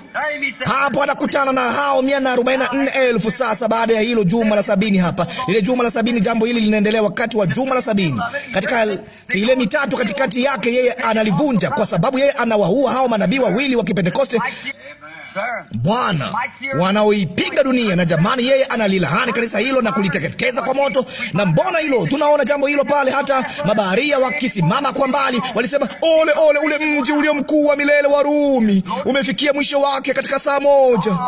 Hapo anakutana na hao mia na arobaini na nne elfu. Sasa baada ya hilo juma la sabini, hapa lile juma la sabini, jambo hili linaendelea. Wakati wa juma la sabini, katika ile mitatu katikati yake, yeye analivunja, kwa sababu yeye anawaua hao manabii wawili wa Kipentekoste Bwana, wanaoipiga dunia. Na jamani, yeye analilahani kanisa hilo na kuliteketeza kwa moto. Na mbona hilo, tunaona jambo hilo pale, hata mabaharia wakisimama kwa mbali walisema, ole ole, ule mji ulio mkuu wa milele wa Rumi umefikia mwisho wake katika saa moja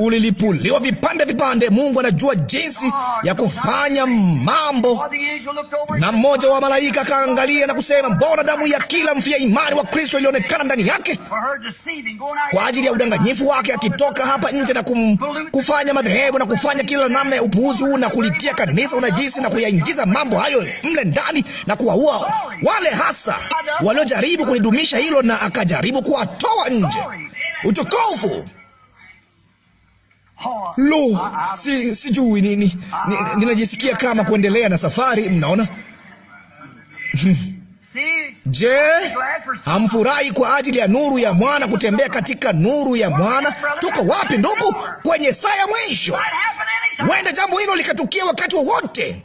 ulilipuliwa vipande vipande. Mungu anajua jinsi ya kufanya mambo. Na mmoja wa malaika akaangalia na kusema, mbona damu ya kila mfia imani wa Kristo ilionekana ndani yake kwa ajili ya udanganyifu wake, akitoka hapa nje na kum, kufanya madhehebu na kufanya kila namna ya upuuzi huu na kulitia kanisa unajisi na kuyaingiza mambo hayo mle ndani na kuwaua wale hasa waliojaribu kulidumisha hilo, na akajaribu kuwatoa nje utukufu Lo, si sijui nini, ni, ninajisikia kama kuendelea na safari. Mnaona? <laughs> Je, hamfurahi kwa ajili ya nuru ya mwana, kutembea katika nuru ya mwana? Tuko wapi ndugu? Kwenye saa ya mwisho. wenda jambo hilo likatukia wakati wowote.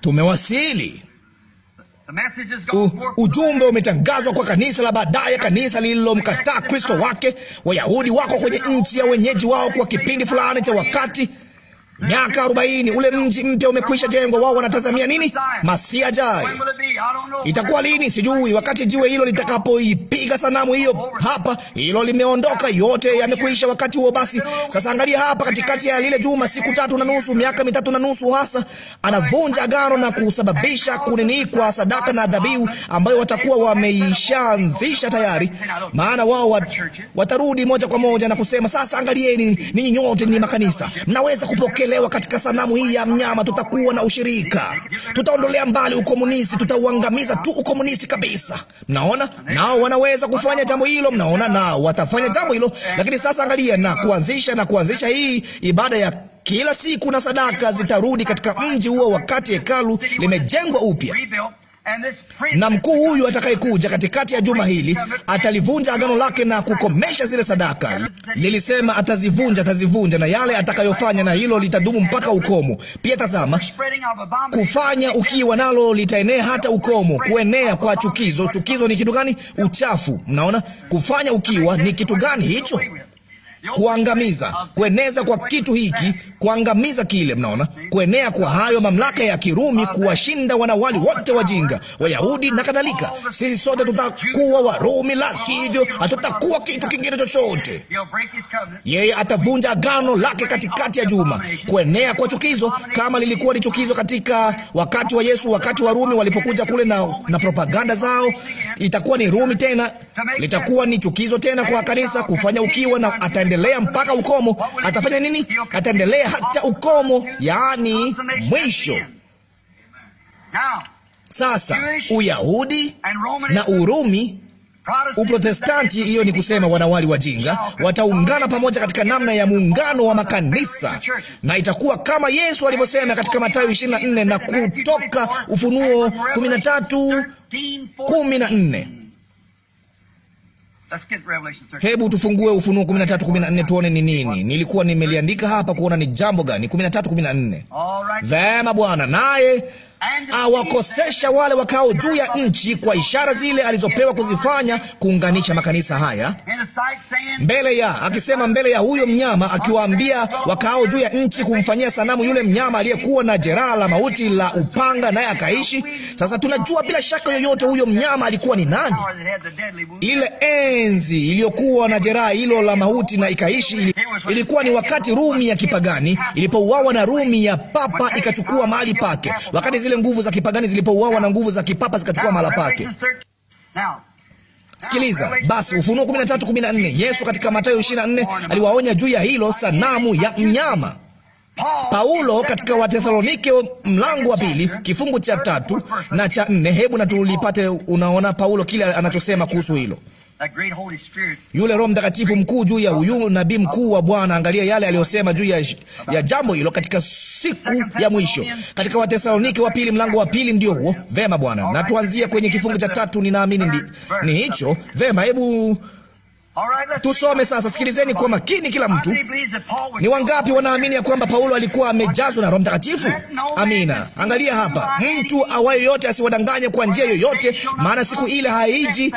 Tumewasili. U, ujumbe umetangazwa kwa kanisa la baadaye, kanisa lililomkataa Kristo wake. Wayahudi wako kwenye nchi ya wenyeji wao kwa kipindi fulani cha wakati miaka arobaini, ule mji mpya umekwisha jengwa. Wao wanatazamia nini? Masihi ajaye. Itakuwa lini? Sijui. Wakati jiwe hilo litakapoipiga sanamu hiyo, hapa hilo limeondoka, yote yamekwisha wakati huo. Basi sasa, angalia hapa katikati ya lile juma, siku tatu na nusu, miaka mitatu na nusu hasa, anavunja agano na kusababisha kunini kwa sadaka na dhabihu ambayo watakuwa wameishaanzisha tayari, maana wao wat, watarudi moja kwa moja na kusema sasa, angalieni ninyi nyote ni makanisa, mnaweza kupokea kuondolewa katika sanamu hii ya mnyama, tutakuwa na ushirika, tutaondolea mbali ukomunisti, tutauangamiza tu ukomunisti kabisa. Mnaona, nao wanaweza kufanya jambo hilo. Mnaona, nao watafanya jambo hilo. Lakini sasa angalia, na kuanzisha na kuanzisha hii ibada ya kila siku na sadaka zitarudi katika mji huo, wakati hekalu limejengwa upya na mkuu huyu atakayekuja katikati ya juma hili atalivunja agano lake na kukomesha zile sadaka. Lilisema atazivunja, atazivunja, na yale atakayofanya, na hilo litadumu mpaka ukomo. Pia tazama, kufanya ukiwa nalo litaenea hata ukomo, kuenea kwa chukizo. Chukizo ni kitu gani? Uchafu. Mnaona, kufanya ukiwa ni kitu gani hicho? kuangamiza, kueneza kwa kitu hiki, kuangamiza kile. Mnaona kuenea kwa hayo mamlaka ya Kirumi, kuwashinda wanawali wote wajinga, Wayahudi na kadhalika. Sisi sote tutakuwa Warumi, la sivyo hatutakuwa kitu kingine chochote. Yeye atavunja agano lake katikati ya juma. Kuenea kwa chukizo, kama lilikuwa ni chukizo katika wakati wa Yesu, wakati wa Rumi walipokuja kule na, na propaganda zao, itakuwa ni Rumi tena, litakuwa ni chukizo tena kwa kanisa, kufanya ukiwa na ataendelea mpaka ukomo. Atafanya nini? Ataendelea hata ukomo, yaani mwisho. Sasa Uyahudi na Urumi, Uprotestanti, hiyo ni kusema wanawali wajinga wataungana pamoja katika namna ya muungano wa makanisa, na itakuwa kama Yesu alivyosema katika Mathayo 24 na kutoka Ufunuo 13 14. Hebu tufungue Ufunuo 13:14 tuone ni nini. Nilikuwa nimeliandika hapa kuona ni jambo gani. 13:14. Vema Bwana, naye awakosesha wale wakao juu ya nchi kwa ishara zile alizopewa kuzifanya, kuunganisha makanisa haya mbele ya akisema, mbele ya huyo mnyama, akiwaambia wakao juu ya nchi kumfanyia sanamu yule mnyama aliyekuwa na jeraha la mauti la upanga, naye akaishi. Sasa tunajua bila shaka yoyote huyo mnyama alikuwa ni nani. Ile enzi iliyokuwa na jeraha hilo la mauti na ikaishi, ilikuwa ni wakati Rumi ya kipagani ilipouawa na Rumi ya papa ikachukua mahali pake, wakati zile nguvu za kipagani zilipouawa na nguvu za kipapa zikachukua mahala pake. Sikiliza basi, Ufunuo 13:14 Yesu katika Mathayo 24 aliwaonya juu ya hilo sanamu ya mnyama. Paulo katika Wathesalonike mlango wa pili kifungu cha tatu na cha nne. Hebu na tulipate. Unaona Paulo kile anachosema kuhusu hilo yule Roho Mtakatifu mkuu juu ya huyu nabii mkuu wa Bwana. Angalia yale aliyosema juu ya, ya jambo hilo katika siku ya mwisho, katika Wathesalonike wa pili mlango wa pili. Ndio huo. Vema Bwana, na tuanzie kwenye kifungu cha tatu. Ninaamini ni, ni hicho. Vema, hebu Tusome sasa, sikilizeni kwa makini kila mtu. Ni wangapi wanaamini ya kwamba Paulo alikuwa amejazwa na Roho Mtakatifu? Amina. Angalia hapa, mtu awaye yote asiwadanganye kwa njia yoyote, maana siku ile haiji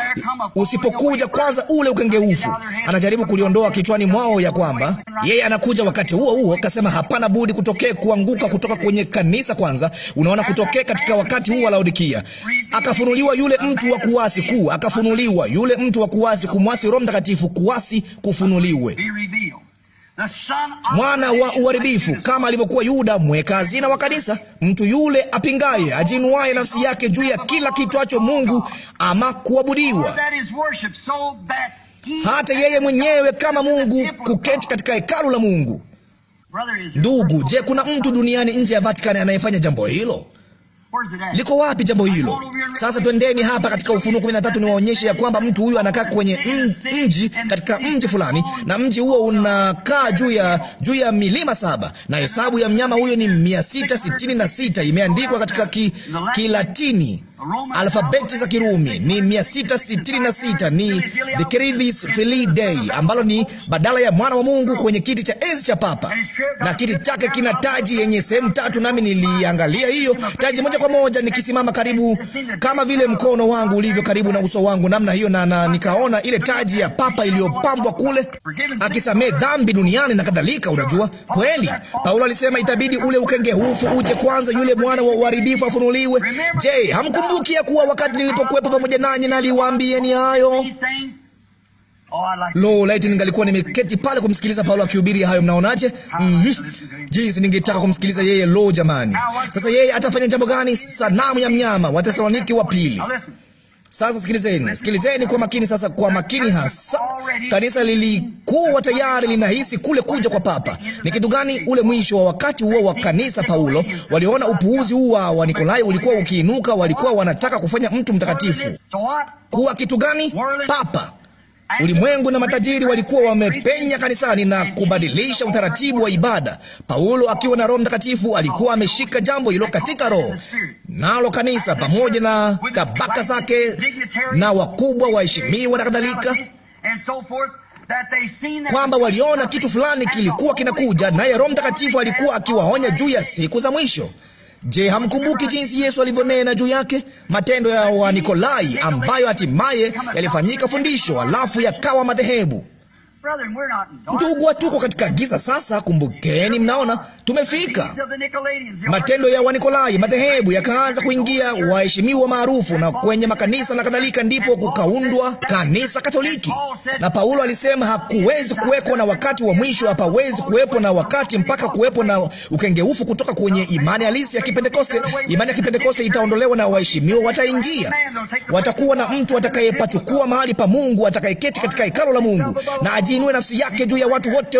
usipokuja kwanza ule ukengeufu. Anajaribu kuliondoa kichwani mwao ya kwamba yeye anakuja wakati huo huo. Kasema hapana budi kutokee kuanguka kutoka kwenye kanisa kwanza. Unaona, kutokee katika wakati huu wa Laodikia, akafunuliwa yule mtu wa kuasi kuu, akafunuliwa yule mtu wa kuasi kumwasi Roho Mtakatifu Mtakatifu kuasi kufunuliwe mwana wa uharibifu, kama alivyokuwa Yuda mweka hazina wa kanisa, mtu yule apingaye, ajinuaye nafsi yake juu ya kila kitwacho Mungu ama kuabudiwa, hata yeye mwenyewe kama Mungu, kuketi katika hekalu la Mungu. Ndugu, je, kuna mtu duniani nje ya Vatikani anayefanya jambo hilo? Liko wapi jambo hilo? Sasa twendeni hapa katika Ufunuo 13 niwaonyeshe ya kwamba mtu huyu anakaa kwenye mji katika mji fulani, na mji huo unakaa juu ya juu ya milima saba, na hesabu ya mnyama huyo ni 666 imeandikwa katika Kilatini ki alfabeti za Kirumi ni 666 ni the Carivis Filii Dei, ambalo ni badala ya mwana wa Mungu kwenye kiti cha enzi cha papa, na kiti chake kina taji yenye sehemu tatu, nami niliangalia hiyo taji moja kwa moja nikisimama karibu, kama vile mkono wangu ulivyo karibu na uso wangu namna hiyo, na, na nikaona ile taji ya papa iliyopambwa kule, akisamehe dhambi duniani na kadhalika. Unajua kweli, Paulo alisema itabidi ule ukenge hufu uje kwanza, yule mwana wa uharibifu afunuliwe. Je, hamkumbuki Nakumbukia ya kuwa wakati nilipokuwepo pamoja nanyi naliwaambieni hayo. Lo, laiti ningalikuwa nimeketi pale kumsikiliza Paulo akihubiri hayo. Mnaonaje? mm -hmm. Jinsi ningetaka kumsikiliza yeye! Lo, jamani! Sasa yeye atafanya jambo gani? Sanamu ya mnyama, watesaloniki wa pili. Sasa sikilizeni, sikilizeni kwa makini, sasa kwa makini hasa. Kanisa lilikuwa tayari linahisi kule kuja kwa Papa. Ni kitu gani? Ule mwisho wa wakati huo wa kanisa Paulo, waliona upuuzi huu wa Wanikolai ulikuwa ukiinuka, walikuwa wanataka kufanya mtu mtakatifu kuwa kitu gani? Papa. Ulimwengu na matajiri walikuwa wamepenya kanisani na kubadilisha utaratibu wa ibada. Paulo akiwa na Roho Mtakatifu alikuwa ameshika jambo hilo katika roho, nalo kanisa pamoja na tabaka zake na wakubwa waheshimiwa na kadhalika kwamba waliona kitu fulani kilikuwa kinakuja, naye Roho Mtakatifu alikuwa akiwaonya juu ya siku za mwisho. Je, hamkumbuki jinsi Yesu alivyonena juu yake, matendo ya Wanikolai ambayo hatimaye yalifanyika fundisho, alafu yakawa madhehebu? Ndugu, tuko katika giza sasa. Kumbukeni, mnaona tumefika. Matendo ya Wanikolai, madhehebu yakaanza kuingia, waheshimiwa maarufu na kwenye makanisa na kadhalika, ndipo kukaundwa kanisa Katoliki. Na Paulo alisema hakuwezi kuwekwa na wakati wa mwisho, hapawezi kuwepo na wakati mpaka kuwepo na ukengeufu kutoka kwenye imani halisi ya Kipentekoste. Imani ya Kipentekoste itaondolewa na waheshimiwa wataingia, watakuwa na mtu atakayepachukua mahali pa Mungu, atakayeketi katika hekalo la Mungu na ajiinue nafsi yake juu ya watu wote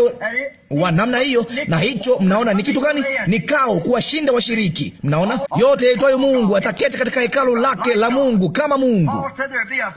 wa namna hiyo, na hicho mnaona ni kitu gani? Ni kao kuwashinda washiriki. Mnaona yote yaitwayo Mungu ataketi katika hekalu lake la Mungu kama Mungu.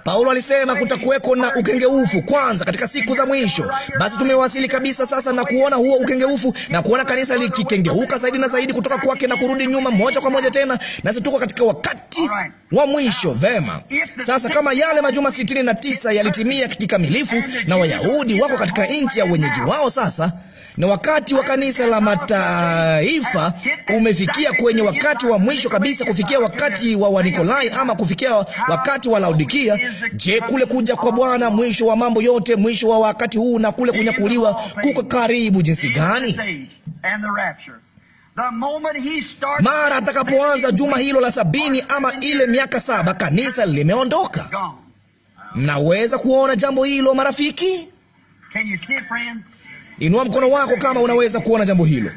Paulo alisema kutakuweko na ukengeufu kwanza katika siku za mwisho. Basi tumewasili kabisa sasa na kuona huo ukengeufu na kuona kanisa likikengeuka zaidi na zaidi kutoka kwake na kurudi nyuma moja kwa moja tena, nasi tuko katika wakati wa mwisho. Vema, sasa kama yale majuma sitini na tisa yalitimia kikamilifu na Wayahudi wako katika nchi ya wenyeji wao sasa na wakati wa kanisa la mataifa umefikia kwenye wakati wa mwisho kabisa, kufikia wakati wa Wanikolai ama kufikia wakati wa Laodikia. Je, kule kuja kwa Bwana, mwisho wa mambo yote, mwisho wa wakati huu na kule kunyakuliwa kuko karibu jinsi gani? Mara atakapoanza juma hilo la sabini ama ile miaka saba, kanisa limeondoka. Mnaweza kuona jambo hilo marafiki? Inua mkono wako kama unaweza kuona jambo hilo.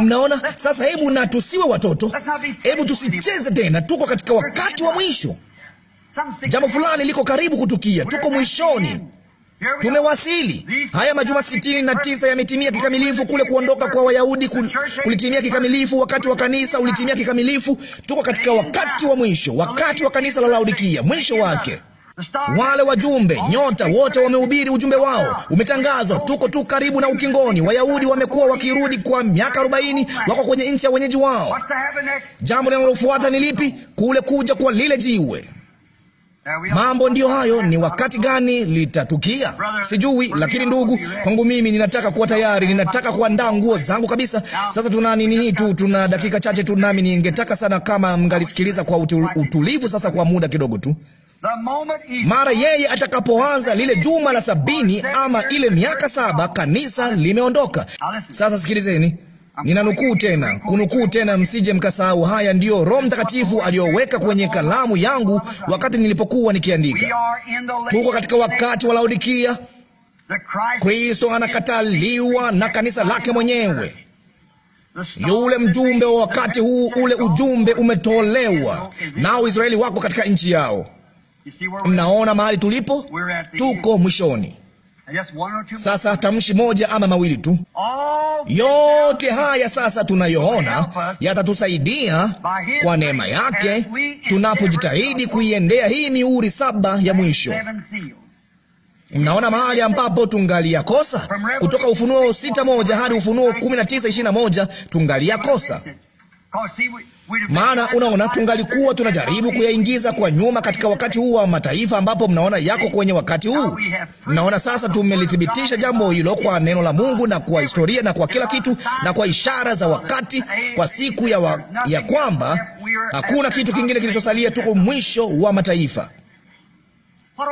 Mnaona sasa? Hebu na tusiwe watoto, hebu tusicheze tena. Tuko katika wakati wa mwisho, jambo fulani liko karibu kutukia, tuko mwishoni, tumewasili. Haya majuma sitini na tisa yametimia kikamilifu. Kule kuondoka kwa Wayahudi kulitimia kikamilifu, wakati wa kanisa ulitimia kikamilifu. Tuko katika wakati wa mwisho, wakati wa kanisa la Laodikia, mwisho wake. Wale wajumbe nyota wote wamehubiri ujumbe wao, umetangazwa. Tuko tu karibu na ukingoni. Wayahudi wamekuwa wakirudi kwa miaka arobaini, wako kwenye nchi ya wenyeji wao. Jambo linalofuata ni lipi? Kule kuja kwa lile jiwe. Mambo ndiyo hayo. Ni wakati gani litatukia? Sijui, lakini ndugu, kwangu mimi ninataka kuwa tayari, ninataka kuandaa nguo zangu kabisa. Sasa tuna nini hii tu, tuna dakika chache tu, nami ningetaka sana kama mngalisikiliza kwa utulivu sasa kwa muda kidogo tu. Mara yeye atakapoanza lile juma la sabini ama ile miaka saba, kanisa limeondoka. Sasa sikilizeni, ninanukuu tena, kunukuu tena, msije mkasahau. Haya ndiyo Roho Mtakatifu aliyoweka kwenye kalamu yangu wakati nilipokuwa nikiandika. Tuko katika wakati wa Laodikia. Kristo anakataliwa na kanisa lake mwenyewe. Yule mjumbe wa wakati huu, ule ujumbe umetolewa nao, Israeli wako katika nchi yao. Mnaona mahali tulipo, tuko mwishoni. Sasa tamshi moja ama mawili tu. Yote haya sasa tunayoona yatatusaidia kwa neema yake tunapojitahidi kuiendea hii mihuri saba ya mwisho. Mnaona mahali ambapo tungalia kosa, kutoka Ufunuo sita moja hadi Ufunuo kumi na tisa ishirini na moja tungalia kosa maana unaona, tungalikuwa tunajaribu kuyaingiza kwa nyuma katika wakati huu wa mataifa ambapo mnaona yako kwenye wakati huu. Mnaona sasa tumelithibitisha jambo hilo kwa neno la Mungu na kwa historia na kwa kila kitu na kwa ishara za wakati, kwa siku ya, wa, ya kwamba hakuna kitu kingine kilichosalia, tuko mwisho wa mataifa.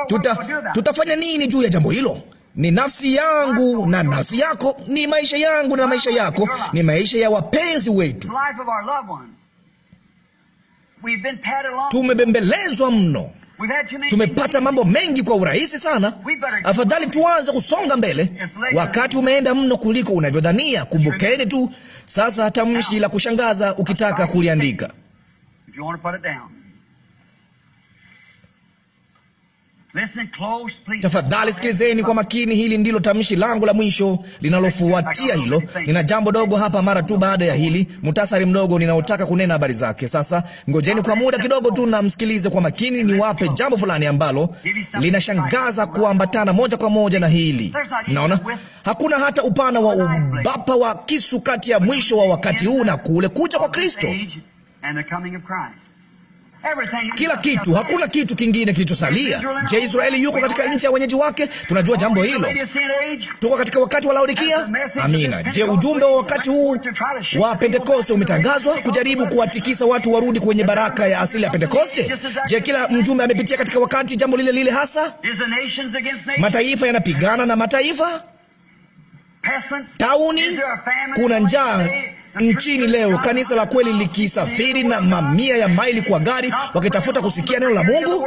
Tuta, tutafanya nini juu ya jambo hilo? Ni nafsi yangu na nafsi yako, ni maisha yangu na maisha yako, ni maisha ya wapenzi wetu Tumebembelezwa mno, tumepata mambo mengi kwa urahisi sana. Afadhali tuanze kusonga mbele. Wakati umeenda mno kuliko unavyodhania. Kumbukeni tu sasa tamshi la kushangaza, ukitaka kuliandika Tafadhali sikilizeni kwa makini, hili ndilo tamshi langu la mwisho. Linalofuatia hilo, nina jambo dogo hapa mara tu baada ya hili, mutasari mdogo ninaotaka kunena habari zake. Sasa ngojeni kwa muda kidogo tu namsikilize kwa makini, niwape jambo fulani ambalo linashangaza kuambatana moja kwa moja na hili. Naona hakuna hata upana wa ubapa wa kisu kati ya mwisho wa wakati huu na kule kuja kwa Kristo kila kitu, hakuna kitu kingine kilichosalia. Je, Israeli yuko katika nchi ya wenyeji wake? Tunajua jambo hilo. Tuko katika wakati wa Laodikia. Amina. Je, ujumbe wa wakati huu wa Pentekoste umetangazwa kujaribu kuwatikisa watu warudi kwenye baraka ya asili ya Pentekoste? Je, kila mjumbe amepitia katika wakati jambo lile lile hasa? Mataifa yanapigana na mataifa, tauni, kuna njaa nchini leo, kanisa la kweli likisafiri na mamia ya maili kwa gari, wakitafuta kusikia neno la Mungu,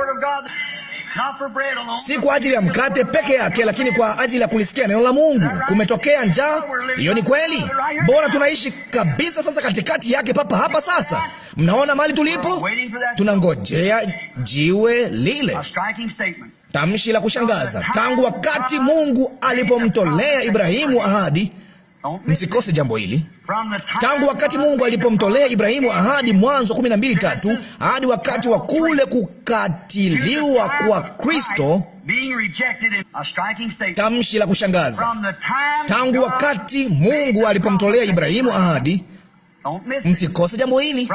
si kwa ajili ya mkate peke yake, lakini kwa ajili ya kulisikia neno la Mungu. Kumetokea njaa, hiyo ni kweli. Mbona tunaishi kabisa sasa katikati yake, papa hapa sasa. Mnaona mali tulipo, tunangojea jiwe lile. Tamshi la kushangaza tangu wakati Mungu alipomtolea Ibrahimu ahadi Msikose jambo hili. Tangu wakati Mungu alipomtolea Ibrahimu ahadi, Mwanzo kumi na mbili tatu, hadi wakati wa kule kukatiliwa kwa Kristo, tamshi la kushangaza. Tangu wakati Mungu alipomtolea Ibrahimu ahadi Msikose jambo hili.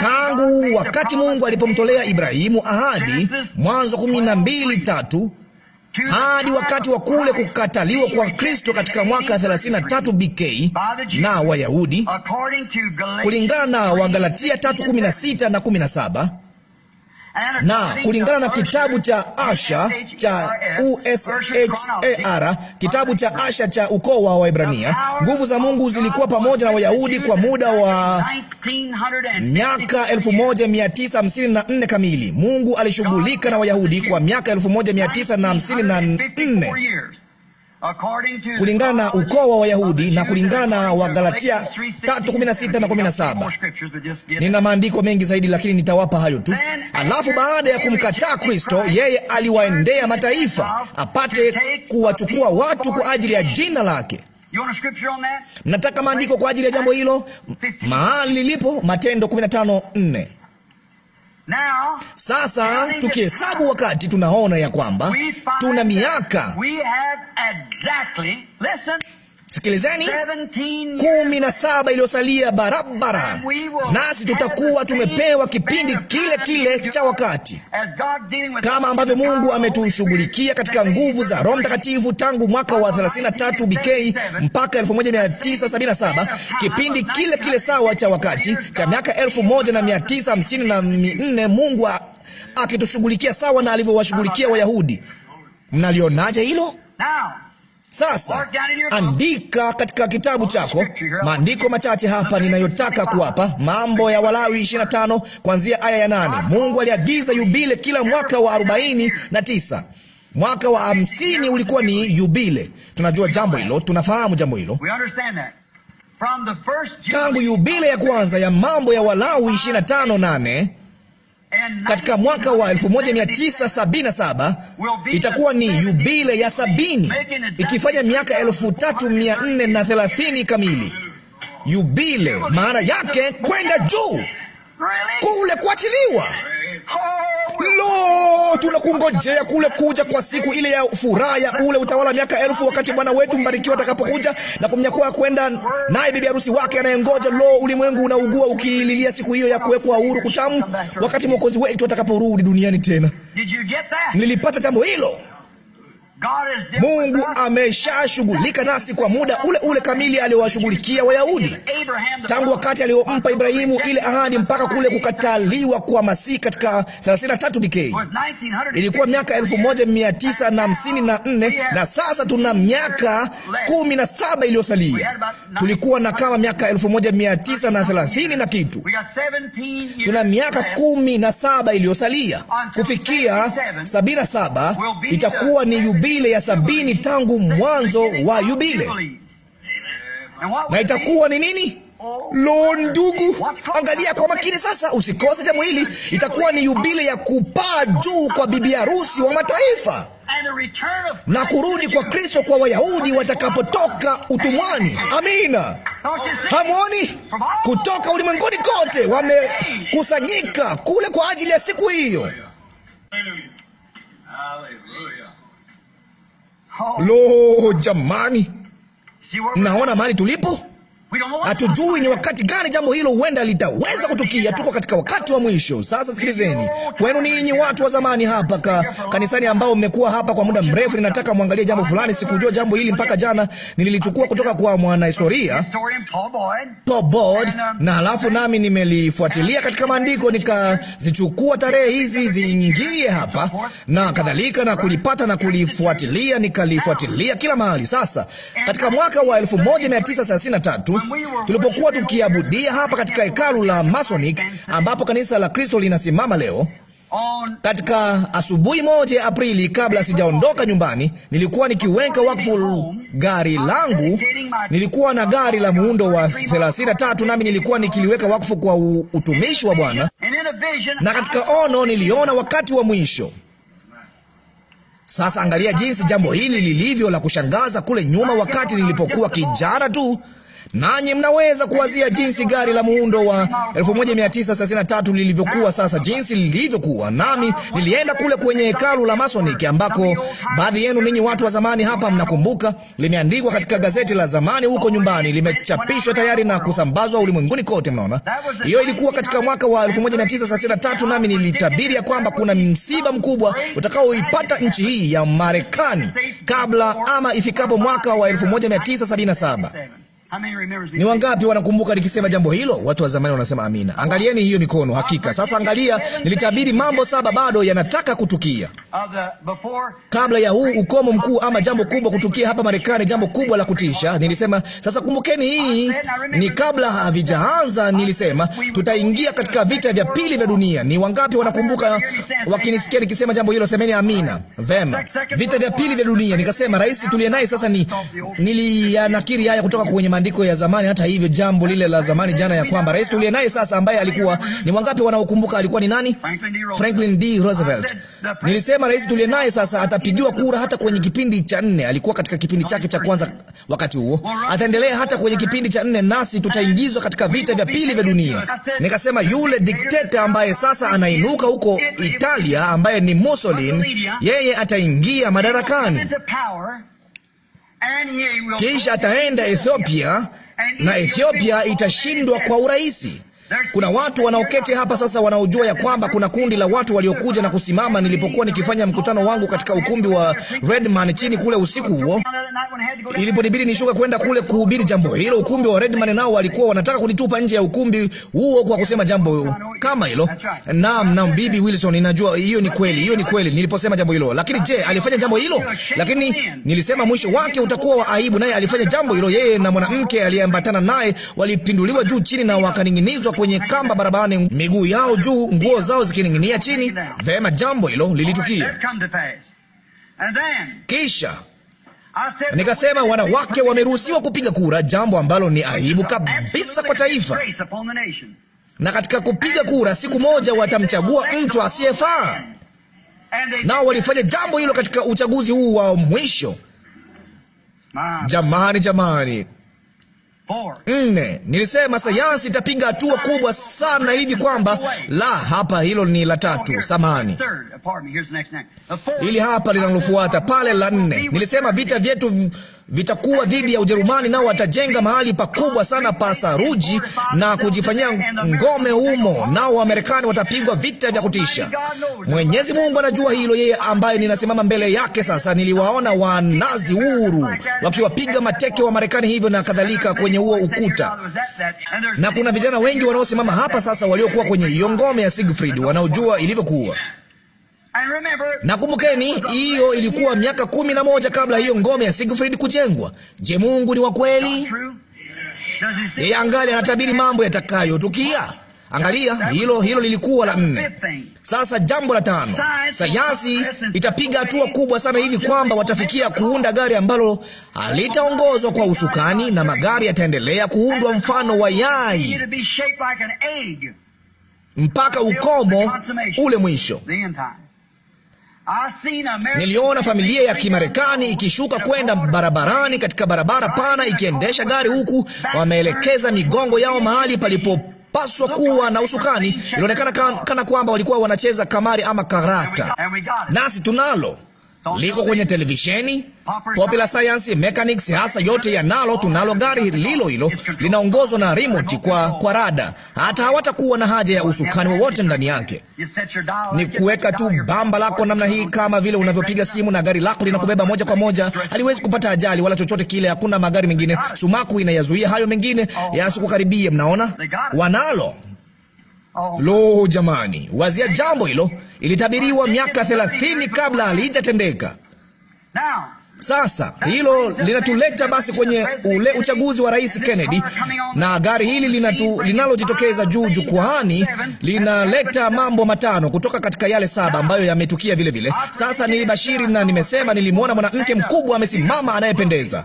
Tangu wakati Mungu alipomtolea Ibrahimu ahadi, Mwanzo kumi na mbili tatu hadi wakati wa kule kukataliwa kwa Kristo katika mwaka 33 BK na Wayahudi kulingana na Wagalatia 3:16 na na kulingana na kitabu cha Asha cha USHAR, kitabu cha Asha cha ukoo wa Waebrania, nguvu za Mungu zilikuwa pamoja na Wayahudi kwa muda wa miaka 1954 kamili. Mungu alishughulika na Wayahudi kwa miaka 1954 kulingana na ukoo wa Wayahudi na kulingana na Wagalatia 3:16 na 17. Nina maandiko mengi zaidi, lakini nitawapa hayo tu. Alafu baada ya kumkataa Kristo, yeye aliwaendea mataifa apate kuwachukua watu kwa ajili ya jina lake. Mnataka maandiko kwa ajili ya jambo hilo? Mahali lilipo Matendo 15:4. Sasa tukihesabu wakati, tunaona ya kwamba tuna miaka Sikilizeni, kumi na saba iliyosalia barabara, nasi tutakuwa tumepewa kipindi kile kile cha wakati, kama ambavyo Mungu ametushughulikia katika nguvu za Roho Mtakatifu tangu mwaka wa 33 BK mpaka 1977, kipindi kile kile sawa cha wakati cha miaka 1954 Mungu akitushughulikia sawa na alivyowashughulikia Wayahudi. Mnalionaje hilo? Sasa andika katika kitabu chako maandiko machache hapa ninayotaka kuwapa. Mambo ya Walawi 25 kuanzia aya ya nane. Mungu aliagiza yubile kila mwaka wa arobaini na tisa. Mwaka wa hamsini ulikuwa ni yubile. Tunajua jambo hilo, tunafahamu jambo hilo. Tangu yubile ya kwanza ya mambo ya Walawi 25 nane katika mwaka wa 1977 itakuwa ni yubile ya sabini, ikifanya miaka 3430 kamili. Yubile maana yake kwenda juu, kule kuachiliwa Lo, tunakungojea kule kuja kwa siku ile ya furaha ya ule utawala miaka elfu, wakati Bwana wetu mbarikiwa atakapokuja na kumnyakua kwenda naye bibi harusi wake anayengoja. Lo, ulimwengu unaugua ukiililia siku hiyo ya kuwekwa uhuru kutamu, wakati mwokozi wetu atakaporudi duniani tena. Nilipata jambo hilo. Mungu ameshashughulika nasi kwa muda ule ule kamili aliowashughulikia Wayahudi tangu wakati aliompa Ibrahimu ile ahadi mpaka kule kukataliwa kwa Masihi katika 33 BK. Ilikuwa miaka 1954 na sasa tuna miaka 17 iliyosalia. Tulikuwa na kama miaka 1930 na kitu, tuna miaka 17 iliyosalia kufikia 77 itakuwa ni yubi yubile ya sabini tangu mwanzo wa yubile. Na itakuwa ni nini? Lo, ndugu, angalia kwa makini sasa, usikose jambo hili. Itakuwa ni yubile ya kupaa juu kwa bibi harusi wa mataifa na kurudi kwa Kristo kwa Wayahudi watakapotoka utumwani. Amina. Hamwoni, kutoka ulimwenguni kote wamekusanyika kule kwa ajili ya siku hiyo. Lo, jamani, naona mahali tulipo? Hatujui ni wakati gani jambo hilo huenda litaweza kutukia. Tuko katika wakati wa mwisho. Sasa sikilizeni, kwenu ninyi watu wa zamani hapa ka, kanisani ambao mmekuwa hapa kwa muda mrefu, ninataka mwangalie jambo fulani. Sikujua jambo hili mpaka jana, nililichukua kutoka kwa mwanahistoria Paul na alafu nami nimelifuatilia katika maandiko, nikazichukua tarehe hizi ziingie hapa na kadhalika, na kulipata na kulifuatilia, nikalifuatilia kila mahali. Sasa katika mwaka wa 1933 tulipokuwa tukiabudia hapa katika hekalu la Masonic ambapo kanisa la Kristo linasimama leo. Katika asubuhi moja Aprili, kabla sijaondoka nyumbani, nilikuwa nikiweka wakfu gari langu. Nilikuwa na gari la muundo wa 33 nami nilikuwa nikiliweka wakfu kwa utumishi wa Bwana, na katika ono niliona wakati wa mwisho. Sasa angalia jinsi jambo hili lilivyo la kushangaza. Kule nyuma, wakati nilipokuwa kijana tu nanyi mnaweza kuwazia jinsi gari la muundo wa 1963 lilivyokuwa sasa, jinsi lilivyokuwa. Nami nilienda kule kwenye hekalu la Masoniki ambako baadhi yenu ninyi watu wa zamani hapa mnakumbuka, limeandikwa katika gazeti la zamani huko nyumbani, limechapishwa tayari na kusambazwa ulimwenguni kote. Mnaona, hiyo ilikuwa katika mwaka wa 1963, nami nilitabiri ya kwamba kuna msiba mkubwa utakaoipata nchi hii ya Marekani kabla ama ifikapo mwaka wa 1977. Ni wangapi wanakumbuka nikisema jambo hilo? Watu wa zamani wanasema amina. Angalieni hiyo mikono, hakika. Sasa angalia, nilitabiri mambo saba bado yanataka kutukia, kabla ya huu ukomo mkuu ama jambo kubwa kutukia hapa Marekani, jambo kubwa la kutisha. Nilisema sasa, kumbukeni, hii ni kabla havijaanza. Nilisema tutaingia katika vita vya pili vya dunia. Ni wangapi wanakumbuka wakinisikia nikisema jambo hilo? Semeni amina. Vema, vita vya pili vya dunia. Nikasema rais tuliye naye sasa ni nilianakiri haya kutoka kwenye maandiko ya zamani. Hata hivyo, jambo lile la zamani jana, ya kwamba rais tuliye naye sasa ambaye alikuwa ni wangapi wanaokumbuka alikuwa ni nani? Franklin D Roosevelt. Nilisema rais tuliye naye sasa atapigiwa kura hata kwenye kipindi cha nne. Alikuwa katika kipindi chake cha kwanza wakati huo, ataendelea hata kwenye kipindi cha nne, nasi tutaingizwa katika vita vya pili vya dunia. Nikasema yule dikteta ambaye sasa anainuka huko Italia, ambaye ni Mussolini, yeye ataingia madarakani kisha ataenda Ethiopia na Ethiopia itashindwa kwa urahisi. Kuna watu wanaoketi hapa sasa wanaojua ya kwamba kuna kundi la watu waliokuja na kusimama nilipokuwa nikifanya mkutano wangu katika ukumbi wa Redman chini kule usiku huo. Iliponibidi nishuke kwenda kule kuhubiri jambo hilo, ukumbi wa Redman nao walikuwa wanataka kunitupa nje ya ukumbi huo kwa kusema jambo kama hilo. Naam, naam, bibi Wilson, ninajua hiyo ni kweli, hiyo ni kweli niliposema jambo hilo. Lakini je, alifanya jambo hilo? Lakini nilisema mwisho wake utakuwa wa aibu, naye alifanya jambo hilo. Yeye na mwanamke aliyeambatana naye walipinduliwa juu chini na wakaning'inizwa kwenye kamba barabarani, miguu yao juu, nguo zao zikining'inia chini. Vema, jambo hilo lilitukia. Kisha nikasema wanawake wameruhusiwa kupiga kura, jambo ambalo ni aibu kabisa kwa taifa, na katika kupiga kura siku moja watamchagua mtu asiyefaa. Nao walifanya jambo hilo katika uchaguzi huu wa mwisho. Jamani, jamani Nne, nilisema sayansi itapiga hatua kubwa sana hivi kwamba la hapa, hilo ni la tatu, samani, ili hapa linalofuata pale la nne. Nilisema vita vyetu vitakuwa dhidi ya Ujerumani, nao watajenga mahali pakubwa sana pa saruji na kujifanyia ngome humo, nao Wamarekani watapigwa vita vya kutisha. Mwenyezi Mungu anajua hilo, yeye ambaye ninasimama mbele yake sasa. Niliwaona wanazi huru wakiwapiga mateke wa Marekani hivyo na kadhalika kwenye huo ukuta, na kuna vijana wengi wanaosimama hapa sasa waliokuwa kwenye hiyo ngome ya Siegfried wanaojua ilivyokuwa. Nakumbukeni, hiyo ilikuwa miaka kumi na moja kabla hiyo ngome ya Siegfried kujengwa. Je, Mungu ni wa kweli? Yeye angali anatabiri mambo yatakayotukia. Angalia hilo, hilo lilikuwa la nne. Sasa jambo la tano, sayansi itapiga hatua kubwa sana hivi kwamba watafikia kuunda gari ambalo halitaongozwa kwa usukani, na magari yataendelea kuundwa mfano wa yai mpaka ukomo ule mwisho. Niliona familia ya Kimarekani ikishuka kwenda barabarani katika barabara pana, ikiendesha gari huku wameelekeza migongo yao mahali palipopaswa kuwa na usukani. Ilionekana kana, kana kwamba walikuwa wanacheza kamari ama karata, nasi tunalo liko kwenye televisheni, Popi science, Mechanics, hasa yote yanalo. Tunalo gari lilo hilo, linaongozwa na remote kwa, kwa rada. Hata hawatakuwa na haja ya usukani wowote ndani yake, ni kuweka tu bamba lako namna hii, kama vile unavyopiga simu na gari lako linakubeba moja kwa moja. Haliwezi kupata ajali wala chochote kile. Hakuna magari mengine, sumaku inayazuia hayo mengine yasikukaribie. Mnaona, wanalo Oh. Lo, jamani, wazia jambo hilo. Ilitabiriwa miaka thelathini kabla halijatendeka. Sasa hilo linatuleta basi kwenye ule uchaguzi wa rais Kennedy, na gari hili linatu, linalojitokeza juu jukwaani linaleta mambo matano kutoka katika yale saba ambayo yametukia vile vile. Sasa nilibashiri na nimesema nilimwona mwanamke mkubwa amesimama anayependeza,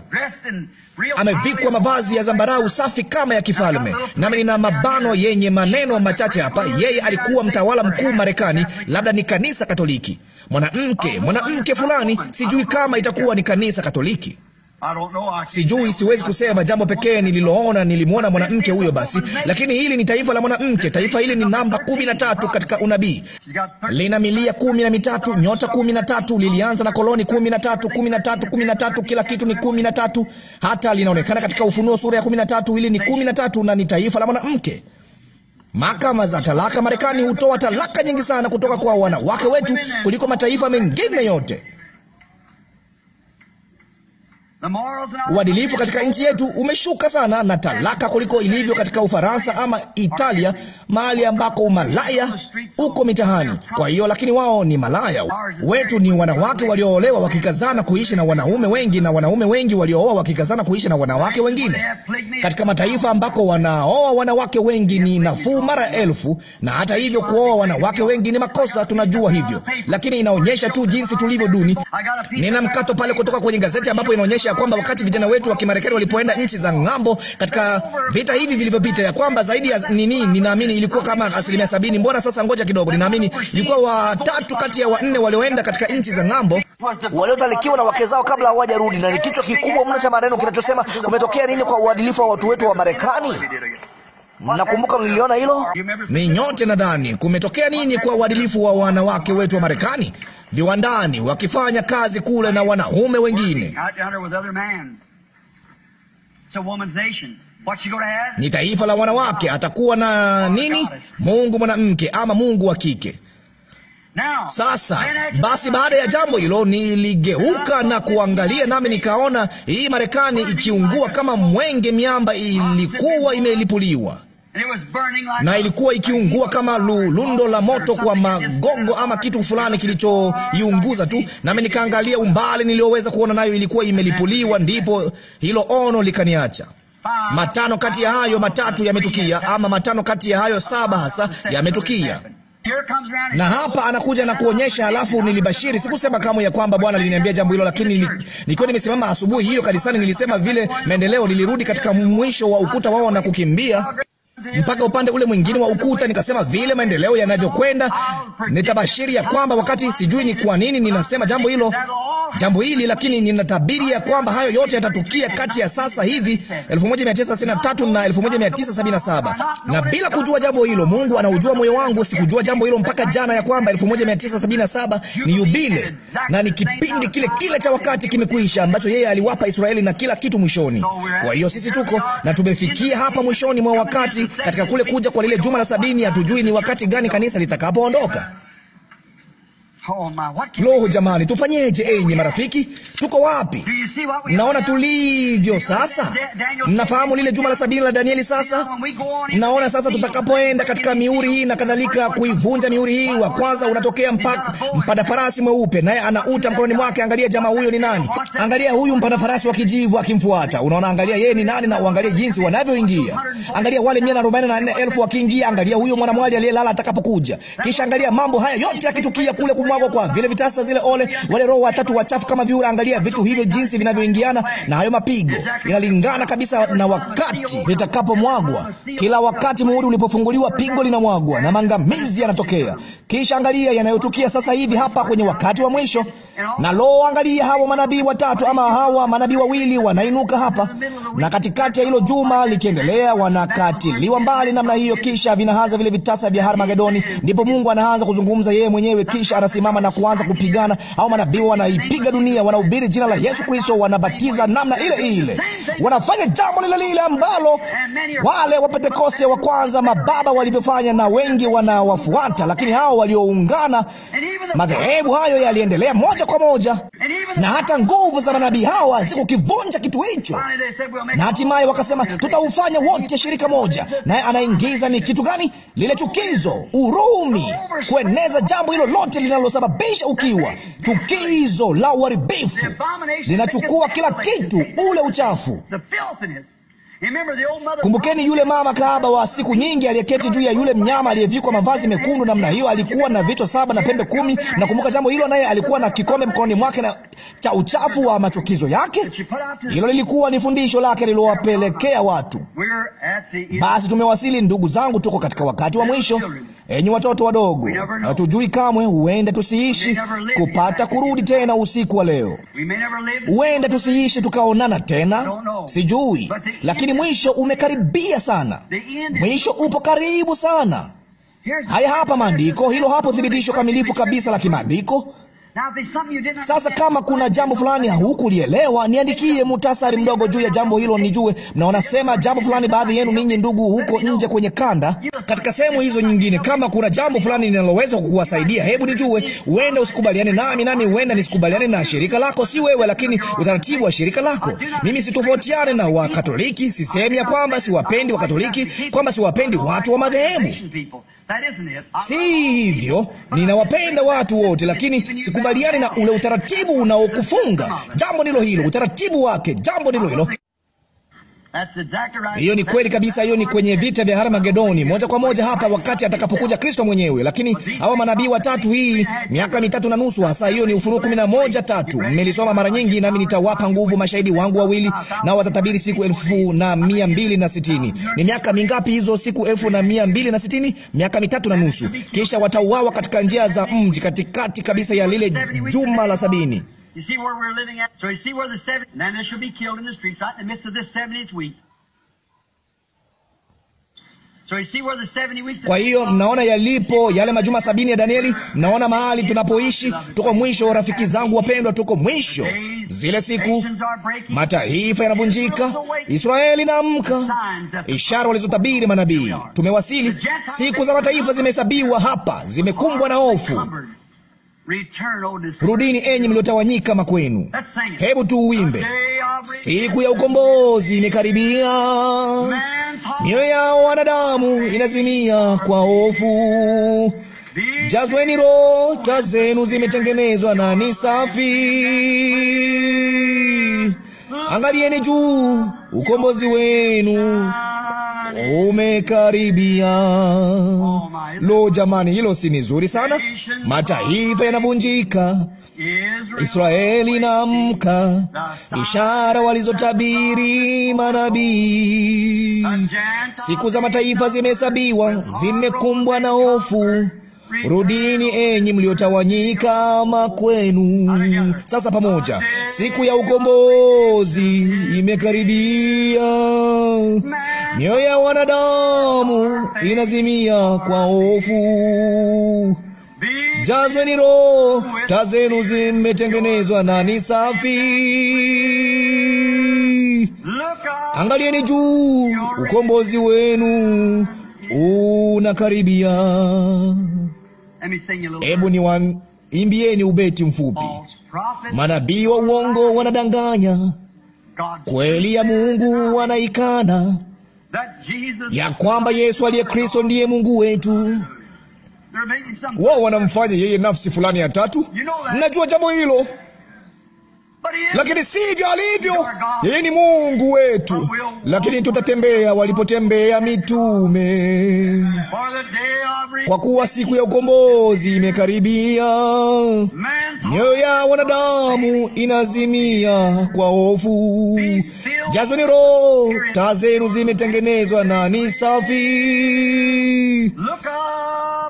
amevikwa mavazi ya zambarau safi kama ya kifalme, na nina mabano yenye maneno machache hapa. Yeye alikuwa mtawala mkuu Marekani, labda ni kanisa Katoliki mwanamke, mwanamke fulani. Sijui kama itakuwa ni kanisa Katoliki, sijui, siwezi kusema. Jambo pekee nililoona, nilimwona mwanamke huyo basi. Lakini hili ni taifa la mwanamke. Taifa hili ni namba kumi na tatu katika unabii, lina milia kumi na mitatu, nyota kumi na tatu. Lilianza na koloni kumi na tatu, kumi na tatu, kumi na tatu, kila kitu ni kumi na tatu. Hata linaonekana katika Ufunuo sura ya kumi na tatu. Hili ni kumi na tatu na ni taifa la mwanamke. Mahakama za talaka Marekani hutoa talaka nyingi sana kutoka kwa wanawake wetu kuliko mataifa mengine yote. Uadilifu katika nchi yetu umeshuka sana na talaka kuliko ilivyo katika Ufaransa ama Italia, mahali ambako umalaya uko mitahani Kwa hiyo, lakini wao ni malaya. Wetu ni wanawake walioolewa wakikazana kuishi na wanaume wengi, na wanaume wengi waliooa wakikazana kuishi na wanawake wengine. Katika mataifa ambako wanaoa wanawake wengi ni nafuu mara elfu, na hata hivyo kuoa wanawake wengi ni makosa, tunajua hivyo, lakini inaonyesha tu jinsi tulivyo duni. Nina mkato pale kutoka kwenye gazeti ambapo inaonyesha ya kwamba wakati vijana wetu wa Kimarekani walipoenda nchi za ng'ambo katika vita hivi vilivyopita, ya kwamba zaidi ya nini, ninaamini ilikuwa kama asilimia sabini. Mbona sasa, ngoja kidogo, ninaamini ilikuwa watatu kati ya wanne walioenda katika nchi za ng'ambo waliotalikiwa na wake zao kabla hawajarudi, na ni kichwa kikubwa mno cha maneno kinachosema kumetokea nini kwa uadilifu wa watu wetu wa Marekani. Mnakumbuka mliliona hilo? Ni nyote nadhani. Kumetokea nini kwa uadilifu wa wanawake wetu wa Marekani viwandani, wakifanya kazi kule na wanaume wengine? Ni taifa la wanawake. Atakuwa na nini? Mungu mwanamke ama Mungu wa kike. Sasa basi, baada ya jambo hilo niligeuka na kuangalia, nami nikaona hii Marekani ikiungua kama mwenge, miamba ilikuwa imelipuliwa na ilikuwa ikiungua kama lundo la moto kwa magogo ama kitu fulani kilichoiunguza tu, nami nikaangalia umbali nilioweza kuona, nayo ilikuwa imelipuliwa. Ndipo hilo ono likaniacha. Matano kati ya hayo matatu yametukia, ama matano kati ya hayo saba hasa yametukia na hapa anakuja na kuonyesha. Halafu nilibashiri, sikusema kamwe ya kwamba Bwana aliniambia jambo hilo, lakini nikiwa nimesimama asubuhi hiyo kanisani, nilisema vile maendeleo lilirudi katika mwisho wa ukuta wao na kukimbia mpaka upande ule mwingine wa ukuta. Nikasema vile maendeleo yanavyokwenda nitabashiri ya kwamba wakati, sijui ni kwa nini ninasema jambo hilo jambo hili, lakini ninatabiri ya kwamba hayo yote yatatukia kati ya sasa hivi 1963 na 1977. Na bila kujua jambo hilo, Mungu anaujua moyo wangu. Sikujua jambo hilo mpaka jana, ya kwamba 1977 ni yubile na ni kipindi kile kile cha wakati kimekuisha ambacho yeye aliwapa Israeli na kila kitu mwishoni. Kwa hiyo sisi tuko na tumefikia hapa mwishoni mwa wakati, katika kule kuja kwa lile juma la sabini. Hatujui ni wakati gani kanisa litakapoondoka. Loho jamani, tufanyeje? Enyi marafiki, tuko wapi? Naona tulivyo sasa. Nafahamu lile juma la sabini la Danieli. Sasa naona sasa tutakapoenda katika miuri hii na kadhalika, kuivunja miuri hii. Wa kwanza unatokea mpa, mpanda farasi mweupe, naye ana uta mkononi mwake. Angalia jamaa huyo ni nani? Angalia huyu mpanda farasi wa kijivu akimfuata. Unaona, angalia yeye ni nani, na uangalie jinsi wanavyoingia. Angalia wale mia na arobaini na nne elfu wakiingia. Angalia huyo mwanamwali aliyelala atakapokuja, kisha angalia mambo haya yote yakitukia kule kumwa mwako kwa vile vitasa, zile ole, wale roho watatu wachafu kama viura. Angalia vitu hivyo jinsi vinavyoingiana na hayo mapigo, inalingana kabisa na wakati litakapomwagwa. Kila wakati muhuri ulipofunguliwa, pigo linamwagwa na mangamizi yanatokea. Kisha angalia yanayotukia sasa hivi hapa kwenye wakati wa mwisho. Na lo, angalia hawa manabii watatu ama hawa manabii wawili wanainuka hapa, na katikati ya hilo juma likiendelea, wanakatiliwa mbali namna hiyo, kisha vinaanza vile vitasa vya Harmagedoni. Ndipo Mungu anaanza kuzungumza yeye mwenyewe, kisha anasema wanasimama na kuanza kupigana, au manabii wanaipiga dunia, wanahubiri jina la Yesu Kristo, wanabatiza namna ile ile, wanafanya jambo lile lile ambalo wale Wapentekoste wa kwanza mababa walivyofanya, na wengi wanawafuata. Lakini hao walioungana, madhehebu hayo yaliendelea moja kwa moja, na hata nguvu za manabii hao hazikukivunja kitu hicho, na hatimaye wakasema, tutaufanya wote shirika moja. Naye anaingiza ni kitu gani? Lile chukizo, urumi, kueneza jambo hilo lote linalo unaosababisha ukiwa, chukizo la uharibifu linachukua kila kitu, ule uchafu. Kumbukeni yule mama kahaba wa siku nyingi aliyeketi juu ya yule mnyama aliyevikwa mavazi mekundu namna hiyo. Alikuwa na vichwa saba na pembe kumi. na kumbuka jambo hilo, naye alikuwa na kikombe mkononi mwake na cha uchafu wa machukizo yake. Hilo lilikuwa ni fundisho lake lilowapelekea watu basi tumewasili ndugu zangu, tuko katika wakati wa mwisho. Enyi watoto wadogo, hatujui kamwe, huenda tusiishi kupata kurudi tena usiku wa leo, huenda tusiishi tukaonana tena, sijui, lakini mwisho umekaribia sana, mwisho upo karibu sana. Haya hapa maandiko, hilo hapo thibitisho kamilifu kabisa la kimaandiko. Sasa kama kuna jambo fulani hukulielewa, niandikie mutasari mdogo juu ya jambo hilo nijue. Na wanasema jambo fulani, baadhi yenu ninyi ndugu huko nje kwenye kanda, katika sehemu hizo nyingine, kama kuna jambo fulani linaloweza kuwasaidia, hebu nijue. Huenda usikubaliane nami, nami huenda nisikubaliane na shirika lako, si wewe, lakini utaratibu wa shirika lako. Mimi sitofautiane na Wakatoliki. Sisemi ya kwamba siwapendi Wakatoliki, kwamba siwapendi watu wa madhehebu Si hivyo, ninawapenda watu wote, lakini sikubaliani na ule utaratibu unaokufunga. Jambo ndilo hilo, utaratibu wake, jambo ndilo hilo. Hiyo ni kweli kabisa. Hiyo ni kwenye vita vya Harmagedoni, moja kwa moja hapa, wakati atakapokuja Kristo mwenyewe. Lakini hawa manabii watatu, hii miaka mitatu na nusu hasa, hiyo ni Ufunuo kumi na moja tatu. Mmelisoma mara nyingi, nami nitawapa nguvu mashahidi wangu wawili, nao watatabiri siku elfu na mia mbili na sitini. Ni miaka mingapi hizo siku elfu na mia mbili na sitini? Miaka mitatu na nusu. Kisha watauawa katika njia za mji, katikati kabisa ya lile juma la sabini. You see where we're living at? So you see where the seven, and then they shall be killed in the streets right in the midst of this 70th week. Kwa hiyo mnaona yalipo yale majuma sabini ya Danieli, mnaona mahali tunapoishi. Tuko mwisho, rafiki zangu wapendwa, tuko mwisho. Zile siku mataifa yanavunjika, Israeli inaamka, ishara walizotabiri manabii. Tumewasili, siku za mataifa zimehesabiwa, hapa zimekumbwa na hofu. Rudini enyi mliotawanyika makwenu. Hebu uimbe. Siku ya ukombozi imekaribia, mioyo ya wanadamu inazimia kwa hofu. Jazweni Roho, taa zenu zimetengenezwa na ni safi. Angalieni juu, ukombozi wenu umekaribia. Oh, Lo, jamani, hilo si ni zuri sana? Mataifa yanavunjika, Israeli inaamka, ishara walizotabiri manabii. Siku za mataifa zimehesabiwa, zimekumbwa na hofu Rudini enyi mliotawanyika makwenu. Sasa pamoja, siku ya ukombozi imekaribia. Mioyo ya wanadamu inazimia kwa hofu. Jazweni Roho, taa zenu zimetengenezwa na ni safi. Angalieni juu, ukombozi wenu unakaribia. Hebu niwaimbieni ubeti mfupi. Manabii wa uongo wanadanganya, kweli ya Mungu wanaikana, ya kwamba Yesu aliye Kristo ndiye Mungu wetu. Wao wanamfanya yeye nafsi fulani ya tatu. Mnajua jambo hilo? lakini sivyo alivyo. Yeye ni Mungu wetu, lakini tutatembea walipotembea mitume, kwa kuwa siku ya ukombozi imekaribia. Mioyo ya wanadamu inazimia kwa hofu. Jazweni Roho, taa zenu zimetengenezwa na ni safi.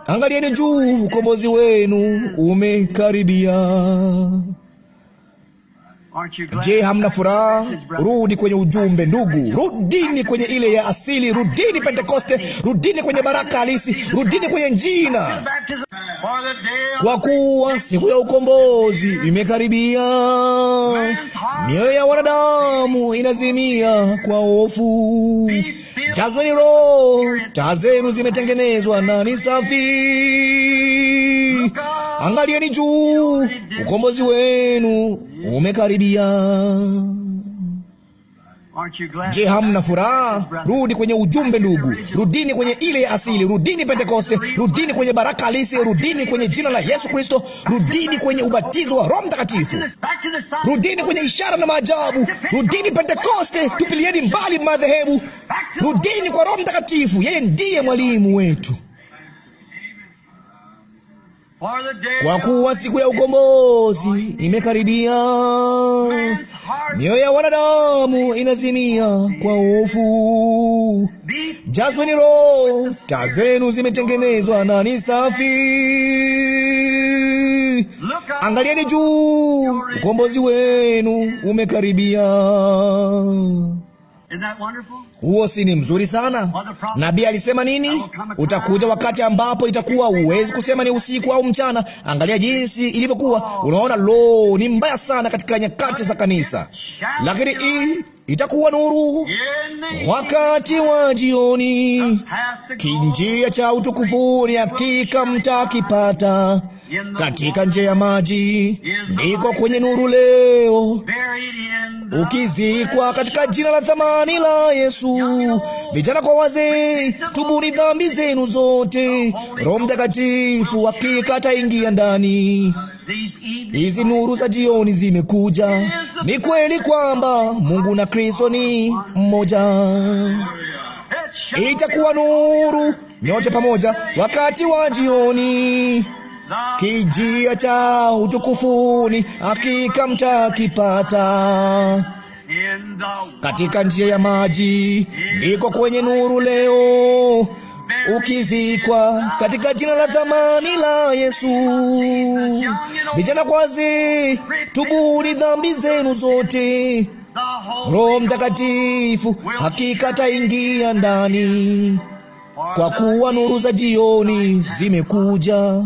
Angalieni juu, ukombozi wenu umekaribia. Je, hamna furaha? Rudi kwenye ujumbe, ndugu. Rudini kwenye ile ya asili, rudini Pentekoste, rudini kwenye baraka halisi, rudini kwenye njina, kwa kuwa siku ya ukombozi imekaribia. Mioyo ya wanadamu inazimia kwa hofu. Jazweni Roho, taa zenu zimetengenezwa na ni safi. Angalieni juu, ukombozi wenu umekaribia. Je, hamna furaha? Rudi kwenye ujumbe ndugu, rudini kwenye ile ya asili, rudini Pentekoste, rudini kwenye baraka halisi, rudini kwenye jina la Yesu Kristo, rudini kwenye ubatizo wa Roho Mtakatifu, rudini kwenye ishara na maajabu, rudini Pentekoste, tupilieni mbali madhehebu, rudini kwa Roho Mtakatifu. Yeye ndiye mwalimu wetu kwa kuwa siku ya ukombozi imekaribia. Mioyo ya wanadamu inazimia kwa hofu. Jazweni Roho, taa zenu zimetengenezwa na ni safi. Angalieni juu, ukombozi wenu umekaribia. Huo si ni mzuri sana? Nabii alisema nini? Utakuja wakati ambapo itakuwa huwezi kusema ni usiku au mchana. Angalia jinsi ilivyokuwa. Unaona, lo, ni mbaya sana katika nyakati za kanisa, lakini hii itakuwa nuru wakati wa jioni. Kinjia cha utukufuni hakika mtakipata katika njia ya maji, ndiko kwenye nuru leo, ukizikwa katika jina la thamani la Yesu vijana kwa wazee, tubuni dhambi zenu zote. Roho Mtakatifu hakika ataingia ndani. Hizi nuru za jioni zimekuja. Ni kweli kwamba Mungu na Kristo ni mmoja. Itakuwa nuru nyote pamoja wakati wa jioni, kijia cha utukufuni, hakika mtakipata katika njia ya maji, ndiko kwenye nuru leo ukizikwa katika jina la thamani la Yesu. Vijana kwazi, tubuni dhambi zenu zote, Roho Mtakatifu hakika taingia ndani, kwa kuwa nuru za jioni zimekuja.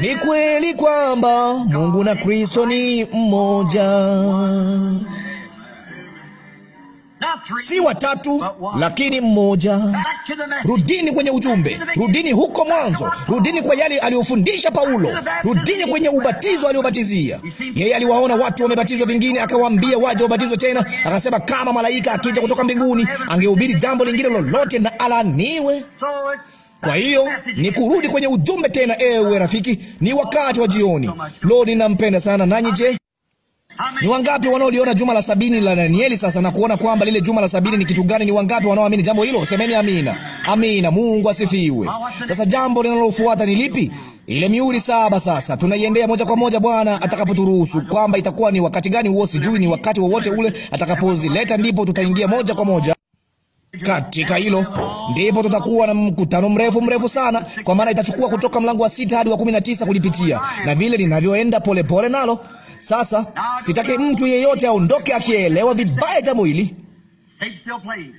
Ni kweli kwamba Mungu na Kristo ni mmoja si watatu, lakini mmoja. Rudini kwenye ujumbe, rudini huko mwanzo, rudini kwa yale aliyofundisha Paulo, rudini kwenye ubatizo aliobatizia yeye. Aliwaona watu wamebatizwa vingine, akawaambia waje wabatizwe tena, akasema kama malaika akija kutoka mbinguni angehubiri jambo lingine lolote, na alaniwe. Kwa hiyo ni kurudi kwenye ujumbe tena. Ewe rafiki, ni wakati wa jioni. Lo, ninampenda sana nanyi. Je, ni wangapi wanaoliona juma la sabini la Danieli sasa na kuona kwamba lile juma la sabini ni kitu gani? Ni wangapi wanaoamini jambo hilo? Semeni amina. Amina, Mungu asifiwe. Sasa jambo linalofuata ni lipi? Ile miuri saba sasa tunaiendea moja kwa moja Bwana atakapoturuhusu, kwamba itakuwa ni wakati gani huo sijui, ni wakati wowote ule atakapozileta, ndipo tutaingia moja kwa moja katika hilo ndipo tutakuwa na mkutano mrefu mrefu sana, kwa maana itachukua kutoka mlango wa sita hadi wa kumi na tisa kulipitia, na vile linavyoenda polepole nalo sasa sitaki mtu yeyote aondoke akielewa vibaya jambo hili.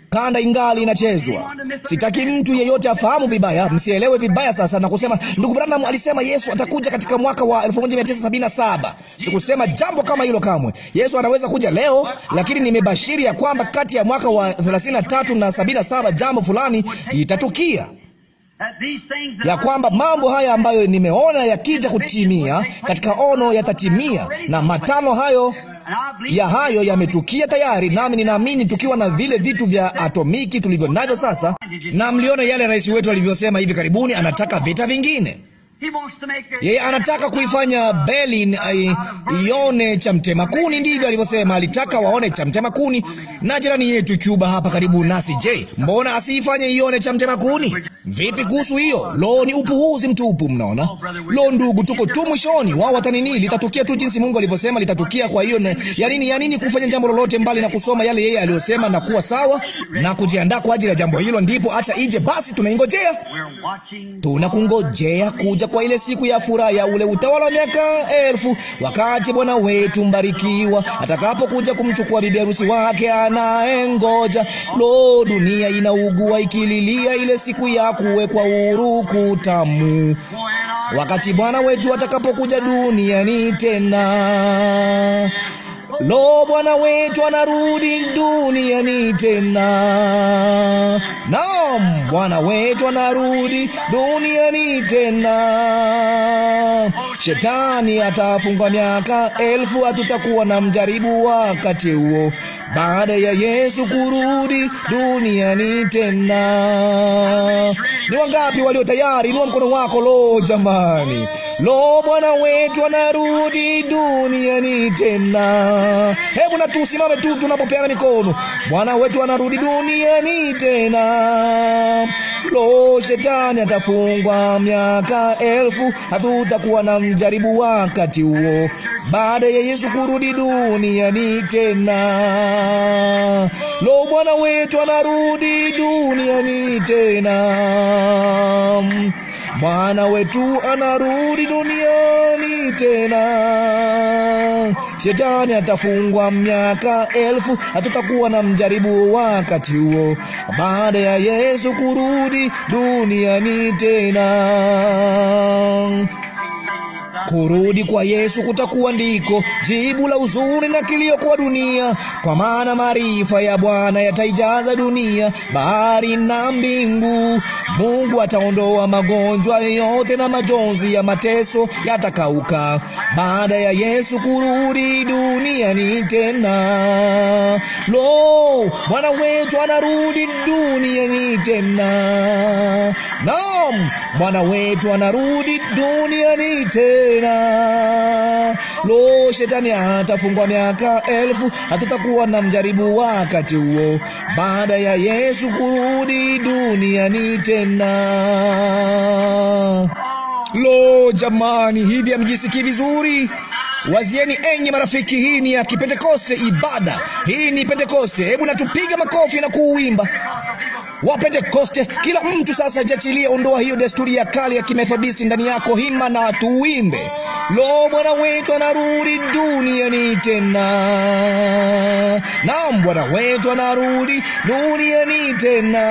Kanda ingali inachezwa. Sitaki mtu yeyote afahamu vibaya, msielewe vibaya. Sasa na kusema, ndugu Branham alisema Yesu atakuja katika mwaka wa 1977. Sikusema jambo kama hilo kamwe. Yesu anaweza kuja leo, lakini nimebashiri ya kwamba kati ya mwaka wa 33 na 77 jambo fulani itatukia ya kwamba mambo haya ambayo nimeona yakija kutimia katika ono yatatimia, na matano hayo ya hayo yametukia tayari, nami ninaamini tukiwa na vile vitu vya atomiki tulivyo navyo sasa, na mliona yale rais wetu alivyosema hivi karibuni, anataka vita vingine. Yeye anataka kuifanya Berlin ione cha mtema kuni, ndivyo alivyosema. Alitaka waone cha mtema kuni. Na jirani yetu Cuba hapa karibu nasi, je, mbona asiifanye ione cha mtema kuni? Vipi kuhusu hiyo? Lo, ni upuuzi mtupu. Mnaona? Lo, ndugu, tuko tu mwishoni. Wao watanini, litatukia tu jinsi Mungu alivyosema litatukia. Kwa hiyo ya nini, ya nini kufanya jambo lolote mbali na kusoma yale yeye aliyosema na kuwa sawa na kujiandaa kwa ajili ya jambo hilo? Ndipo acha ije basi, tunaingojea tunakungojea kuja kwa ile siku ya furaha ya ule utawala wa miaka elfu, wakati Bwana wetu mbarikiwa atakapokuja kumchukua bibi harusi wake ngoja Lo, dunia inaugua ikililia ile siku ya kuwekwa uruku tamu wakati Bwana wetu atakapokuja duniani tena. Lo, Bwana wetu anarudi duniani tena. Naam, Bwana wetu anarudi duniani tena. Shetani atafunga miaka elfu, hatutakuwa na mjaribu wakati huo, baada ya Yesu kurudi duniani tena. Ni wangapi walio tayari? Inua mkono wako. Lo, jamani, lo, Bwana wetu anarudi duniani tena. Hebu na tusimame tu tunapopeana mikono. Bwana wetu anarudi duniani tena. Lo, shetani atafungwa miaka elfu, hatutakuwa na mjaribu wakati huo, baada ya Yesu kurudi duniani tena. Lo, Bwana wetu anarudi duniani tena. Bwana wetu anarudi duniani tena. Shetani atafungwa miaka elfu. Hatutakuwa na mjaribu wakati huo, baada ya Yesu kurudi duniani tena. Kurudi kwa Yesu kutakuwa ndiko jibu la huzuni na kilio kwa dunia, kwa maana maarifa ya Bwana yataijaza dunia, bahari na mbingu. Mungu ataondoa magonjwa yote na majonzi ya mateso yatakauka, baada ya Yesu kurudi duniani tena. Lo, Bwana wetu anarudi duniani tena. Naam, Bwana wetu anarudi duniani tena tena. Lo, shetani atafungwa miaka elfu, hatutakuwa na mjaribu wakati huo, baada ya Yesu kurudi duniani tena. Lo, jamani, hivi amjisikii vizuri? Wazieni enyi marafiki, hii ni ya Kipentekoste, ibada hii ni Pentekoste. Hebu natupiga makofi na kuuimba wa Pentekoste. Kila mtu sasa jachilie, ondoa hiyo desturi ya kale ya kimethodisti ndani yako, hima na tuimbe, lo, Bwana wetu anarudi duniani tena, na Bwana wetu anarudi duniani tena.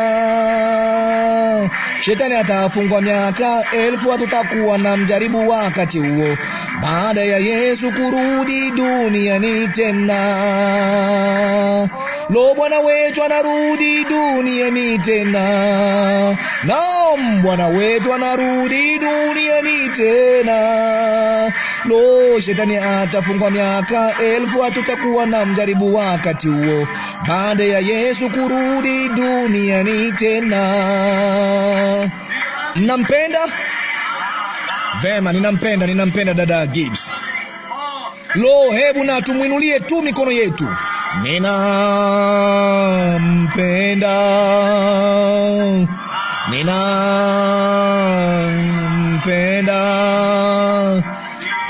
Shetani atafungwa miaka elfu, hatutakuwa na mjaribu wakati huo, baada ya Yesu kurudi duniani tena. Lo, Bwana wetu anarudi duniani tena. Naam, Bwana wetu anarudi duniani tena. Lo, shetani atafungwa miaka elfu, hatutakuwa na mjaribu wakati huo, baada ya Yesu kurudi duniani tena. Nampenda Vema, ninampenda, ninampenda dada Gibbs. Lo, hebu na tumwinulie tu mikono yetu. Ninampenda, ninampenda,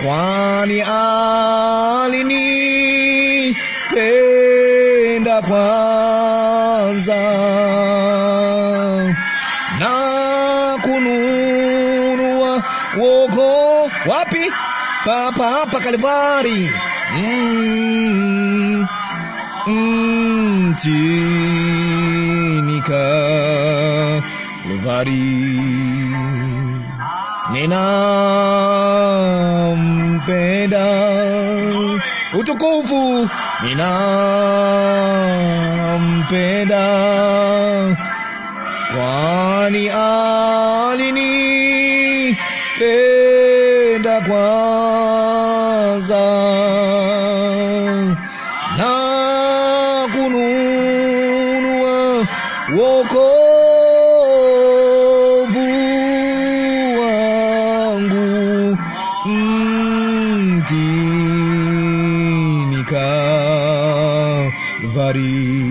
kwani alini papa hapa Kalvari. Mm, mtini mm, Kalvari ninampenda utukufu, ninampenda kwani alini Hari